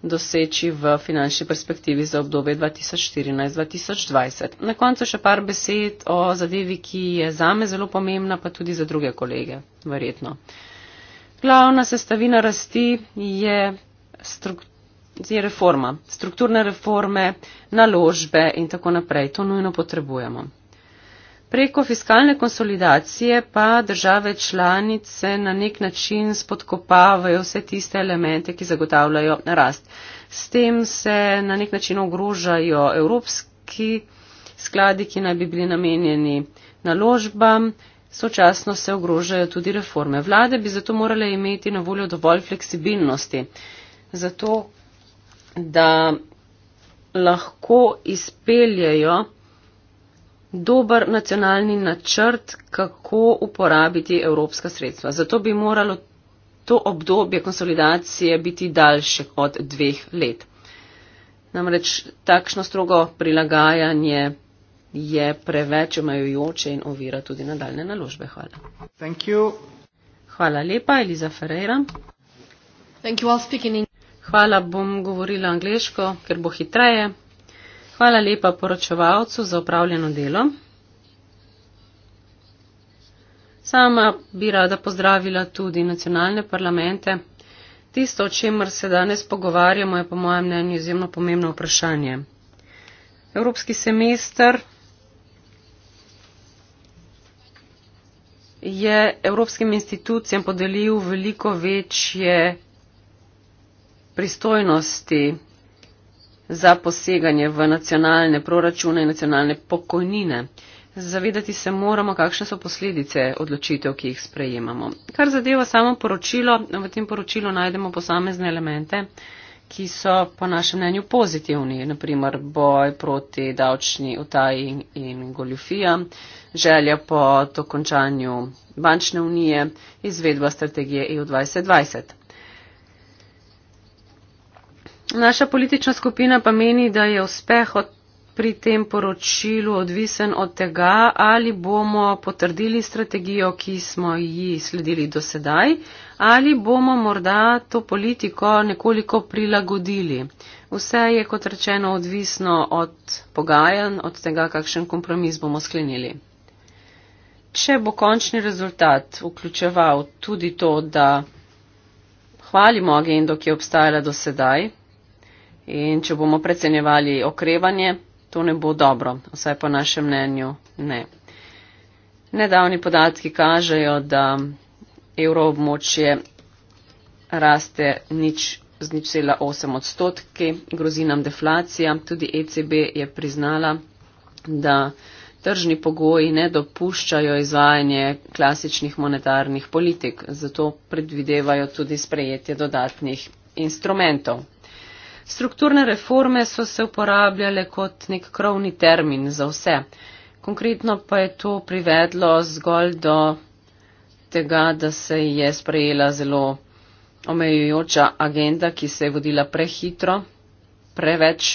doseči v finančni perspektivi za obdobje 2014-2020. Na koncu še par besed o zadevi, ki je zame zelo pomembna, pa tudi za druge kolege, verjetno. Uh, glavna sestavina rasti je struktura. Je reforma, strukturne reforme, naložbe in tako naprej. To nujno potrebujemo. Preko fiskalne konsolidacije pa države članice na nek način spodkopavajo vse tiste elemente, ki zagotavljajo rast. S tem se na nek način ogrožajo evropski skladi, ki naj bi bili namenjeni naložbam Sočasno se ogrožajo tudi reforme. Vlade bi zato morale imeti na voljo dovolj fleksibilnosti, zato da lahko izpeljajo dober nacionalni načrt, kako uporabiti evropska sredstva. Zato bi moralo to obdobje konsolidacije biti daljše od dveh let. Namreč takšno strogo prilagajanje je preveč omejujoče in ovira tudi nadaljne naložbe. Hvala. Hvala lepa, Eliza Ferreira. Hvala, bom govorila angliško, ker bo hitreje. Hvala lepa poročevalcu za upravljeno delo. Sama bi rada pozdravila tudi nacionalne parlamente. Tisto, o čemer se danes pogovarjamo, je po mojem mnenju izjemno pomembno vprašanje. Evropski semester je evropskim institucijam podelil veliko večje pristojnosti za poseganje v nacionalne proračune in nacionalne pokojnine. Zavedati se moramo, kakšne so posledice odločitev, ki jih sprejemamo. Kar zadeva samo poročilo, v tem poročilu najdemo posamezne elemente, ki so po našem mnenju pozitivni, naprimer boj proti davčni utaji in goljufijam, želja po dokončanju bančne unije, izvedba strategije EU 2020. Naša politična skupina pa meni, da je uspeh od pri tem poročilu odvisen od tega, ali bomo potrdili strategijo, ki smo ji sledili do sedaj, ali bomo morda to politiko nekoliko prilagodili. Vse je, kot rečeno, odvisno od pogajanj, od tega, kakšen kompromis bomo sklenili. Če bo končni rezultat vključeval tudi to, da hvalimo agendo, ki je obstajala do sedaj, In če bomo predsenjevali okrevanje, to ne bo dobro, vsaj po našem mnenju ne. Nedavni podatki kažejo, da evroobmočje raste nič z nič cela 8 odstotki, grozi nam deflacija. Tudi ECB je priznala, da tržni pogoji ne dopuščajo izvajanje klasičnih monetarnih politik, zato predvidevajo tudi sprejetje dodatnih instrumentov. Strukturne reforme so se uporabljale kot nek krovni termin za vse. Konkretno pa je to privedlo zgolj do tega, da se je sprejela zelo omejujoča agenda, ki se je vodila prehitro, preveč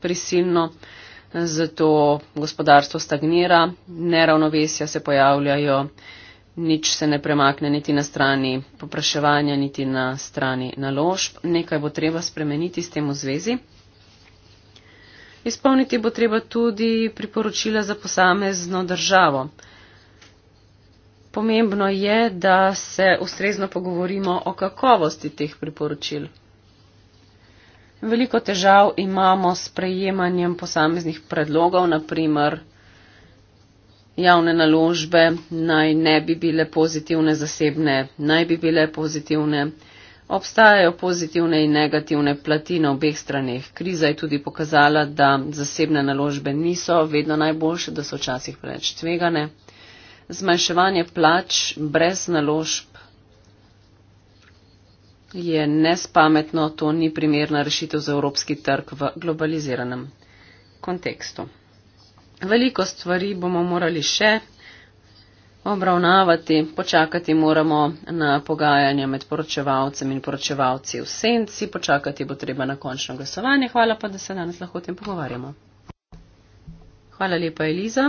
prisilno, zato gospodarstvo stagnira, neravnovesja se pojavljajo nič se ne premakne niti na strani popraševanja, niti na strani naložb. Nekaj bo treba spremeniti s tem v zvezi. Izpolniti bo treba tudi priporočila za posamezno državo. Pomembno je, da se ustrezno pogovorimo o kakovosti teh priporočil. Veliko težav imamo s prejemanjem posameznih predlogov, naprimer javne naložbe naj ne bi bile pozitivne, zasebne naj bi bile pozitivne. Obstajajo pozitivne in negativne plati na obeh straneh. Kriza je tudi pokazala, da zasebne naložbe niso vedno najboljše, da so včasih preveč tvegane. Zmanjševanje plač brez naložb je nespametno, to ni primerna rešitev za evropski trg v globaliziranem kontekstu. Veliko stvari bomo morali še obravnavati, počakati moramo na pogajanja med poročevalcem in poročevalci v senci, počakati bo treba na končno glasovanje. Hvala pa, da se danes lahko o tem pogovarjamo. Hvala lepa, Eliza.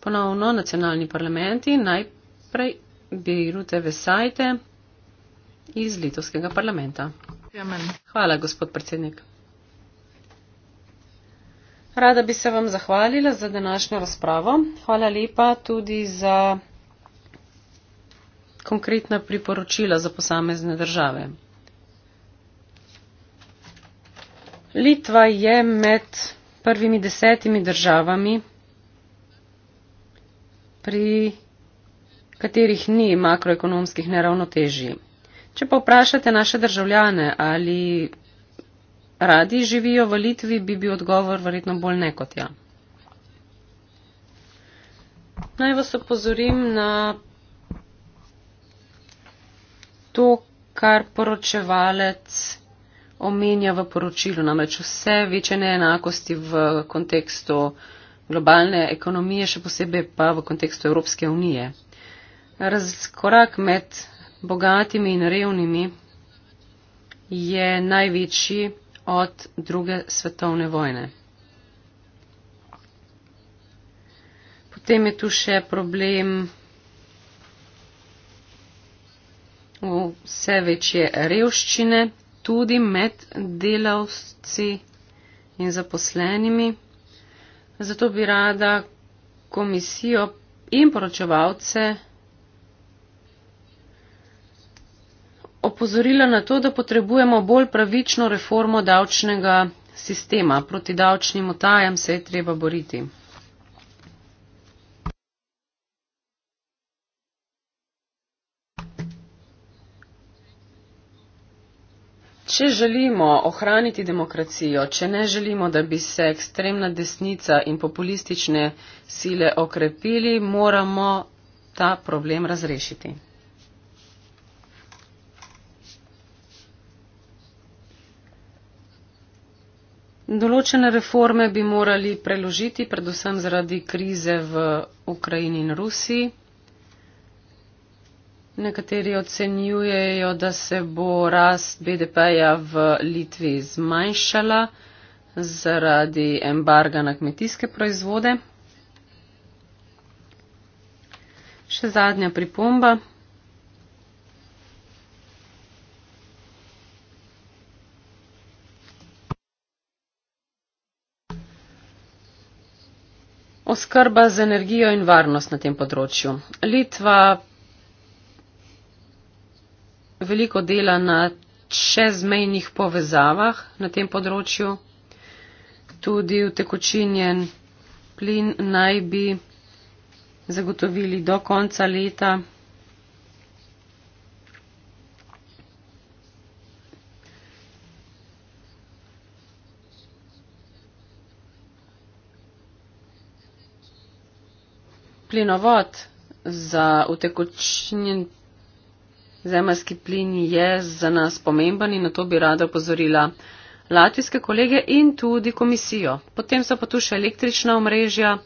Ponovno nacionalni parlamenti, najprej Birute Vesajte iz Litovskega parlamenta. Amen. Hvala, gospod predsednik. Rada bi se vam zahvalila za današnjo razpravo. Hvala lepa tudi za konkretna priporočila za posamezne države. Litva je med prvimi desetimi državami, pri katerih ni makroekonomskih neravnotežij. Če pa vprašate naše državljane, ali radi živijo v Litvi, bi bil odgovor verjetno bolj ne kot ja. Naj vas opozorim na to, kar poročevalec omenja v poročilu. Namreč vse večje neenakosti v kontekstu globalne ekonomije, še posebej pa v kontekstu Evropske unije. Razkorak med bogatimi in revnimi je največji od druge svetovne vojne. Potem je tu še problem vse večje revščine, tudi med delavci in zaposlenimi. Zato bi rada komisijo in poročevalce opozorila na to, da potrebujemo bolj pravično reformo davčnega sistema. Proti davčnim otajam se je treba boriti. Če želimo ohraniti demokracijo, če ne želimo, da bi se ekstremna desnica in populistične sile okrepili, moramo ta problem razrešiti. določene reforme bi morali preložiti, predvsem zaradi krize v Ukrajini in Rusiji. Nekateri ocenjujejo, da se bo rast BDP-ja v Litvi zmanjšala zaradi embarga na kmetijske proizvode. Še zadnja pripomba. oskrba z energijo in varnost na tem področju. Litva veliko dela na čezmejnih povezavah na tem področju. Tudi utekočinjen plin naj bi zagotovili do konca leta. plinovod za utekočnjen zemljski plin je za nas pomemben in na to bi rada opozorila latvijske kolege in tudi komisijo. Potem so pa tu še električna omrežja.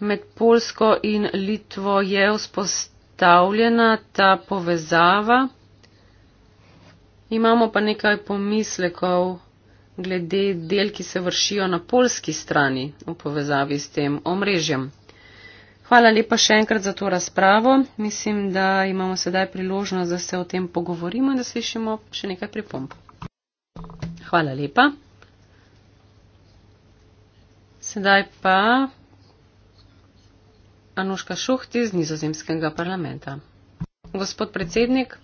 Med Polsko in Litvo je vzpostavljena ta povezava. Imamo pa nekaj pomislekov glede del, ki se vršijo na polski strani v povezavi s tem omrežjem. Hvala lepa še enkrat za to razpravo. Mislim, da imamo sedaj priložnost, da se o tem pogovorimo in da slišimo še nekaj pripomb. Hvala lepa. Sedaj pa Anuška Šuht iz nizozemskega parlamenta. Gospod predsednik,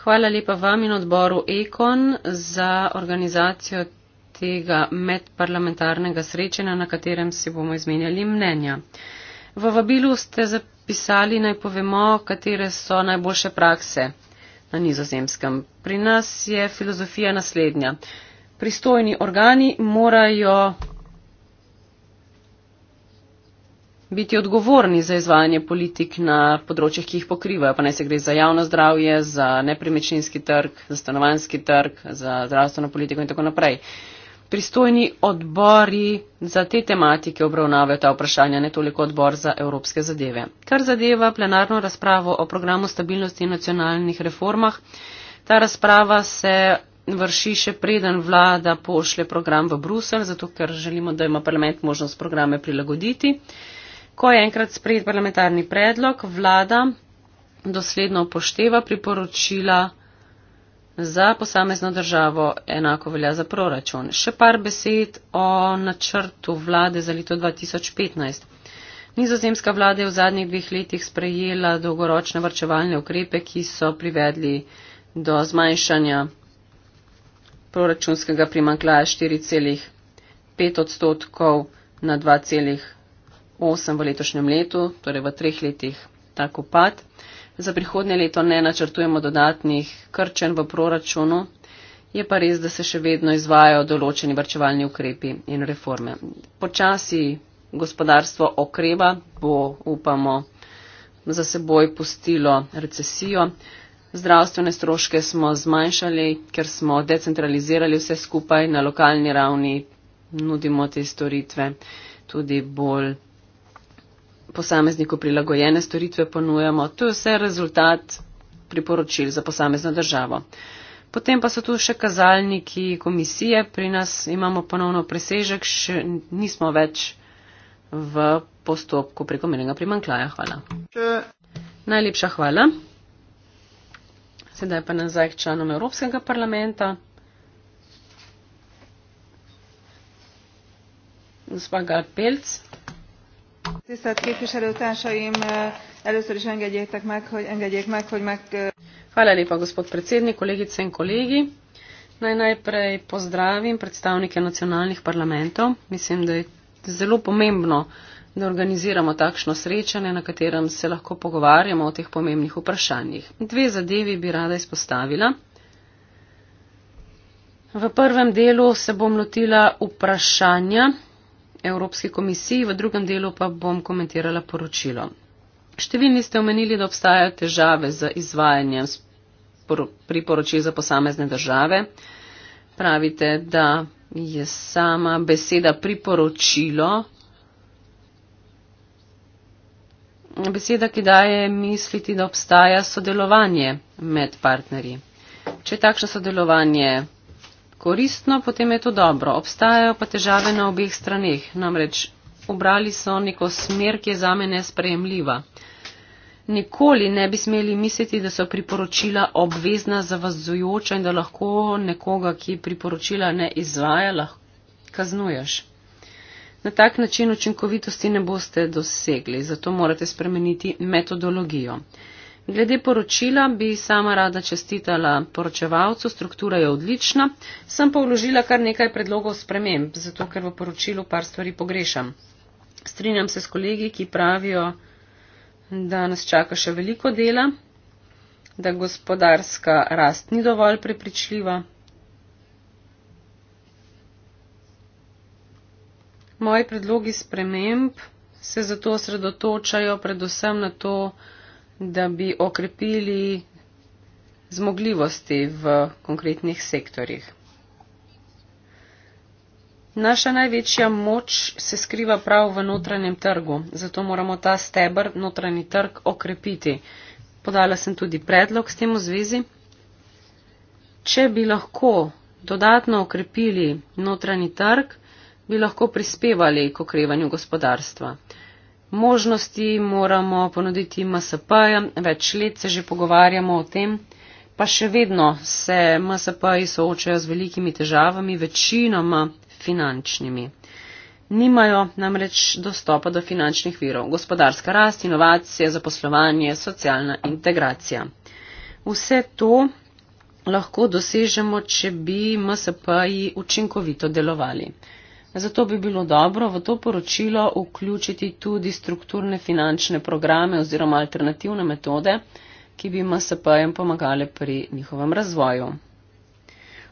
hvala lepa vam in odboru Ekon za organizacijo tega medparlamentarnega srečanja, na katerem si bomo izmenjali mnenja. V vabilu ste zapisali, naj povemo, katere so najboljše prakse na nizozemskem. Pri nas je filozofija naslednja. Pristojni organi morajo biti odgovorni za izvajanje politik na področjih, ki jih pokrivajo, pa naj se gre za javno zdravje, za nepremičninski trg, za stanovanski trg, za zdravstveno politiko in tako naprej pristojni odbori za te tematike obravnavajo ta vprašanja, ne toliko odbor za evropske zadeve. Kar zadeva plenarno razpravo o programu stabilnosti in nacionalnih reformah, ta razprava se vrši še preden vlada pošlje program v Bruselj, zato ker želimo, da ima parlament možnost programe prilagoditi. Ko je enkrat sprejet parlamentarni predlog, vlada dosledno upošteva priporočila za posamezno državo, enako velja za proračun. Še par besed o načrtu vlade za leto 2015. Nizozemska vlada je v zadnjih dveh letih sprejela dolgoročne vrčevalne ukrepe, ki so privedli do zmanjšanja proračunskega primankljaja 4,5 odstotkov na 2,8 v letošnjem letu, torej v treh letih tako pad. Za prihodnje leto ne načrtujemo dodatnih krčen v proračunu. Je pa res, da se še vedno izvajo določeni vrčevalni ukrepi in reforme. Počasi gospodarstvo okreva, bo, upamo, za seboj pustilo recesijo. Zdravstvene stroške smo zmanjšali, ker smo decentralizirali vse skupaj na lokalni ravni, nudimo te storitve tudi bolj posamezniku prilagojene storitve ponujamo, to je vse rezultat priporočil za posamezno državo. Potem pa so tu še kazalniki komisije, pri nas imamo ponovno presežek, še nismo več v postopku prekomernega primankljaja. Hvala. Najlepša hvala. Sedaj pa nazaj k članom Evropskega parlamenta. Gospa Galpelc
tisztelt képviselőtársaim! először is engedjétek meg hogy engedjék meg hogy meg
Hvala lepa, gospod predsednik, kolegice in kolegi. Naj najprej pozdravim predstavnike nacionalnih parlamentov. Mislim, da je zelo pomembno, da organiziramo takšno srečanje, na katerem se lahko pogovarjamo o teh pomembnih vprašanjih. Dve zadevi bi rada izpostavila. V prvem delu se bom lotila vprašanja, Evropski komisiji, v drugem delu pa bom komentirala poročilo. Številni ste omenili, da obstajajo težave z izvajanjem priporočil za posamezne države. Pravite, da je sama beseda priporočilo. Beseda, ki daje misliti, da obstaja sodelovanje med partnerji. Če takšno sodelovanje koristno, potem je to dobro. Obstajajo pa težave na obeh straneh. Namreč obrali so neko smer, ki je za me nesprejemljiva. Nikoli ne bi smeli misliti, da so priporočila obvezna zavazujoča in da lahko nekoga, ki priporočila ne izvaja, kaznuješ. Na tak način učinkovitosti ne boste dosegli, zato morate spremeniti metodologijo. Glede poročila bi sama rada čestitala poročevalcu, struktura je odlična, sem pa vložila kar nekaj predlogov sprememb, zato ker v poročilu par stvari pogrešam. Strinjam se s kolegi, ki pravijo, da nas čaka še veliko dela, da gospodarska rast ni dovolj prepričljiva. Moji predlogi sprememb se zato osredotočajo predvsem na to, da bi okrepili zmogljivosti v konkretnih sektorjih. Naša največja moč se skriva prav v notranjem trgu, zato moramo ta stebr, notranji trg, okrepiti. Podala sem tudi predlog s tem v zvezi. Če bi lahko dodatno okrepili notranji trg, bi lahko prispevali k okrevanju gospodarstva možnosti moramo ponuditi MSP, več let se že pogovarjamo o tem, pa še vedno se MSP soočajo z velikimi težavami, večinoma finančnimi. Nimajo namreč dostopa do finančnih virov. Gospodarska rast, inovacije, zaposlovanje, socialna integracija. Vse to lahko dosežemo, če bi MSP-ji učinkovito delovali. Zato bi bilo dobro v to poročilo vključiti tudi strukturne finančne programe oziroma alternativne metode, ki bi MSP-jem pomagale pri njihovem razvoju.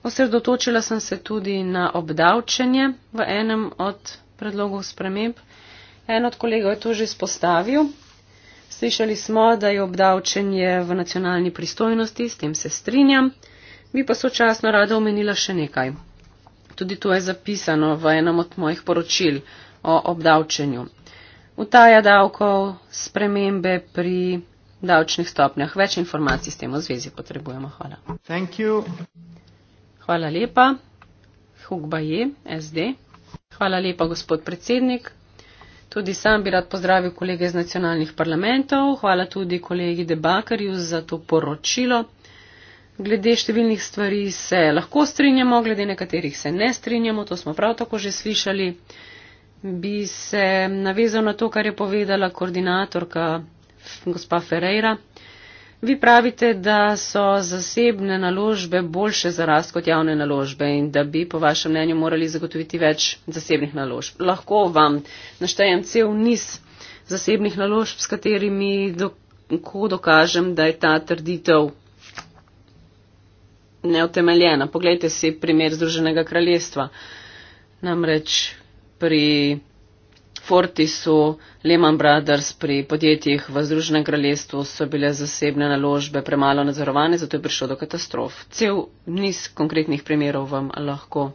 Osredotočila sem se tudi na obdavčenje v enem od predlogov sprememb. En od kolegov je to že izpostavil. Slišali smo, da je obdavčenje v nacionalni pristojnosti, s tem se strinjam, bi pa sočasno rada omenila še nekaj. Tudi to je zapisano v enem od mojih poročil o obdavčenju. Utaja davkov, spremembe pri davčnih stopnjah. Več informacij s tem v zvezi potrebujemo. Hvala. Hvala lepa. Hukbaje, SD. Hvala lepa, gospod predsednik. Tudi sam bi rad pozdravil kolege iz nacionalnih parlamentov. Hvala tudi kolegi Debakarju za to poročilo glede številnih stvari se lahko strinjamo, glede nekaterih se ne strinjamo, to smo prav tako že slišali. Bi se navezal na to, kar je povedala koordinatorka gospa Ferreira. Vi pravite, da so zasebne naložbe boljše za rast kot javne naložbe in da bi, po vašem mnenju, morali zagotoviti več zasebnih naložb. Lahko vam naštejem cel niz zasebnih naložb, s katerimi lahko dokažem, da je ta trditev neutemeljena. Poglejte si primer Združenega kraljestva. Namreč pri Fortisu, Lehman Brothers, pri podjetjih v Združenem kraljestvu so bile zasebne naložbe premalo nadzorovane, zato je prišlo do katastrof. Cel niz konkretnih primerov vam lahko.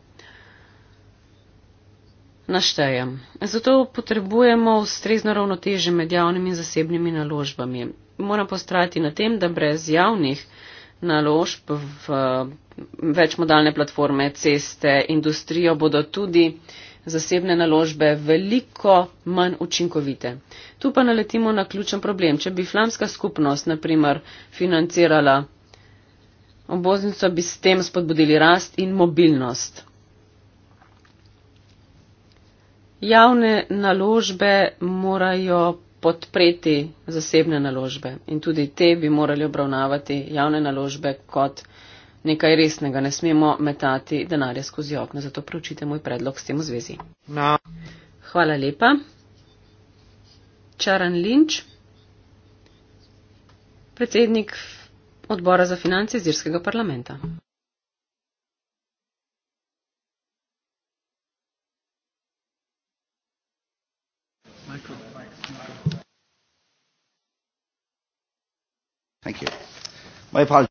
Naštejem. Zato potrebujemo ustrezno ravnoteže med javnimi in zasebnimi naložbami. Moramo postrati na tem, da brez javnih naložb v eh, večmodalne platforme, ceste, industrijo bodo tudi zasebne naložbe veliko manj učinkovite. Tu pa naletimo na ključen problem. Če bi flamska skupnost, naprimer, financirala oboznico, bi s tem spodbudili rast in mobilnost. Javne naložbe morajo podpreti zasebne naložbe in tudi te bi morali obravnavati javne naložbe kot nekaj resnega. Ne smemo metati denarja skozi okno, zato preučite moj predlog s tem v zvezi. No. Hvala lepa. Čaran Linč, predsednik odbora za finance Zirskega parlamenta.
Thank you. My apologies.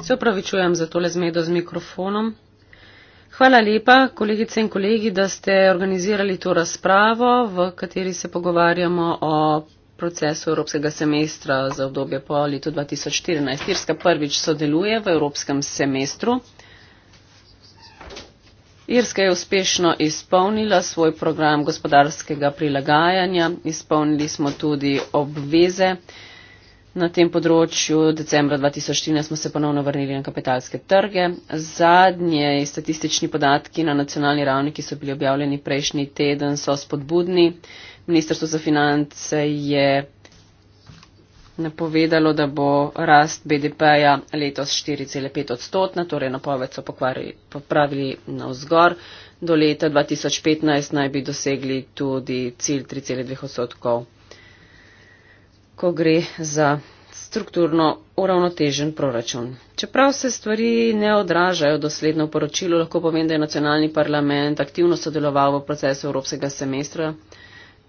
Se upravičujem za tole zmedo z mikrofonom. Hvala lepa, kolegice in kolegi, da ste organizirali to razpravo, v kateri se pogovarjamo o procesu Evropskega semestra za obdobje po letu 2014. Irska prvič sodeluje v Evropskem semestru. Irska je uspešno izpolnila svoj program gospodarskega prilagajanja. Izpolnili smo tudi obveze na tem področju. Decembra 2014 smo se ponovno vrnili na kapitalske trge. Zadnje statistični podatki na nacionalni ravni, ki so bili objavljeni prejšnji teden, so spodbudni. Ministrstvo za finance je napovedalo, da bo rast BDP-ja letos 4,5 odstotna, torej napoved so popravili na vzgor. Do leta 2015 naj bi dosegli tudi cilj 3,2 odstotkov ko gre za strukturno uravnotežen proračun. Čeprav se stvari ne odražajo dosledno v poročilu, lahko povem, da je nacionalni parlament aktivno sodeloval v procesu Evropskega semestra,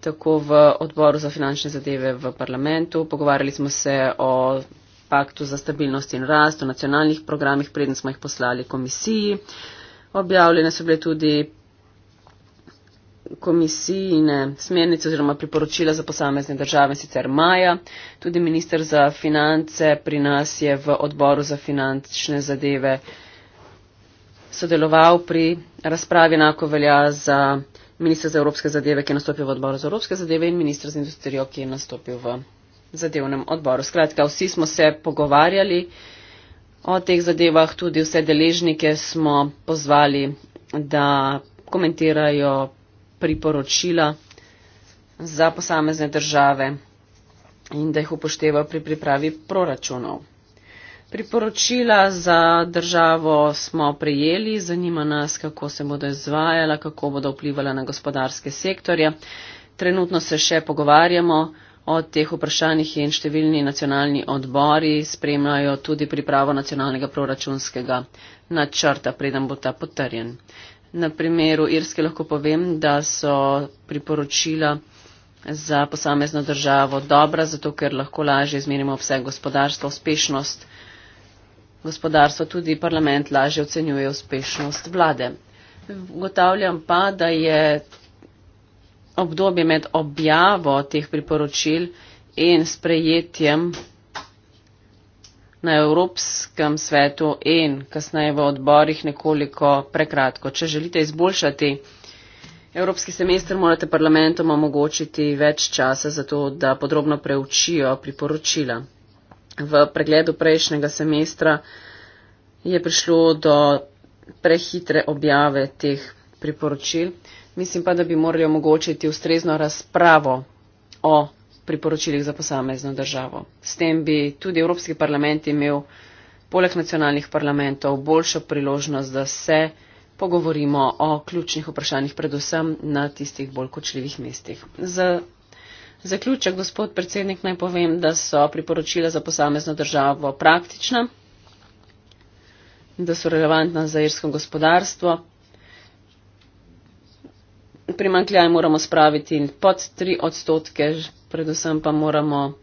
tako v odboru za finančne zadeve v parlamentu. Pogovarjali smo se o paktu za stabilnost in rast, o nacionalnih programih, predn smo jih poslali komisiji. Objavljene so bile tudi komisijine eh, smernice oziroma priporočila za posamezne države sicer maja. Tudi minister za finance pri nas je v odboru za finančne zadeve sodeloval pri razpravi, enako velja za ministra za evropske zadeve, ki je nastopil v odboru za evropske zadeve in ministra za industrijo, ki je nastopil v zadevnem odboru. Skratka, vsi smo se pogovarjali o teh zadevah, tudi vse deležnike smo pozvali, da komentirajo priporočila za posamezne države in da jih upošteva pri pripravi proračunov. Priporočila za državo smo prijeli, zanima nas, kako se bodo izvajala, kako bodo vplivala na gospodarske sektorje. Trenutno se še pogovarjamo o teh vprašanjih in številni nacionalni odbori spremljajo tudi pripravo nacionalnega proračunskega načrta, preden bo ta potrjen. Na primeru Irske lahko povem, da so priporočila za posamezno državo dobra, zato ker lahko lažje izmerimo vse gospodarstvo, uspešnost gospodarstva, tudi parlament lažje ocenjuje uspešnost vlade. Gotavljam pa, da je obdobje med objavo teh priporočil in sprejetjem na Evropskem svetu in kasneje v odborih nekoliko prekratko. Če želite izboljšati Evropski semester, morate parlamentom omogočiti več časa za to, da podrobno preučijo priporočila. V pregledu prejšnjega semestra je prišlo do prehitre objave teh priporočil. Mislim pa, da bi morali omogočiti ustrezno razpravo o priporočilih za posamezno državo. S tem bi tudi Evropski parlament imel poleg nacionalnih parlamentov boljšo priložnost, da se pogovorimo o ključnih vprašanjih, predvsem na tistih bolj kočljivih mestih. Za zaključek, gospod predsednik, naj povem, da so priporočila za posamezno državo praktična, da so relevantna za irsko gospodarstvo, primankljaj moramo spraviti pod tri odstotke, predvsem pa moramo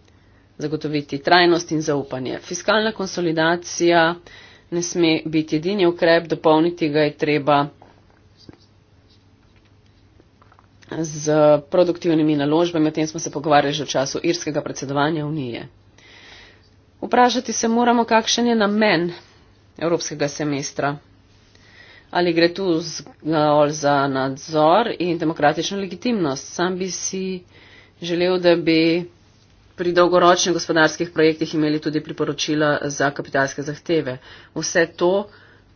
zagotoviti trajnost in zaupanje. Fiskalna konsolidacija ne sme biti edini ukrep, dopolniti ga je treba z produktivnimi naložbami, o tem smo se pogovarjali že v času irskega predsedovanja unije. Vprašati se moramo, kakšen je namen evropskega semestra ali gre tu eh, zgolj za nadzor in demokratično legitimnost. Sam bi si želel, da bi pri dolgoročnih gospodarskih projektih imeli tudi priporočila za kapitalske zahteve. Vse to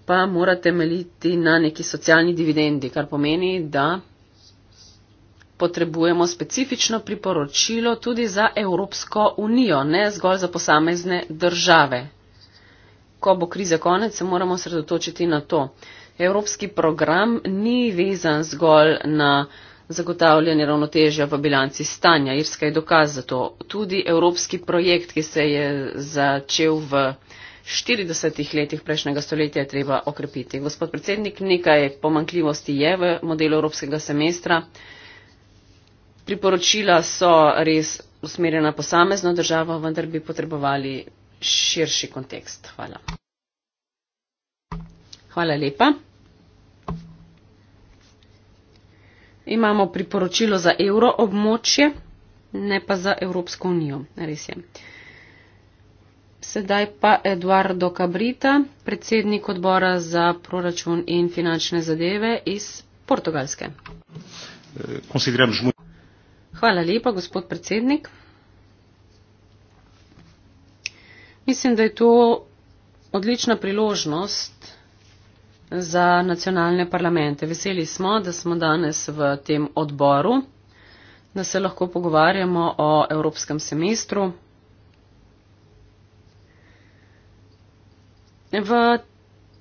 pa mora temeljiti na neki socialni dividendi, kar pomeni, da potrebujemo specifično priporočilo tudi za Evropsko unijo, ne zgolj za posamezne države. Ko bo kriza konec, se moramo sredotočiti na to. Evropski program ni vezan zgolj na zagotavljanje ravnotežja v bilanci stanja. Irska je dokaz za to. Tudi evropski projekt, ki se je začel v 40 letih prejšnjega stoletja, je treba okrepiti. Gospod predsednik, nekaj pomankljivosti je v modelu evropskega semestra. Priporočila so res usmerjena posamezno državo, vendar bi potrebovali širši kontekst. Hvala. Hvala lepa. Imamo priporočilo za evro območje, ne pa za Evropsko unijo. Res je. Sedaj pa Eduardo Cabrita, predsednik odbora za proračun in finančne zadeve iz Portugalske. Hvala lepa, gospod predsednik. Mislim, da je to odlična priložnost za nacionalne parlamente. Veseli smo, da smo danes v tem odboru, da se lahko pogovarjamo o evropskem semestru. V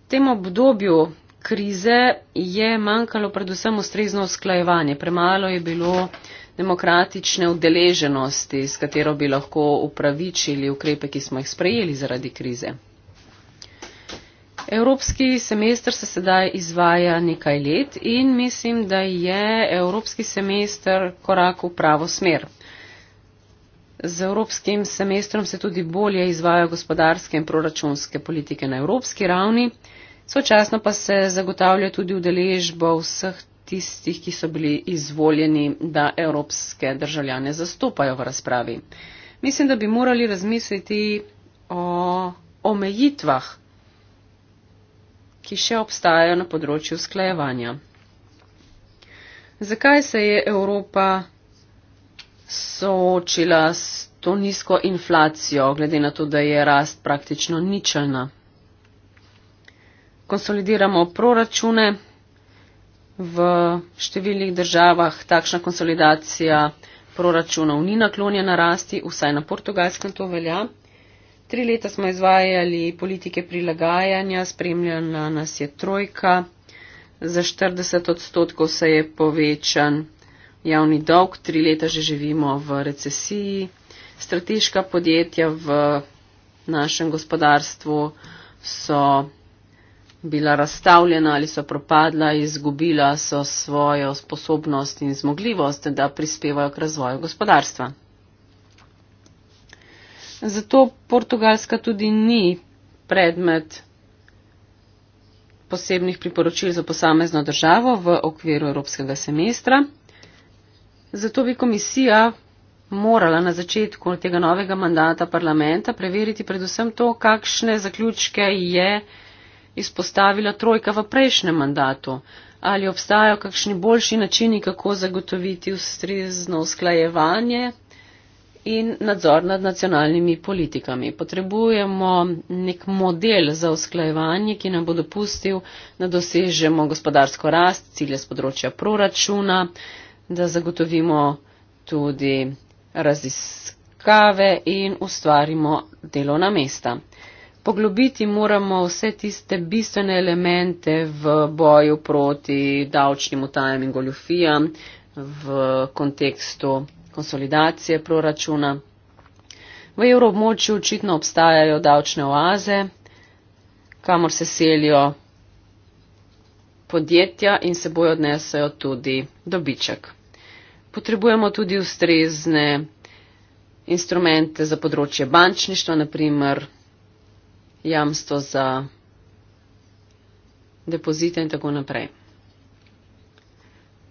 tem obdobju krize je manjkalo predvsem ustrezno usklajevanje. Premalo je bilo demokratične udeleženosti, s katero bi lahko upravičili ukrepe, ki smo jih sprejeli zaradi krize. Evropski semester se sedaj izvaja nekaj let in mislim, da je evropski semester korak v pravo smer. Z evropskim semestrom se tudi bolje izvajo gospodarske in proračunske politike na evropski ravni, sočasno pa se zagotavlja tudi udeležbo vseh tistih, ki so bili izvoljeni, da evropske državljane zastopajo v razpravi. Mislim, da bi morali razmisliti o omejitvah ki še obstajajo na področju sklajevanja. Zakaj se je Evropa soočila s to nizko inflacijo, glede na to, da je rast praktično ničelna? Konsolidiramo proračune v številnih državah, takšna konsolidacija proračunov ni naklonjena rasti, vsaj na portugalskem to velja. Tri leta smo izvajali politike prilagajanja, spremljala nas je trojka, za 40 odstotkov se je povečan javni dolg, tri leta že živimo v recesiji, strateška podjetja v našem gospodarstvu so bila razstavljena ali so propadla, izgubila so svojo sposobnost in zmogljivost, da prispevajo k razvoju gospodarstva. Zato portugalska tudi ni predmet posebnih priporočil za posamezno državo v okviru evropskega semestra. Zato bi komisija morala na začetku tega novega mandata parlamenta preveriti predvsem to, kakšne zaključke je izpostavila trojka v prejšnjem mandatu, ali obstajajo kakšni boljši načini, kako zagotoviti ustrezno usklajevanje in nadzor nad nacionalnimi politikami. Potrebujemo nek model za usklajevanje, ki nam bo dopustil, da dosežemo gospodarsko rast, cilje z področja proračuna, da zagotovimo tudi raziskave in ustvarimo delovna mesta. Poglobiti moramo vse tiste bistvene elemente v boju proti davčnim utajam in goljofijam v kontekstu konsolidacije proračuna. V evroobmočju očitno obstajajo davčne oaze, kamor se selijo podjetja in se bojo odnesajo tudi dobiček. Potrebujemo tudi ustrezne instrumente za področje bančništva, naprimer jamstvo za depozite in tako naprej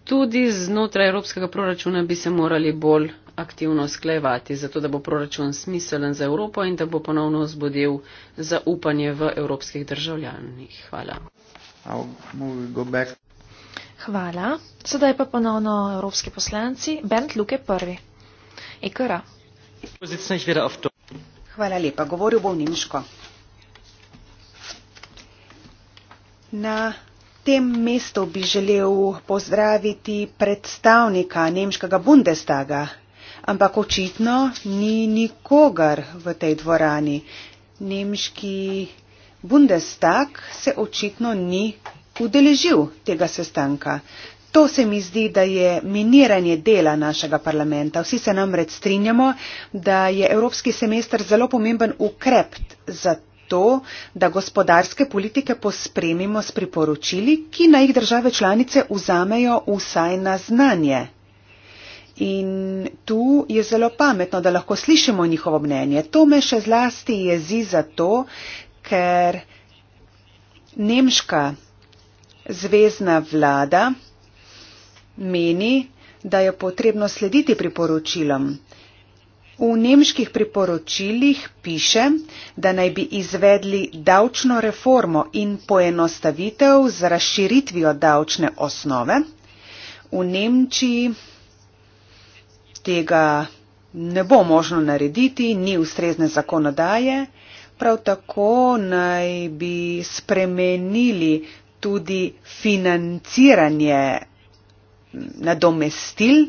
tudi znotraj evropskega proračuna bi se morali bolj aktivno sklejevati, zato da bo proračun smiselen za Evropo in da bo ponovno vzbudil zaupanje v evropskih državljanih. Hvala.
Hvala. Sedaj pa ponovno evropski poslanci. Bent Luke prvi. Ikra.
Hvala lepa. Govoril bom nemško. Na tem mestu bi želel pozdraviti predstavnika nemškega Bundestaga, ampak očitno ni nikogar v tej dvorani. Nemški Bundestag se očitno ni udeležil tega sestanka. To se mi zdi, da je miniranje dela našega parlamenta. Vsi se namreč strinjamo, da je evropski semester zelo pomemben ukrep za to, da gospodarske politike pospremimo s priporočili, ki naj jih države članice vzamejo vsaj na znanje. In tu je zelo pametno, da lahko slišimo njihovo mnenje. To me še zlasti jezi zato, ker nemška zvezdna vlada meni, da je potrebno slediti priporočilom. V nemških priporočilih piše, da naj bi izvedli davčno reformo in poenostavitev z razširitvijo davčne osnove. V Nemčiji tega ne bo možno narediti, ni ustrezne zakonodaje. Prav tako naj bi spremenili tudi financiranje nadomestil.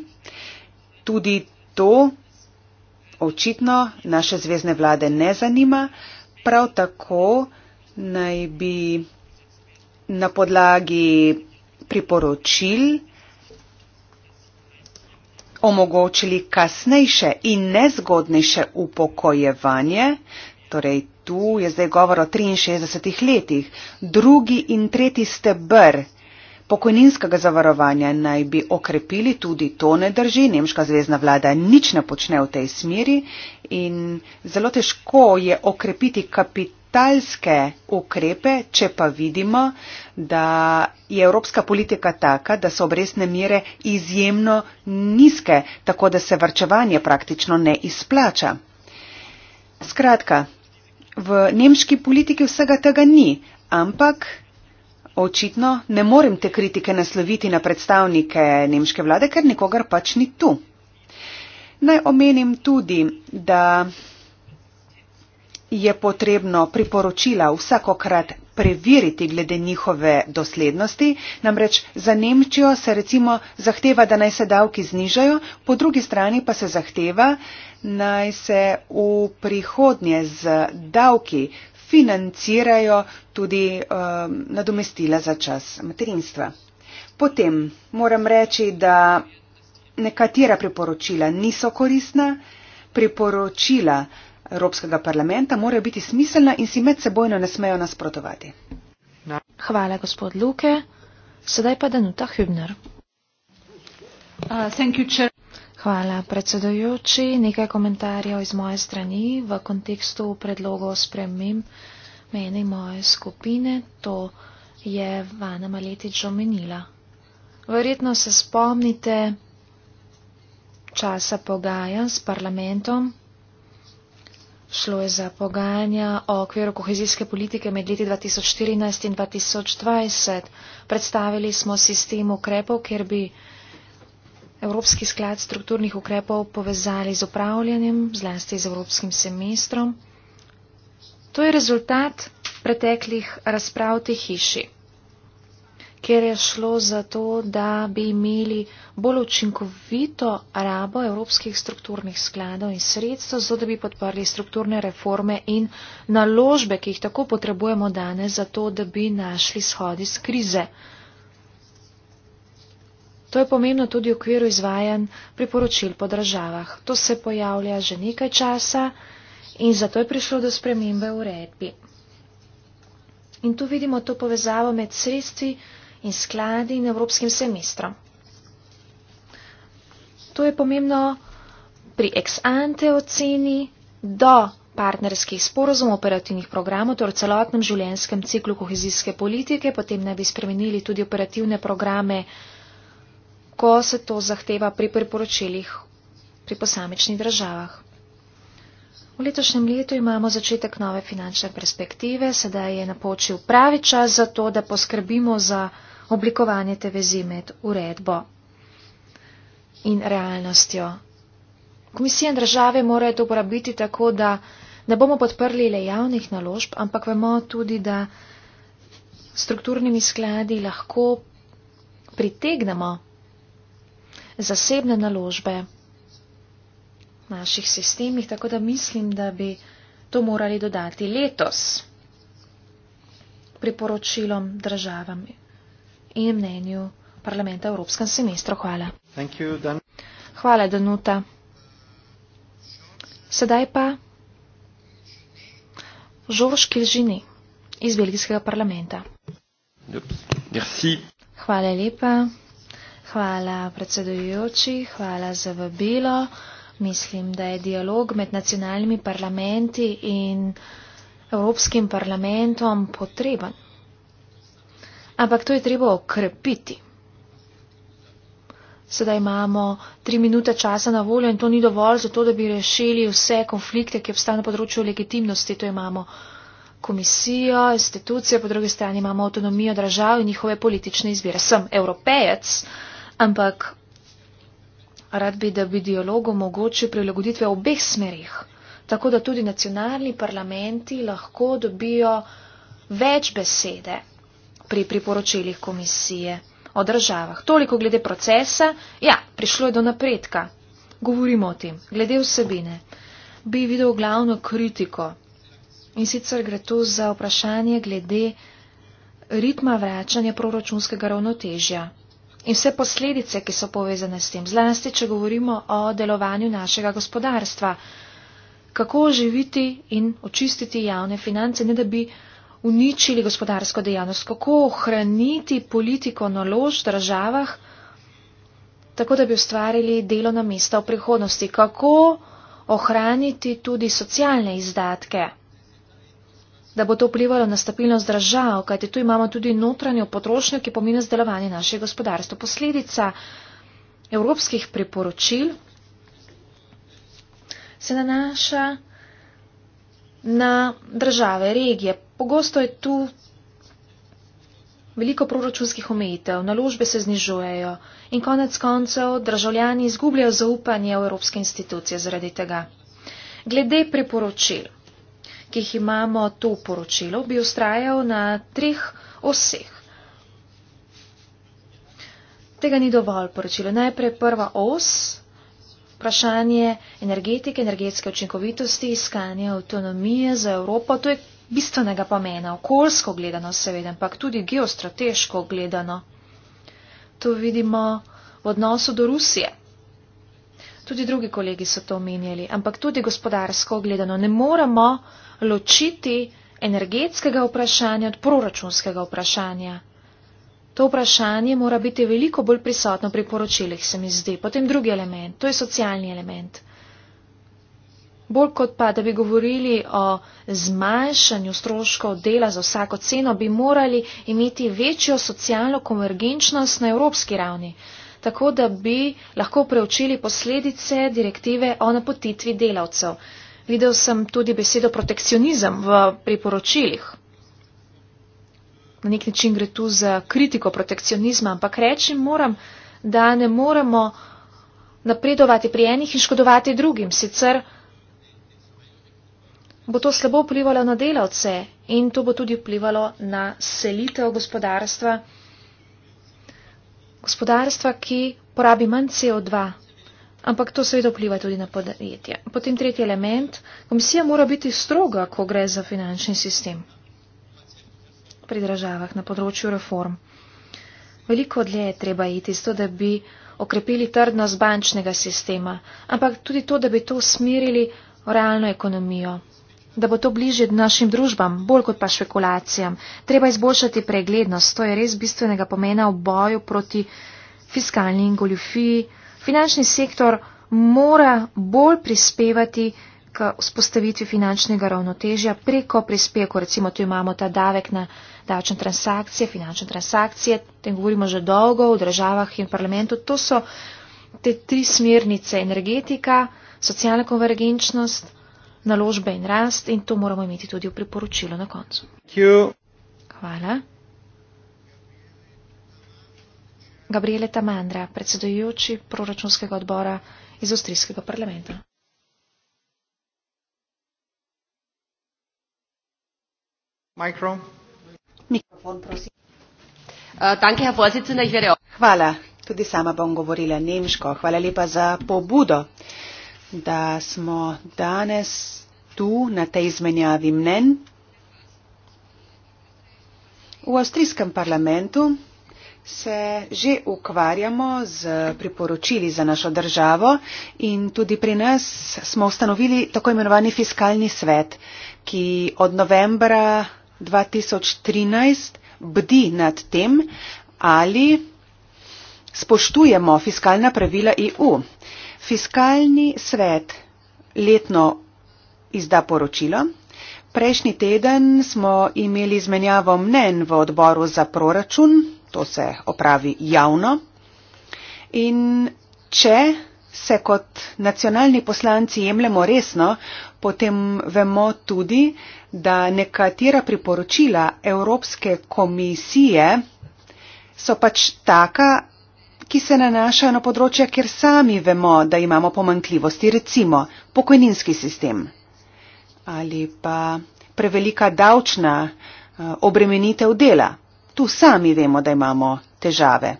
Tudi to očitno naše zvezdne vlade ne zanima. Prav tako naj bi na podlagi priporočil omogočili kasnejše in nezgodnejše upokojevanje, torej tu je zdaj govor o 63 letih, drugi in tretji stebr pokojninskega zavarovanja naj bi okrepili, tudi to ne drži. Nemška zvezdna vlada nič ne počne v tej smeri in zelo težko je okrepiti kapitalske ukrepe, če pa vidimo, da je evropska politika taka, da so obrestne mere izjemno nizke, tako da se vrčevanje praktično ne izplača. Skratka, v nemški politiki vsega tega ni, ampak očitno ne morem te kritike nasloviti na predstavnike nemške vlade, ker nikogar pač ni tu. Naj omenim tudi, da je potrebno priporočila vsakokrat preveriti glede njihove doslednosti, namreč za Nemčijo se recimo zahteva, da naj se davki znižajo, po drugi strani pa se zahteva, naj se v prihodnje z davki financirajo tudi um, nadomestila za čas materinstva. Potem moram reči, da nekatera priporočila niso korisna. Priporočila Evropskega parlamenta morajo biti smiselna in si med sebojno ne smejo nasprotovati. Hvala, gospod Luke. Sedaj pa Danuta
Hübner. Uh, Hvala, predsedujoči. Nekaj komentarjev iz moje strani v kontekstu predlogov spremem meni moje skupine. To je Vana Maletič omenila. Verjetno se spomnite časa pogajanj s parlamentom. Šlo je za pogajanja o okviru kohezijske politike med leti 2014 in 2020. Predstavili smo sistem ukrepov, kjer bi Evropski sklad strukturnih ukrepov povezali z upravljanjem, zlasti z Evropskim semestrom. To je rezultat preteklih razprav te hiši, kjer je šlo za to, da bi imeli bolj učinkovito rabo evropskih strukturnih skladov in sredstev, zato da bi podprli strukturne reforme in naložbe, ki jih tako potrebujemo danes, zato da bi našli shodi iz krize. To je pomembno tudi v okviru izvajanj priporočil po državah. To se pojavlja že nekaj časa in zato je prišlo do spremembe uredbi. In tu vidimo to povezavo med sredstvi in skladi in evropskim semestrom. To je pomembno pri ex-ante oceni do partnerskih sporozumov operativnih programov, torej celotnem življenjskem ciklu kohezijske politike, potem naj bi spremenili tudi operativne programe ko se to zahteva pri priporočilih pri posamečnih državah. V letošnjem letu imamo začetek nove finančne perspektive, sedaj je napočil pravi čas za to, da poskrbimo za oblikovanje te vezi med uredbo in realnostjo. Komisije in države morajo to uporabiti tako, da ne bomo podprli le javnih naložb, ampak vemo tudi, da strukturnimi skladi lahko pritegnemo zasebne naložbe v naših sistemih, tako da mislim, da bi to morali dodati letos priporočilom državam in mnenju parlamenta v Evropskem semestru. Hvala. You, Dan Hvala, Danuta. Sedaj pa Žorž Kilžini iz Belgijskega parlamenta. Merci. Hvala lepa. Hvala predsedujoči, hvala za vabilo. Mislim, da je dialog med nacionalnimi parlamenti in Evropskim parlamentom potreben. Ampak to je treba okrepiti. Sedaj imamo tri minute časa na voljo in to ni dovolj za to, da bi rešili vse konflikte, ki obstajajo na področju legitimnosti. To imamo komisijo, institucije, po drugi strani imamo avtonomijo držav in njihove politične izbire. Sem evropejec ampak rad bi, da bi dialogu mogoče prilagoditve v obeh smerih, tako da tudi nacionalni parlamenti lahko dobijo več besede pri priporočilih komisije o državah. Toliko glede procesa, ja, prišlo je do napredka. Govorimo o tem. Glede vsebine bi videl glavno kritiko in sicer gre tu za vprašanje glede ritma vračanja proračunskega ravnotežja in vse posledice, ki so povezane s tem, zlasti, če govorimo o delovanju našega gospodarstva. Kako oživiti in očistiti javne finance, ne da bi uničili gospodarsko dejavnost, kako ohraniti politiko nalož v državah, tako da bi ustvarili delovna mesta v prihodnosti, kako ohraniti tudi socialne izdatke da bo to vplivalo na stabilnost držav, kajti tu imamo tudi notranjo potrošnjo, ki pomeni zdelovanje naše gospodarstvo. Posledica evropskih priporočil se nanaša na države, regije. Pogosto je tu veliko proračunskih omejitev, naložbe se znižujejo in konec koncev državljani izgubljajo zaupanje v evropske institucije zaradi tega. Glede priporočil ki jih imamo to poročilo, bi ustrajal na treh oseh. Tega ni dovolj poročilo. Najprej prva os, vprašanje energetike, energetske učinkovitosti, iskanje avtonomije za Evropo. To je bistvenega pomena, okoljsko gledano seveda, ampak tudi geostrateško gledano. To vidimo v odnosu do Rusije. Tudi drugi kolegi so to omenjali, ampak tudi gospodarsko gledano ne moremo ločiti energetskega vprašanja od proračunskega vprašanja. To vprašanje mora biti veliko bolj prisotno pri poročilih, se mi zdi. Potem drugi element, to je socialni element. Bolj kot pa, da bi govorili o zmanjšanju stroškov dela za vsako ceno, bi morali imeti večjo socialno konvergenčnost na evropski ravni tako da bi lahko preučili posledice direktive o napotitvi delavcev. Videl sem tudi besedo protekcionizem v priporočilih. Na nek način gre tu za kritiko protekcionizma, ampak reči moram, da ne moremo napredovati pri enih in škodovati drugim, sicer bo to slabo vplivalo na delavce in to bo tudi vplivalo na selitev gospodarstva gospodarstva, ki porabi manj CO2. Ampak to seveda vpliva tudi na podjetje. Potem tretji element. Komisija mora biti stroga, ko gre za finančni sistem pri državah na področju reform. Veliko dlje je treba iti s to, da bi okrepili trdnost bančnega sistema, ampak tudi to, da bi to smirili v realno ekonomijo da bo to bliže našim družbam, bolj kot pa špekulacijam. Treba izboljšati preglednost, to je res bistvenega pomena v boju proti fiskalni in goljufiji. Finančni sektor mora bolj prispevati k vzpostavitvi finančnega ravnotežja preko prispevkov, recimo tu imamo ta davek na davčne transakcije, finančne transakcije, tem govorimo že dolgo v državah in parlamentu, to so te tri smernice energetika, socialna konvergenčnost, naložbe in rast in to moramo imeti tudi v priporočilu na koncu. Hvala. Gabriele Tamandra, predsedujoči proračunskega odbora iz Avstrijskega parlamenta. Mikro. Mikrofon,
prosim. Eh, danke, Herr Vorsitzender, ich werde auch. Hvala. Tudi sama bom govorila nemško. Hvala lepa za pobudo. Uh, da smo danes tu na tej izmenjavi mnen. V avstrijskem parlamentu se že ukvarjamo z priporočili za našo državo in tudi pri nas smo ustanovili tako imenovani fiskalni svet, ki od novembra 2013 bdi nad tem, ali spoštujemo fiskalna pravila EU. Fiskalni svet letno izda poročilo. Prejšnji teden smo imeli izmenjavo mnen v odboru za proračun, to se opravi javno. In če se kot nacionalni poslanci jemljemo resno, potem vemo tudi, da nekatera priporočila Evropske komisije so pač taka, ki se nanašajo na področja, kjer sami vemo, da imamo pomankljivosti, recimo pokojninski sistem ali pa prevelika davčna eh, obremenitev dela. Tu sami vemo, da imamo težave.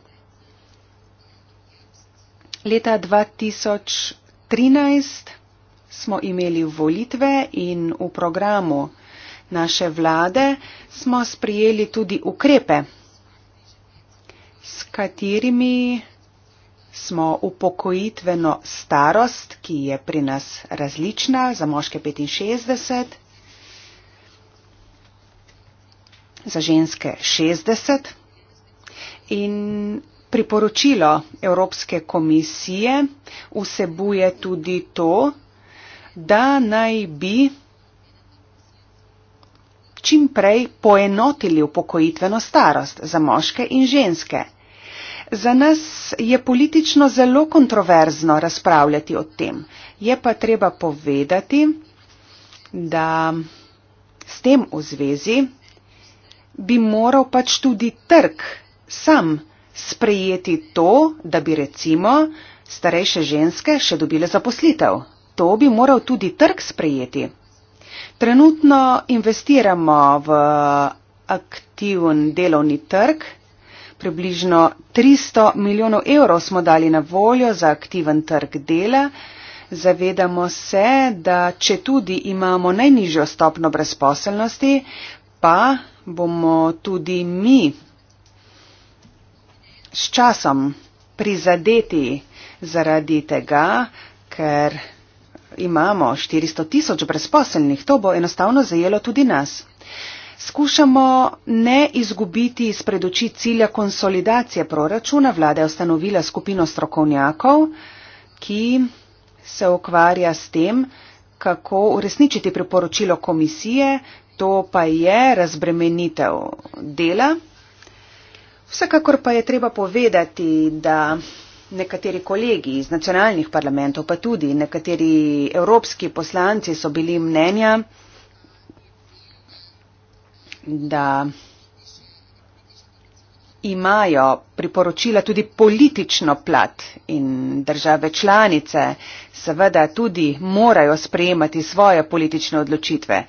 Leta 2013 smo imeli volitve in v programu naše vlade smo sprijeli tudi ukrepe s katerimi smo upokojitveno starost, ki je pri nas različna, za moške 65, za ženske 60. In priporočilo Evropske komisije vsebuje tudi to, da naj bi čim prej poenotili upokojitveno starost za moške in ženske. Za nas je politično zelo kontroverzno razpravljati o tem. Je pa treba povedati, da s tem v zvezi bi moral pač tudi trg sam sprejeti to, da bi recimo starejše ženske še dobile zaposlitev. To bi moral tudi trg sprejeti. Trenutno investiramo v aktiven delovni trg. Približno 300 milijonov evrov smo dali na voljo za aktiven trg dela. Zavedamo se, da če tudi imamo najnižjo stopno brezposelnosti, pa bomo tudi mi s časom prizadeti zaradi tega, ker imamo 400 tisoč brezposelnih, to bo enostavno zajelo tudi nas. Skušamo ne izgubiti iz predoči cilja konsolidacije proračuna. Vlada je ustanovila skupino strokovnjakov, ki se ukvarja s tem, kako uresničiti priporočilo komisije, to pa je razbremenitev dela. Vsekakor pa je treba povedati, da Nekateri kolegi iz nacionalnih parlamentov, pa tudi nekateri evropski poslanci so bili mnenja, da imajo priporočila tudi politično plat in države članice seveda tudi morajo sprejemati svoje politične odločitve.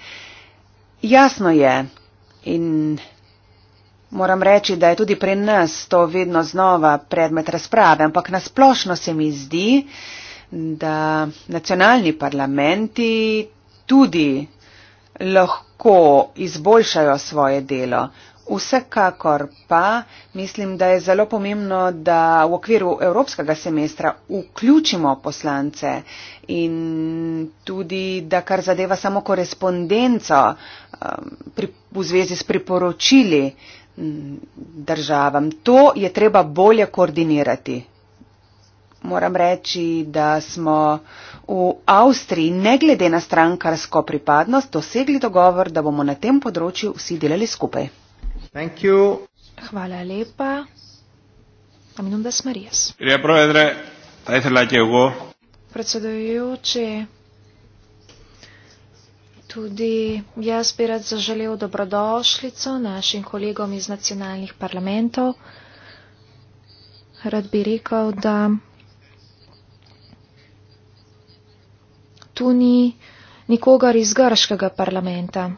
Jasno je in Moram reči, da je tudi pri nas to vedno znova predmet razprave, ampak nasplošno se mi zdi, da nacionalni parlamenti tudi lahko izboljšajo svoje delo. Vsekakor pa mislim, da je zelo pomembno, da v okviru evropskega semestra vključimo poslance in tudi, da kar zadeva samo korespondenco um, pri, v zvezi s priporočili, državam. To je treba bolje koordinirati. Moram reči, da smo v Avstriji, ne glede na strankarsko pripadnost, dosegli dogovor, da bomo na tem področju vsi delali skupaj.
Hvala lepa. Predsedujoči, tudi jaz bi rad zaželel dobrodošlico našim kolegom iz nacionalnih parlamentov. Rad bi rekel, da tu ni nikogar iz grškega parlamenta.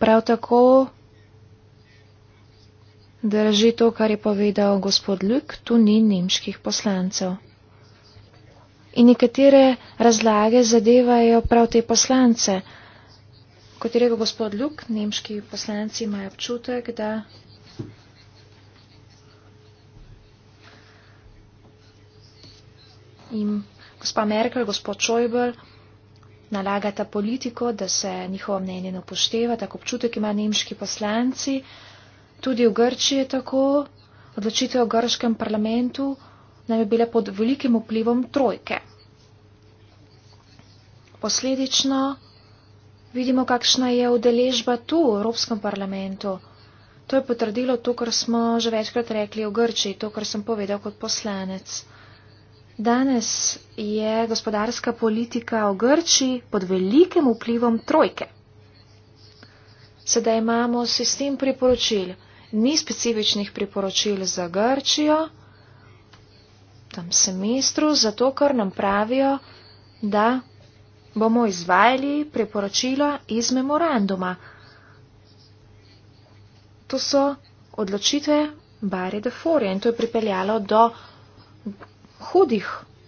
Prav tako drži to, kar je povedal gospod Ljuk, tu ni nemških poslancev in nekatere razlage zadevajo prav te poslance. Kot je rekel gospod Luk, nemški poslanci imajo občutek, da jim gospa Merkel, gospod Čojbel nalagata politiko, da se njihovo mnenje ne upošteva, tako občutek ima nemški poslanci. Tudi v Grčiji je tako, odločitev v grškem parlamentu naj bi bile pod velikim vplivom trojke. Posledično vidimo, kakšna je udeležba tu v Evropskem parlamentu. To je potrdilo to, kar smo že večkrat rekli v Grčiji, to, kar sem povedal kot poslanec. Danes je gospodarska politika v Grčiji pod velikim vplivom trojke. Sedaj imamo sistem priporočil. Ni specifičnih priporočil za Grčijo četrtem semestru, zato ker nam pravijo, da bomo izvajali priporočila iz memoranduma. To so odločitve Bari de Forja in to je pripeljalo do hudih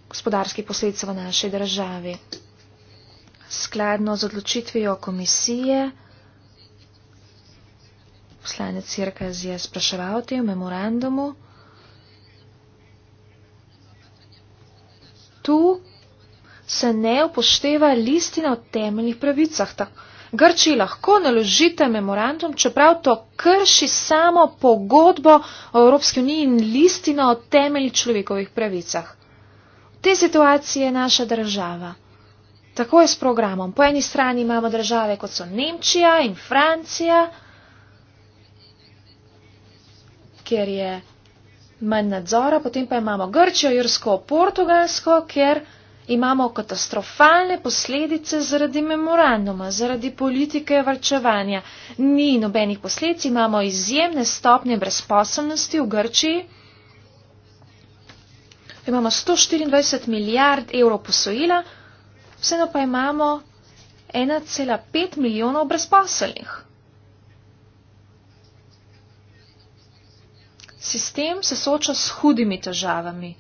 gospodarskih posledic v naši državi. Skladno z odločitvijo komisije, poslanec Cirka je spraševal o tem memorandumu. tu se ne upošteva listina o temeljnih pravicah. Grči lahko naložite memorandum, čeprav to krši samo pogodbo o Evropski uniji in listina o temeljnih človekovih pravicah. V tej situaciji je naša država. Tako je s programom. Po eni strani imamo države, kot so Nemčija in Francija, kjer je manj nadzora, potem pa imamo Grčijo, Jursko, Portugalsko, ker imamo katastrofalne posledice zaradi memoranduma, zaradi politike vrčevanja. Ni nobenih posledic, imamo izjemne stopnje brezposobnosti v Grčiji. Imamo 124 milijard evrov posojila, vseeno pa imamo 1,5 milijonov brezposelnih. Sistem se sooča s hudimi težavami.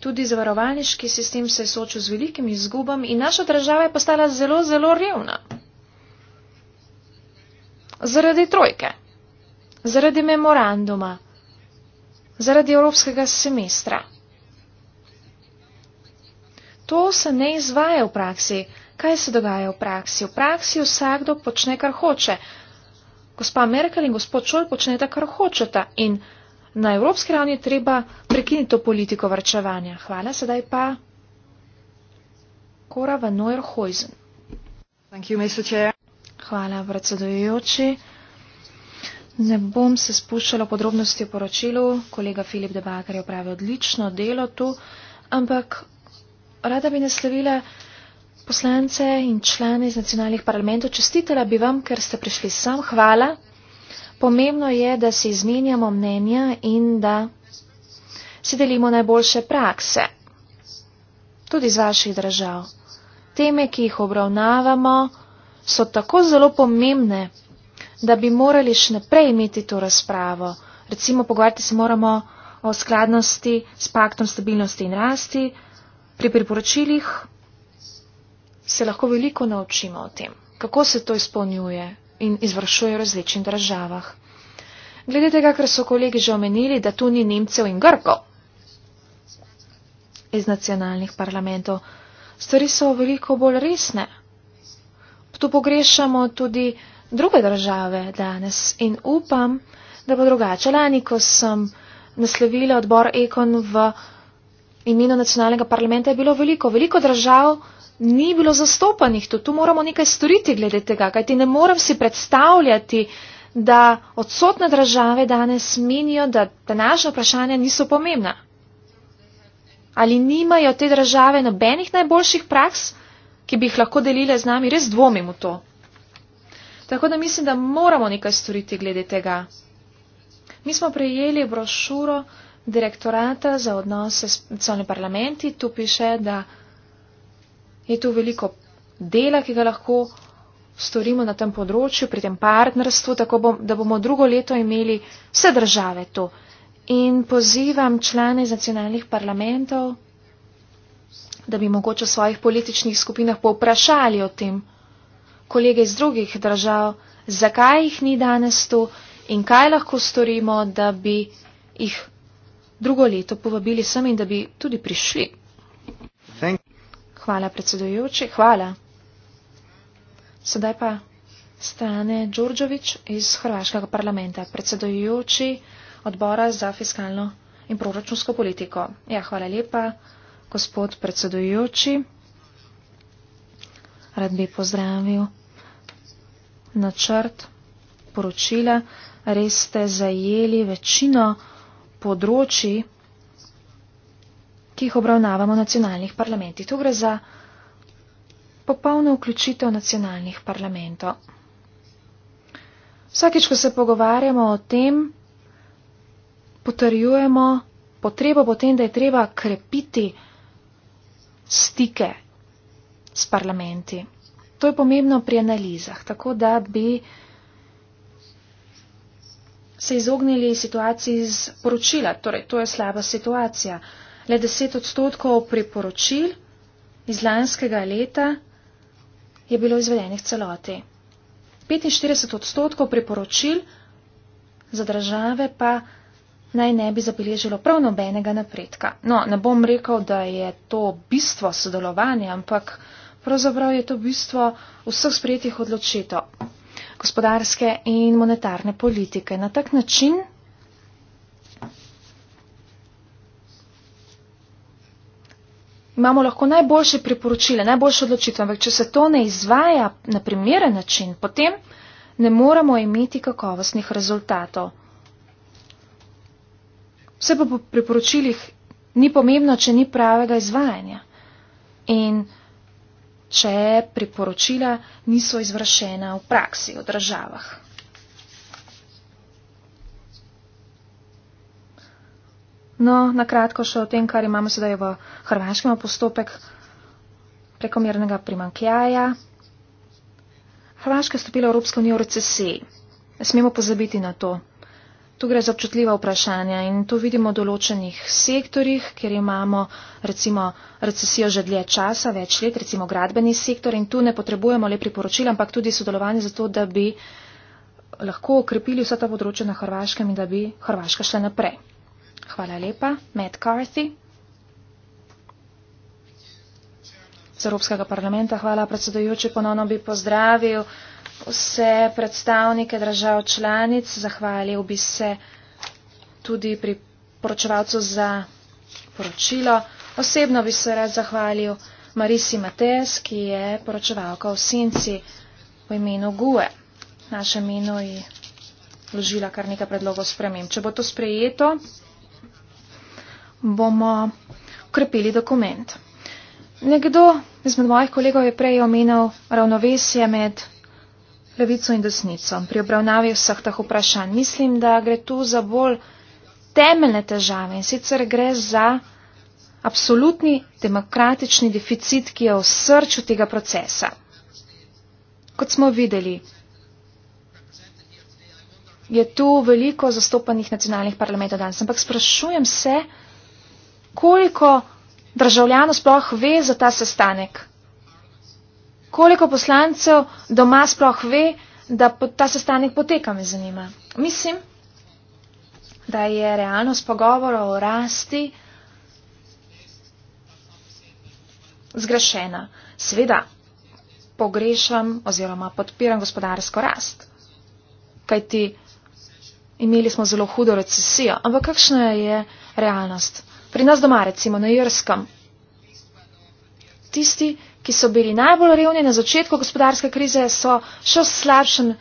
Tudi zavarovalniški sistem se je soočil z velikimi izgubami in naša država je postala zelo, zelo revna. Zaradi trojke, zaradi memoranduma, zaradi evropskega semestra. To se ne izvaja v praksi. Kaj se dogaja v praksi? V praksi vsakdo počne, kar hoče gospa Merkel in gospod Čoj počnete, kar hočete in na evropski ravni je treba prekiniti to politiko vrčevanja. Hvala, sedaj pa Kora van Neuerhuizen. Hvala, predsedujoči. Ne bom se spuščala podrobnosti v poročilu, kolega Filip Debaker je opravil odlično delo tu, ampak rada bi naslovila poslance in člane iz nacionalnih parlamentov. Čestitela bi vam, ker ste prišli sam. Hvala. Pomembno je, da se izmenjamo mnenja in da si delimo najboljše prakse. Tudi iz vaših držav. Teme, ki jih obravnavamo, so tako zelo pomembne, da bi morali še naprej imeti to razpravo. Recimo, pogovarjati se moramo o skladnosti s paktom stabilnosti in rasti pri priporočilih se lahko veliko naučimo o tem, kako se to izpolnjuje in izvršuje v različnih državah. Glede tega, kar so kolegi že omenili, da tu ni Nemcev in Grkov iz nacionalnih parlamentov, stvari so veliko bolj resne. Tu pogrešamo tudi druge države danes in upam, da bo drugače. Lani, ko sem naslovila odbor Ekon v imenu nacionalnega parlamenta, je bilo veliko, veliko držav, ni bilo zastopanih tu. Tu moramo nekaj storiti glede tega, kajti ne morem si predstavljati, da odsotne države danes menijo, da današnja vprašanja niso pomembna. Ali nimajo te države nobenih najboljših praks, ki bi jih lahko delile z nami, res dvomim v to. Tako da mislim, da moramo nekaj storiti glede tega. Mi smo prejeli brošuro direktorata za odnose s nacionalnimi parlamenti, tu piše, da je tu veliko dela, ki ga lahko storimo na tem področju, pri tem partnerstvu, tako bom, da bomo drugo leto imeli vse države to. In pozivam člane iz nacionalnih parlamentov, da bi mogoče v svojih političnih skupinah povprašali o tem kolege iz drugih držav, zakaj jih ni danes tu in kaj lahko storimo, da bi jih drugo leto povabili sem in da bi tudi prišli. Hvala, predsedujoči. Hvala. Sedaj pa Stane Đurđović iz Hrvaškega parlamenta, predsedujoči odbora za fiskalno in proračunsko politiko. Ja, hvala lepa, gospod predsedujoči. Rad bi pozdravil načrt poročila. Res ste zajeli večino področji, ki jih obravnavamo v nacionalnih parlamentih. Tu gre za popolno vključitev nacionalnih parlamentov. Vsakič, ko se pogovarjamo o tem, potrjujemo potrebo potem, da je treba krepiti stike s parlamenti. To je pomembno pri analizah, tako da bi se izognili situaciji iz poročila. Torej, to je slaba situacija le 10 odstotkov priporočil iz lanskega leta je bilo izvedenih celoti. 45 odstotkov priporočil za države pa naj ne bi zabeležilo prav nobenega napredka. No, ne bom rekel, da je to bistvo sodelovanja, ampak pravzaprav je to bistvo vseh sprejetih odločitev gospodarske in monetarne politike. Na tak način imamo lahko najboljše priporočile, najboljše odločitve, ampak če se to ne izvaja na primeren način, potem ne moramo imeti kakovostnih rezultatov. Vse pa po priporočilih ni pomembno, če ni pravega izvajanja. In če priporočila niso izvršena v praksi, v državah. No, na kratko še o tem, kar imamo sedaj v Hrvaškem postopek prekomernega primankljaja. Hrvaška je stopila v Evropsko unijo v recesiji. Ne smemo pozabiti na to. Tu gre za občutljiva vprašanja in to vidimo v določenih sektorjih, kjer imamo recimo recesijo že dlje časa, več let, recimo gradbeni sektor in tu ne potrebujemo le priporočila, ampak tudi sodelovanje za to, da bi lahko okrepili vsa ta področja na Hrvaškem in da bi Hrvaška šla naprej. Hvala lepa. Matt Carthy. Z Evropskega parlamenta. Hvala, predsedujoči. Ponovno bi pozdravil vse predstavnike držav članic. Zahvalil bi se tudi pri poročevalcu za poročilo. Osebno bi se rad zahvalil Marisi Mates, ki je poročevalka v Sinci po imenu Gue. Naše imeno je vložila kar nekaj predlogov spremem. Če bo to sprejeto, bomo ukrepili dokument. Nekdo izmed mojih kolegov je prej omenil ravnovesje med levico in desnico. Pri obravnavi vseh teh vprašanj mislim, da gre tu za bolj temeljne težave in sicer gre za absolutni demokratični deficit, ki je v srču tega procesa. Kot smo videli, je tu veliko zastopanih nacionalnih parlamentov danes, ampak sprašujem se, koliko državljanov sploh ve za ta sestanek. Koliko poslancev doma sploh ve, da ta sestanek poteka, me zanima. Mislim, da je realnost pogovora o rasti zgrešena. Sveda pogrešam oziroma podpiram gospodarsko rast, kajti imeli smo zelo hudo recesijo. Ampak kakšna je realnost? pri nas doma, recimo na Irskem. Tisti, ki so bili najbolj revni na začetku gospodarske krize, so še slabšen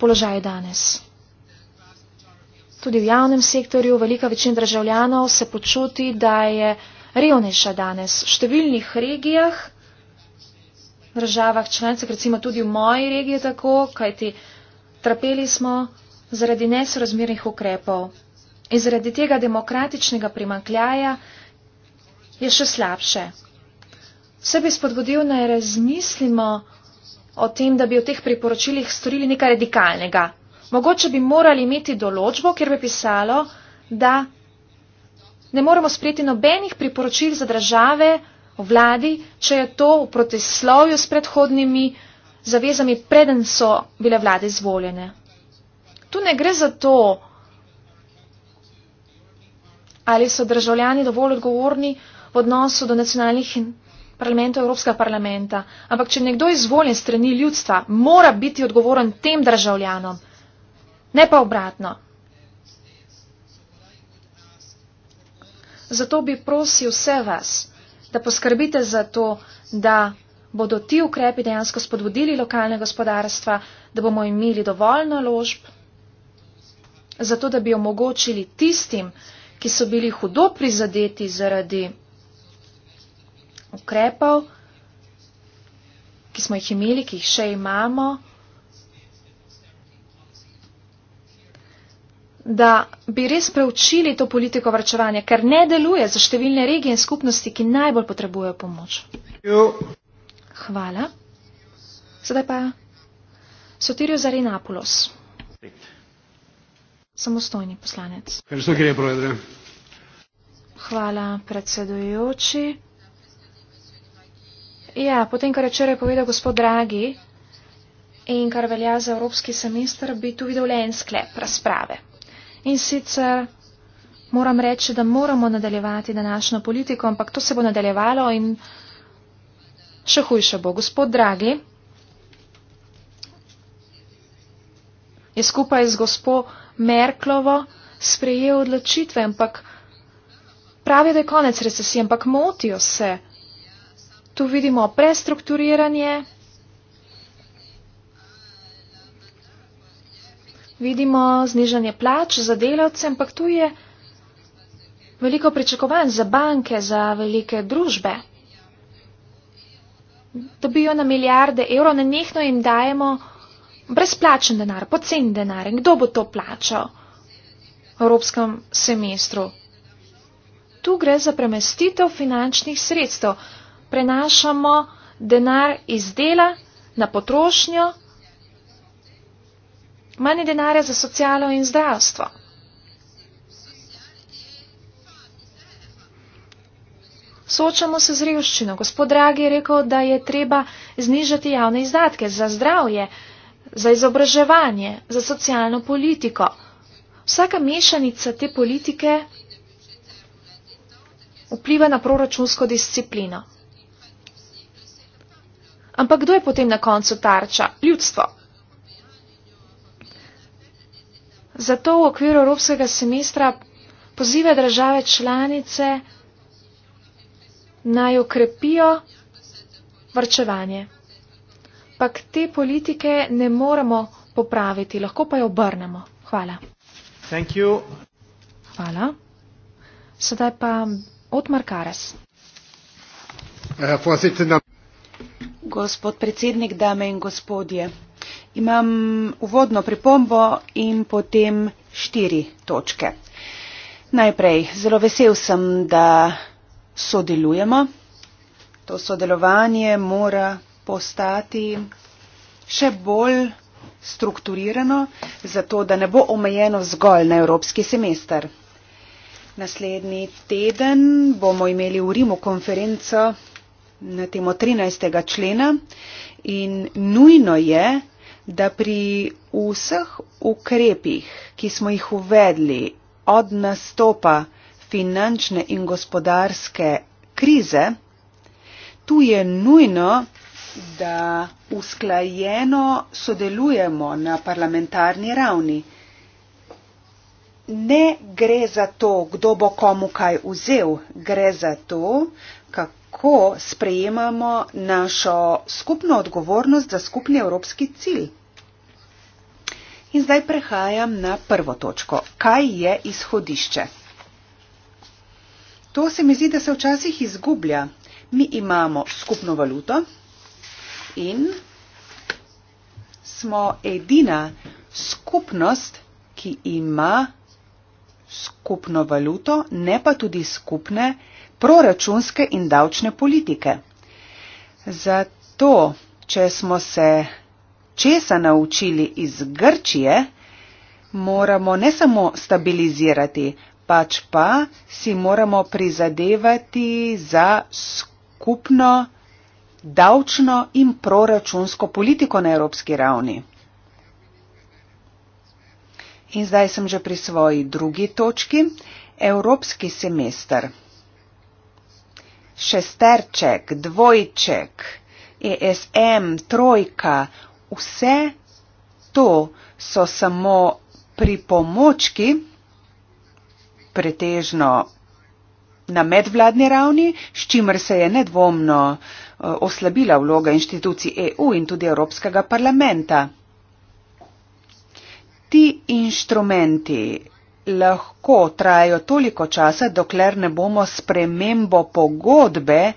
položaj danes. Tudi v javnem sektorju velika večina državljanov se počuti, da je revnejša danes. V številnih regijah, državah članicah, recimo tudi v moji regiji tako, kajti trpeli smo zaradi nesorazmernih ukrepov. In zaradi tega demokratičnega primankljaja je še slabše. Vse bi spodbudil naj razmislimo o tem, da bi v teh priporočilih storili nekaj radikalnega. Mogoče bi morali imeti določbo, kjer bi pisalo, da ne moramo sprejeti nobenih priporočil za države v vladi, če je to v protislovju s predhodnimi zavezami, preden so bile vlade izvoljene. Tu ne gre za to, ali so državljani dovolj odgovorni v odnosu do nacionalnih parlamentov Evropskega parlamenta. Ampak če nekdo izvoljen strani ljudstva, mora biti odgovoren tem državljanom, ne pa obratno. Zato bi prosil vse vas, da poskrbite za to, da bodo ti ukrepi dejansko spodbudili lokalne gospodarstva, da bomo imeli dovolj naložb, zato da bi omogočili tistim, ki so bili hudo prizadeti zaradi ukrepov, ki smo jih imeli, ki jih še imamo, da bi res preučili to politiko vrčevanja, ker ne deluje za številne regije in skupnosti, ki najbolj potrebujejo pomoč. Hvala. Sedaj pa Sotirio Zarinapulos samostojni poslanec. Hvala, predsedujoči. Ja, potem, kar je včeraj povedal gospod Dragi in kar velja za evropski semester, bi tu videl le en sklep razprave. In sicer moram reči, da moramo nadaljevati današnjo politiko, ampak to se bo nadaljevalo in še hujše bo. Gospod Dragi je skupaj z gospod Merklovo sprejel odločitve, ampak pravijo, da je konec recesije, ampak motijo se. Tu vidimo prestrukturiranje, vidimo znižanje plač za delavce, ampak tu je veliko pričakovanj za banke, za velike družbe. Dobijo na milijarde evrov, nenehno jim dajemo brezplačen denar, poceni denar. Kdo bo to plačal v evropskem semestru? Tu gre za premestitev finančnih sredstev. Prenašamo denar iz dela na potrošnjo, manj denarja za socialo in zdravstvo. Sočamo se z revščino. Gospod Dragi je rekel, da je treba znižati javne izdatke za zdravje za izobraževanje, za socialno politiko. Vsaka mešanica te politike vpliva na proračunsko disciplino. Ampak kdo je potem na koncu tarča? Ljudstvo. Zato v okviru Evropskega semestra poziva države članice naj okrepijo vrčevanje ampak te politike ne moremo popraviti, lahko pa jo obrnemo. Hvala. Hvala. Sedaj pa Otmar Kares.
Eh, Gospod predsednik, dame in gospodje, imam uvodno pripombo in potem štiri točke. Najprej, zelo vesel sem, da sodelujemo. To sodelovanje mora postati še bolj strukturirano, zato da ne bo omejeno zgolj na evropski semester. Naslednji teden bomo imeli v Rimu konferenco na temo 13. člena in nujno je, da pri vseh ukrepih, ki smo jih uvedli od nastopa finančne in gospodarske krize, tu je nujno, da usklajeno sodelujemo na parlamentarni ravni. Ne gre za to, kdo bo komu kaj vzel, gre za to, kako sprejemamo našo skupno odgovornost za skupni evropski cilj. In zdaj prehajam na prvo točko. Kaj je izhodišče? To se mi zdi, da se včasih izgublja. Mi imamo skupno valuto, in smo edina skupnost, ki ima skupno valuto, ne pa tudi skupne proračunske in davčne politike. Zato, če smo se česa naučili iz Grčije, moramo ne samo stabilizirati, pač pa si moramo prizadevati za skupno davčno in proračunsko politiko na evropski ravni. In zdaj sem že pri svoji drugi točki, evropski semester. Šesterček, dvojček, ESM, trojka, vse to so samo pripomočki, pretežno na medvladni ravni, s čimer se je nedvomno uh, oslabila vloga inštitucij EU in tudi Evropskega parlamenta. Ti inštrumenti lahko trajajo toliko časa, dokler ne bomo spremembo pogodbe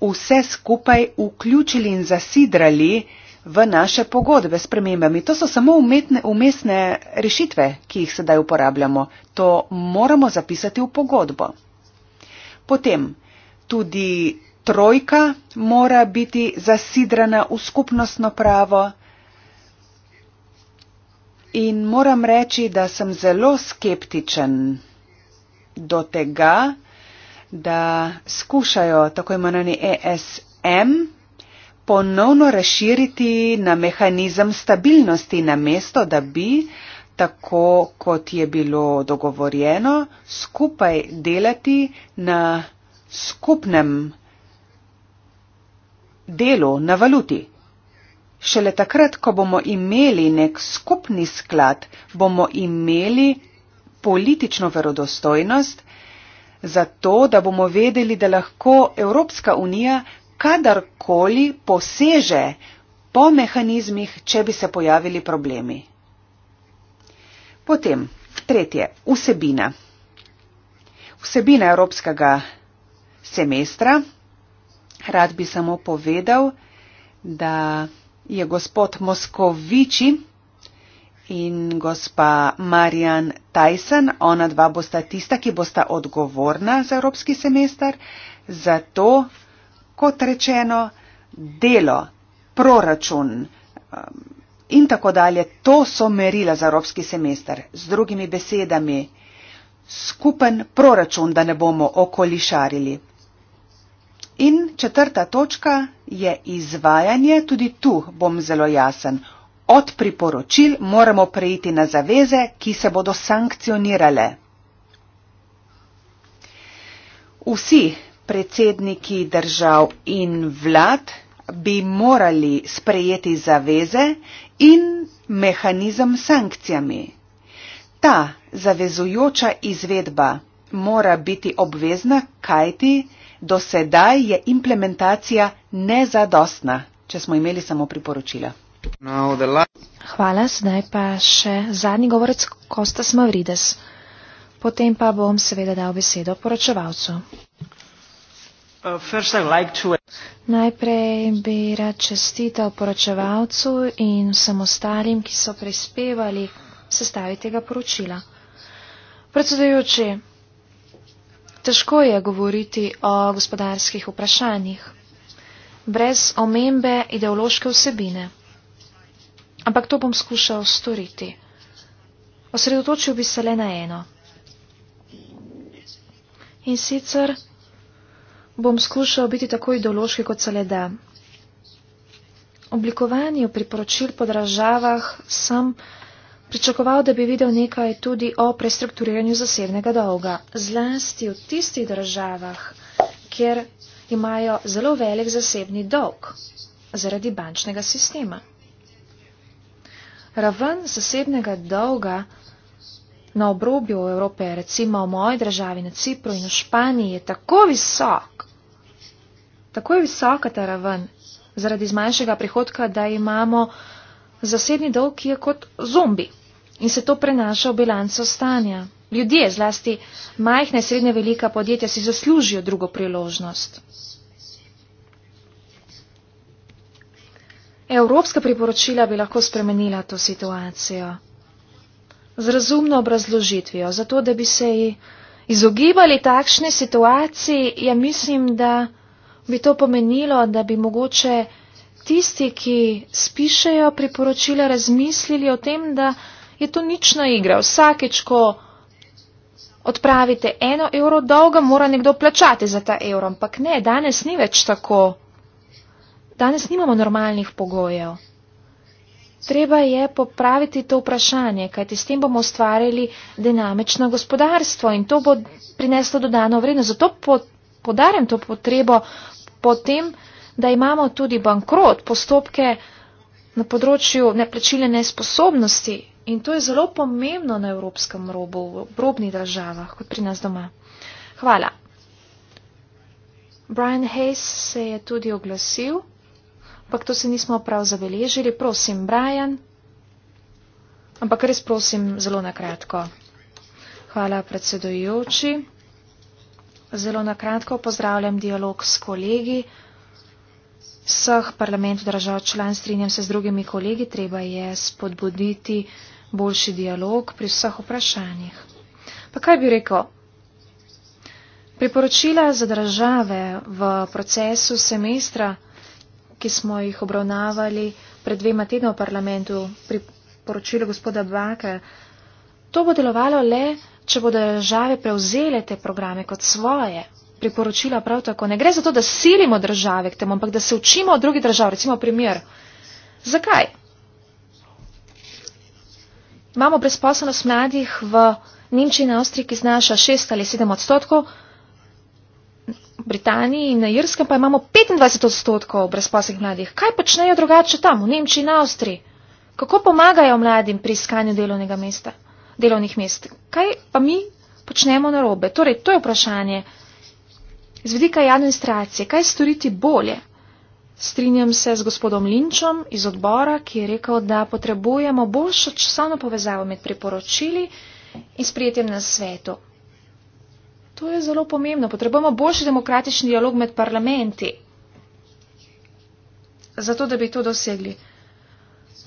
vse skupaj vključili in zasidrali v naše pogodbe s premembami. To so samo umetne, umestne rešitve, ki jih sedaj uporabljamo. To moramo zapisati v pogodbo. Potem tudi trojka mora biti zasidrana v skupnostno pravo. In moram reči, da sem zelo skeptičen do tega, da skušajo tako imenovani ESM ponovno razširiti na mehanizem stabilnosti, namesto da bi, tako kot je bilo dogovorjeno, skupaj delati na skupnem mehanizmu delu na valuti. Šele takrat, ko bomo imeli nek skupni sklad, bomo imeli politično verodostojnost, zato da bomo vedeli, da lahko Evropska unija kadarkoli poseže po mehanizmih, če bi se pojavili problemi. Potem, tretje, vsebina. Vsebina evropskega semestra. Rad bi samo povedal, da je gospod Moskovici in gospa Marjan Tyson, ona dva bosta tista, ki bosta odgovorna za evropski semester, zato, kot rečeno, delo, proračun um, in tako dalje, to so merila za evropski semester. Z drugimi besedami, skupen proračun, da ne bomo okolišarili. In četrta točka je izvajanje, tudi tu bom zelo jasen. Od priporočil moramo prejiti na zaveze, ki se bodo sankcionirale. Vsi predsedniki držav in vlad bi morali sprejeti zaveze in mehanizem sankcijami. Ta zavezujoča izvedba mora biti obvezna, kajti do sedaj je implementacija nezadostna, če smo imeli samo priporočila. Hvala, zdaj pa še zadnji govorec Kostas Mavrides. Potem
pa bom seveda dal besedo poročevalcu.
Uh,
Najprej bi rad čestital poročevalcu in vsem ostalim, ki so prispevali sestavi tega poročila. Predsedujoči, Težko je govoriti o gospodarskih vprašanjih brez omembe ideološke vsebine. Ampak to bom skušal storiti. Osredotočil bi se le na eno. In sicer bom skušal biti tako ideološki, kot se le da. Oblikovanje priporočil po državah sem pričakoval, da bi videl nekaj tudi o prestrukturiranju zasebnega dolga, zlasti v tistih državah, kjer imajo zelo velik zasebni dolg zaradi bančnega sistema. Raven zasebnega dolga na obrobju Evrope, recimo v moji državi na Cipru in v Španiji, je tako visok, tako je visoka ta raven zaradi zmanjšega prihodka, da imamo zasebni dolg je kot zombi in se to prenaša v bilanco stanja. Ljudje, zlasti majhna in srednja velika podjetja, si zaslužijo drugo priložnost. Evropska priporočila bi lahko spremenila to situacijo z razumno obrazložitvijo, zato da bi se ji izogibali takšne situacije, ja mislim, da bi to pomenilo, da bi mogoče tisti, ki spišajo priporočila, razmislili o tem, da je to nična igra. Vsakeč, ko odpravite eno evro dolga, mora nekdo plačati za ta evro. Ampak ne, danes ni več tako. Danes nimamo normalnih pogojev. Treba je popraviti to vprašanje, kajti s tem bomo ustvarili dinamično gospodarstvo in to bo prineslo dodano vrednost. Zato po, podarjam to potrebo potem, da imamo tudi bankrot, postopke na področju neplačile nesposobnosti in to je zelo pomembno na evropskem robu, v robnih državah, kot pri nas doma. Hvala. Brian Hayes se je tudi oglasil, ampak to se nismo prav zabeležili. Prosim, Brian. Ampak res prosim, zelo na kratko. Hvala, predsedojoči. Zelo na kratko pozdravljam dialog s kolegi vseh parlamentov držav član, strinjam se z drugimi kolegi, treba je spodbuditi boljši dialog pri vseh vprašanjih. Pa kaj bi rekel? Priporočila za države v procesu semestra, ki smo jih obravnavali pred dvema tedna v parlamentu, priporočilo gospoda Bake, to bo delovalo le, če bodo države prevzele te programe kot svoje priporočila prav tako. Ne gre za to, da silimo države k temu, ampak da se učimo od drugih držav. Recimo primer. Zakaj? Imamo brezposobnost mladih v Nemčiji in Avstriji, ki znaša 6 ali 7 odstotkov, v Britaniji in na Irskem pa imamo 25 odstotkov brezposobnih mladih. Kaj počnejo drugače tam, v Nemčiji in Avstriji? Kako pomagajo mladim pri iskanju mesta, delovnih mest? Kaj pa mi počnemo narobe? Torej, to je vprašanje, Z vidika javne administracije, kaj storiti bolje? Strinjam se z gospodom Linčom iz odbora, ki je rekel, da potrebujemo boljšo časovno povezavo med priporočili in sprijetjem na svetu. To je zelo pomembno. Potrebujemo boljši demokratični dialog med parlamenti. Zato, da bi to dosegli.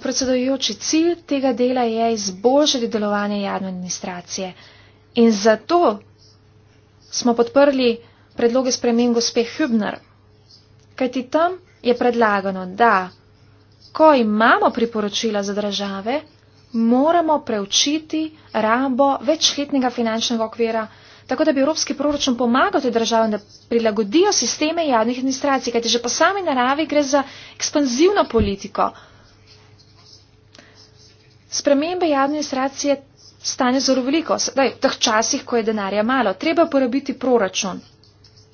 Predsedojoči cilj tega dela je izboljšati delovanje javne administracije. In zato smo podprli predloge spremen gospe Hübner. Kaj ti tam je predlagano, da ko imamo priporočila za države, moramo preučiti rabo večletnega finančnega okvira, tako da bi evropski proračun pomagal te državam, da prilagodijo sisteme javnih administracij, kajti že po sami naravi gre za ekspanzivno politiko. Spremembe javne administracije stane zelo veliko, v teh časih, ko je denarja malo, treba uporabiti proračun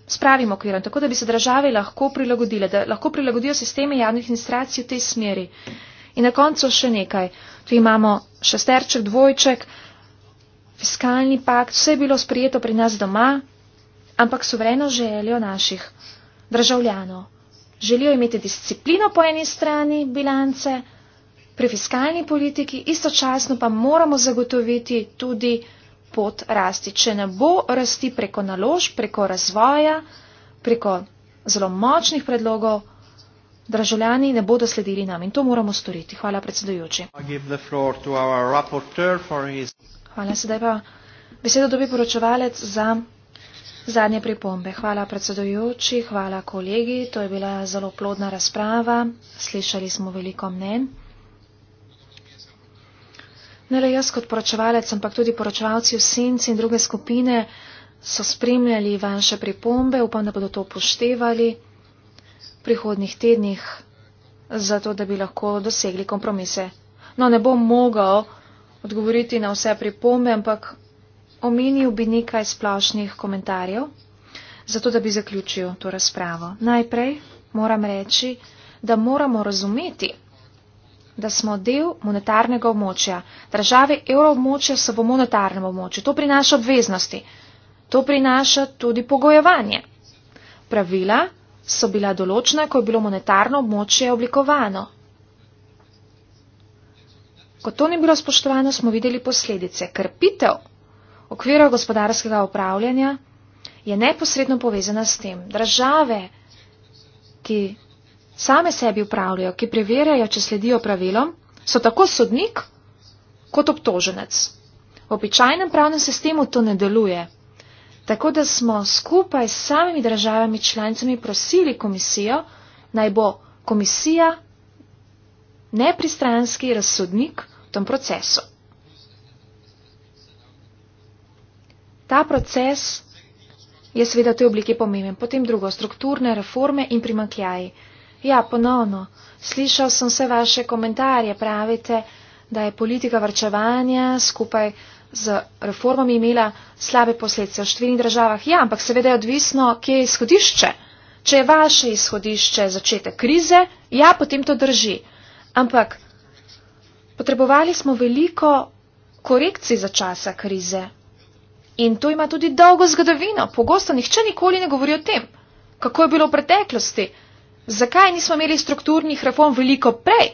spravim okvirom, tako da bi se države lahko prilagodile, da lahko prilagodijo sisteme javnih administracij v tej smeri. In na koncu še nekaj. Tu imamo šesterček, dvojček, fiskalni pakt, vse je bilo sprijeto pri nas doma, ampak suvereno željo naših državljanov. Želijo imeti disciplino po eni strani bilance, pri fiskalni politiki, istočasno pa moramo zagotoviti tudi pot rasti. Če ne bo rasti preko nalož, preko razvoja, preko zelo močnih predlogov, državljani ne bodo sledili nam in to moramo storiti. Hvala predsedujoči. His... Hvala sedaj pa. Besedo dobi poročevalec za zadnje pripombe. Hvala predsedujoči, hvala kolegi, to je bila zelo plodna razprava, slišali smo veliko mnen ne le jaz kot poročevalec, ampak tudi poročevalci v senci in druge skupine so spremljali vaše pripombe, upam, da bodo to upoštevali v prihodnih tednih, zato da bi lahko dosegli kompromise. No, ne bom mogel odgovoriti na vse pripombe, ampak omenil bi nekaj splošnih komentarjev, zato da bi zaključil to razpravo. Najprej moram reči, da moramo razumeti, da smo del monetarnega območja. Države evroobmočja so v monetarnem območju. To prinaša obveznosti. To prinaša tudi pogojevanje. Pravila so bila določena, ko je bilo monetarno območje oblikovano. Ko to ni bilo spoštovano, smo videli posledice. Krpitev okvira gospodarskega upravljanja je neposredno povezana s tem. Države, ki same sebi upravljajo, ki preverjajo, če sledijo pravilom, so tako sodnik kot obtoženec. V običajnem pravnem sistemu to ne deluje. Tako da smo skupaj s samimi državami članicami prosili komisijo, naj bo komisija nepristranski razsodnik v tem procesu. Ta proces je seveda v tej obliki pomemben, potem drugo strukturne reforme in primankljaji. Ja, ponovno. Slišal sem vse vaše komentarje. Pravite, da je politika vrčevanja skupaj z reformami imela slabe posledice v številnih državah. Ja, ampak seveda je odvisno, kje je izhodišče. Če je vaše izhodišče začete krize, ja, potem to drži. Ampak potrebovali smo veliko korekcij za časa krize. In to ima tudi dolgo zgodovino. Pogosto nihče nikoli ne govori o tem, kako je bilo v preteklosti. Zakaj nismo imeli strukturnih reform veliko prej?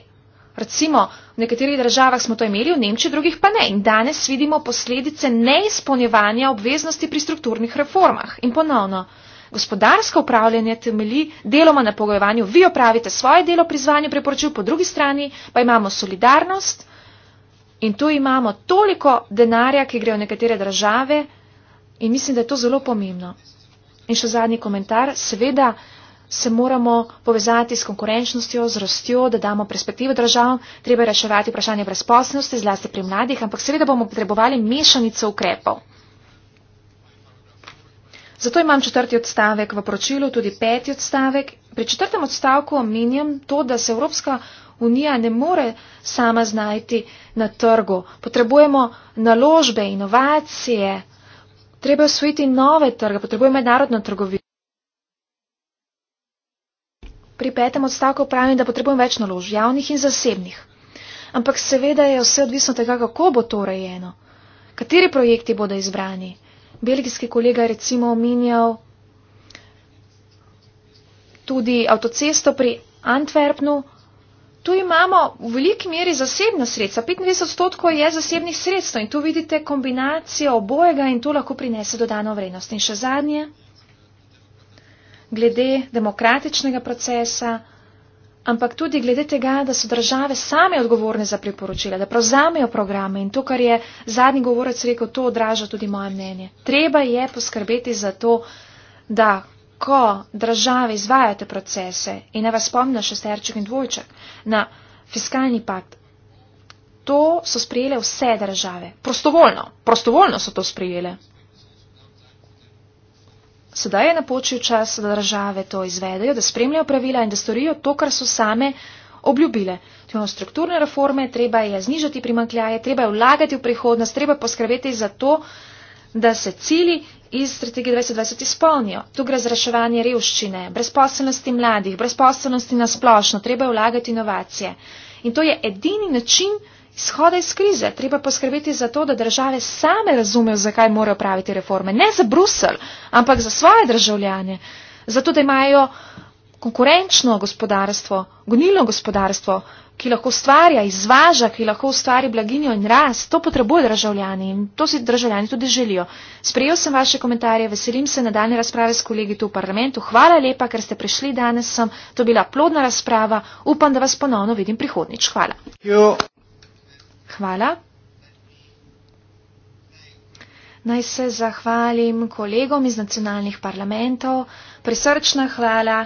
Recimo, v nekaterih državah smo to imeli, v Nemčiji drugih pa ne. In danes vidimo posledice neizpolnjevanja obveznosti pri strukturnih reformah. In ponovno, gospodarsko upravljanje temelji deloma na pogojevanju. Vi opravite svoje delo pri zvanju preporočil, po drugi strani pa imamo solidarnost in tu imamo toliko denarja, ki gre v nekatere države in mislim, da je to zelo pomembno. In še zadnji komentar, seveda se moramo povezati s konkurenčnostjo, z rastjo, da damo perspektivo držav. Treba je reševati vprašanje brezposnosti, zlasti pri mladih, ampak seveda bomo potrebovali mešanico ukrepov. Zato imam četrti odstavek v poročilu, tudi peti odstavek. Pri četrtem odstavku omenjam to, da se Evropska unija ne more sama znajti na trgu. Potrebujemo naložbe, inovacije, treba osvojiti nove trge, potrebujemo mednarodno trgovino pri petem odstavku pravim, da potrebujem več nalož, javnih in zasebnih. Ampak seveda je vse odvisno tega, kako bo to rejeno, kateri projekti bodo izbrani. Belgijski kolega je recimo omenjal tudi avtocesto pri Antwerpnu. Tu imamo v veliki meri zasebna sredstva, 25 odstotkov je zasebnih sredstev in tu vidite kombinacijo obojega in to lahko prinese dodano vrednost. In še zadnje glede demokratičnega procesa, ampak tudi glede tega, da so države same odgovorne za priporočila, da prevzamejo programe in to, kar je zadnji govorec rekel, to odraža tudi moje mnenje. Treba je poskrbeti za to, da ko države izvajate procese in ne vas spomnim šesterček in dvojček na fiskalni pakt, to so sprejele vse države. Prostovoljno, prostovoljno so to sprejele. Sedaj je napočil čas, da države to izvedejo, da spremljajo pravila in da storijo to, kar so same obljubile. To imamo strukturne reforme, treba je znižati primankljaje, treba je vlagati v prihodnost, treba poskrbeti za to, da se cili iz strategije 2020 izpolnijo. Tu gre za reševanje revščine, brezposelnosti mladih, brezposelnosti na splošno, treba je vlagati inovacije. In to je edini način, izhoda iz krize. Treba poskrbeti za to, da države same razumejo, zakaj morajo praviti reforme. Ne za Brusel, ampak za svoje državljane. Zato, da imajo konkurenčno gospodarstvo, gonilno gospodarstvo, ki lahko ustvarja, izvaža, ki lahko ustvari blaginjo in rast. To potrebujejo državljani in to si državljani tudi želijo. Sprejel sem vaše komentarje, veselim se na daljne razprave s kolegi tu v parlamentu. Hvala lepa, ker ste prišli danes sem. To je bila plodna razprava. Upam, da vas ponovno vidim prihodnič. Hvala hvala. Naj se zahvalim kolegom iz nacionalnih parlamentov. Prisrčna hvala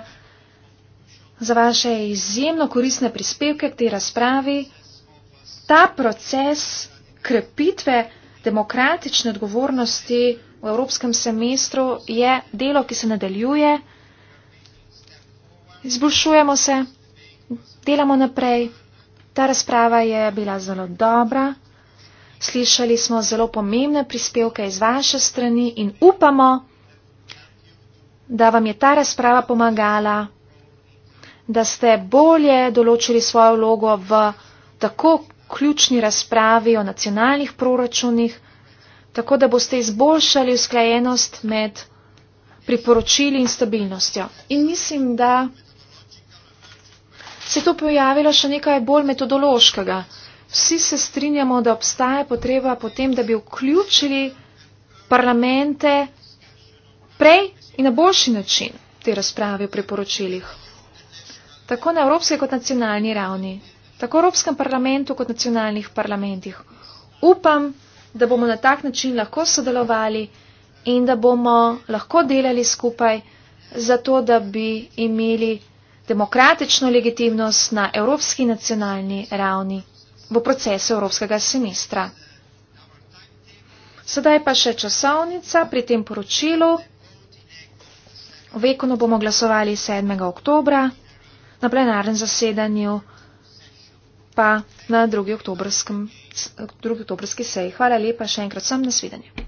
za vaše izjemno korisne prispevke k tej razpravi. Ta proces krepitve demokratične odgovornosti v Evropskem semestru je delo, ki se nadaljuje. Izboljšujemo se, delamo naprej. Ta razprava je bila zelo dobra. Slišali smo zelo pomembne prispevke iz vaše strani in upamo, da vam je ta razprava pomagala, da ste bolje določili svojo vlogo v tako ključni razpravi o nacionalnih proračunih, tako da boste izboljšali usklajenost med priporočili in stabilnostjo. In mislim, da se je to pojavilo še nekaj bolj metodološkega. Vsi se strinjamo, da obstaja potreba potem, da bi vključili parlamente prej in na boljši način te razprave v priporočilih. Tako na evropski kot nacionalni ravni, tako v Evropskem parlamentu kot nacionalnih parlamentih. Upam, da bomo na tak način lahko sodelovali in da bomo lahko delali skupaj, zato da bi imeli demokratično legitimnost na evropski nacionalni ravni v procesu evropskega semestra. Sedaj pa še časovnica pri tem poročilu. V Ekonu bomo glasovali 7. oktobra, na plenarnem zasedanju pa na 2. oktobrski seji. Hvala lepa še enkrat sem, nasvidenje.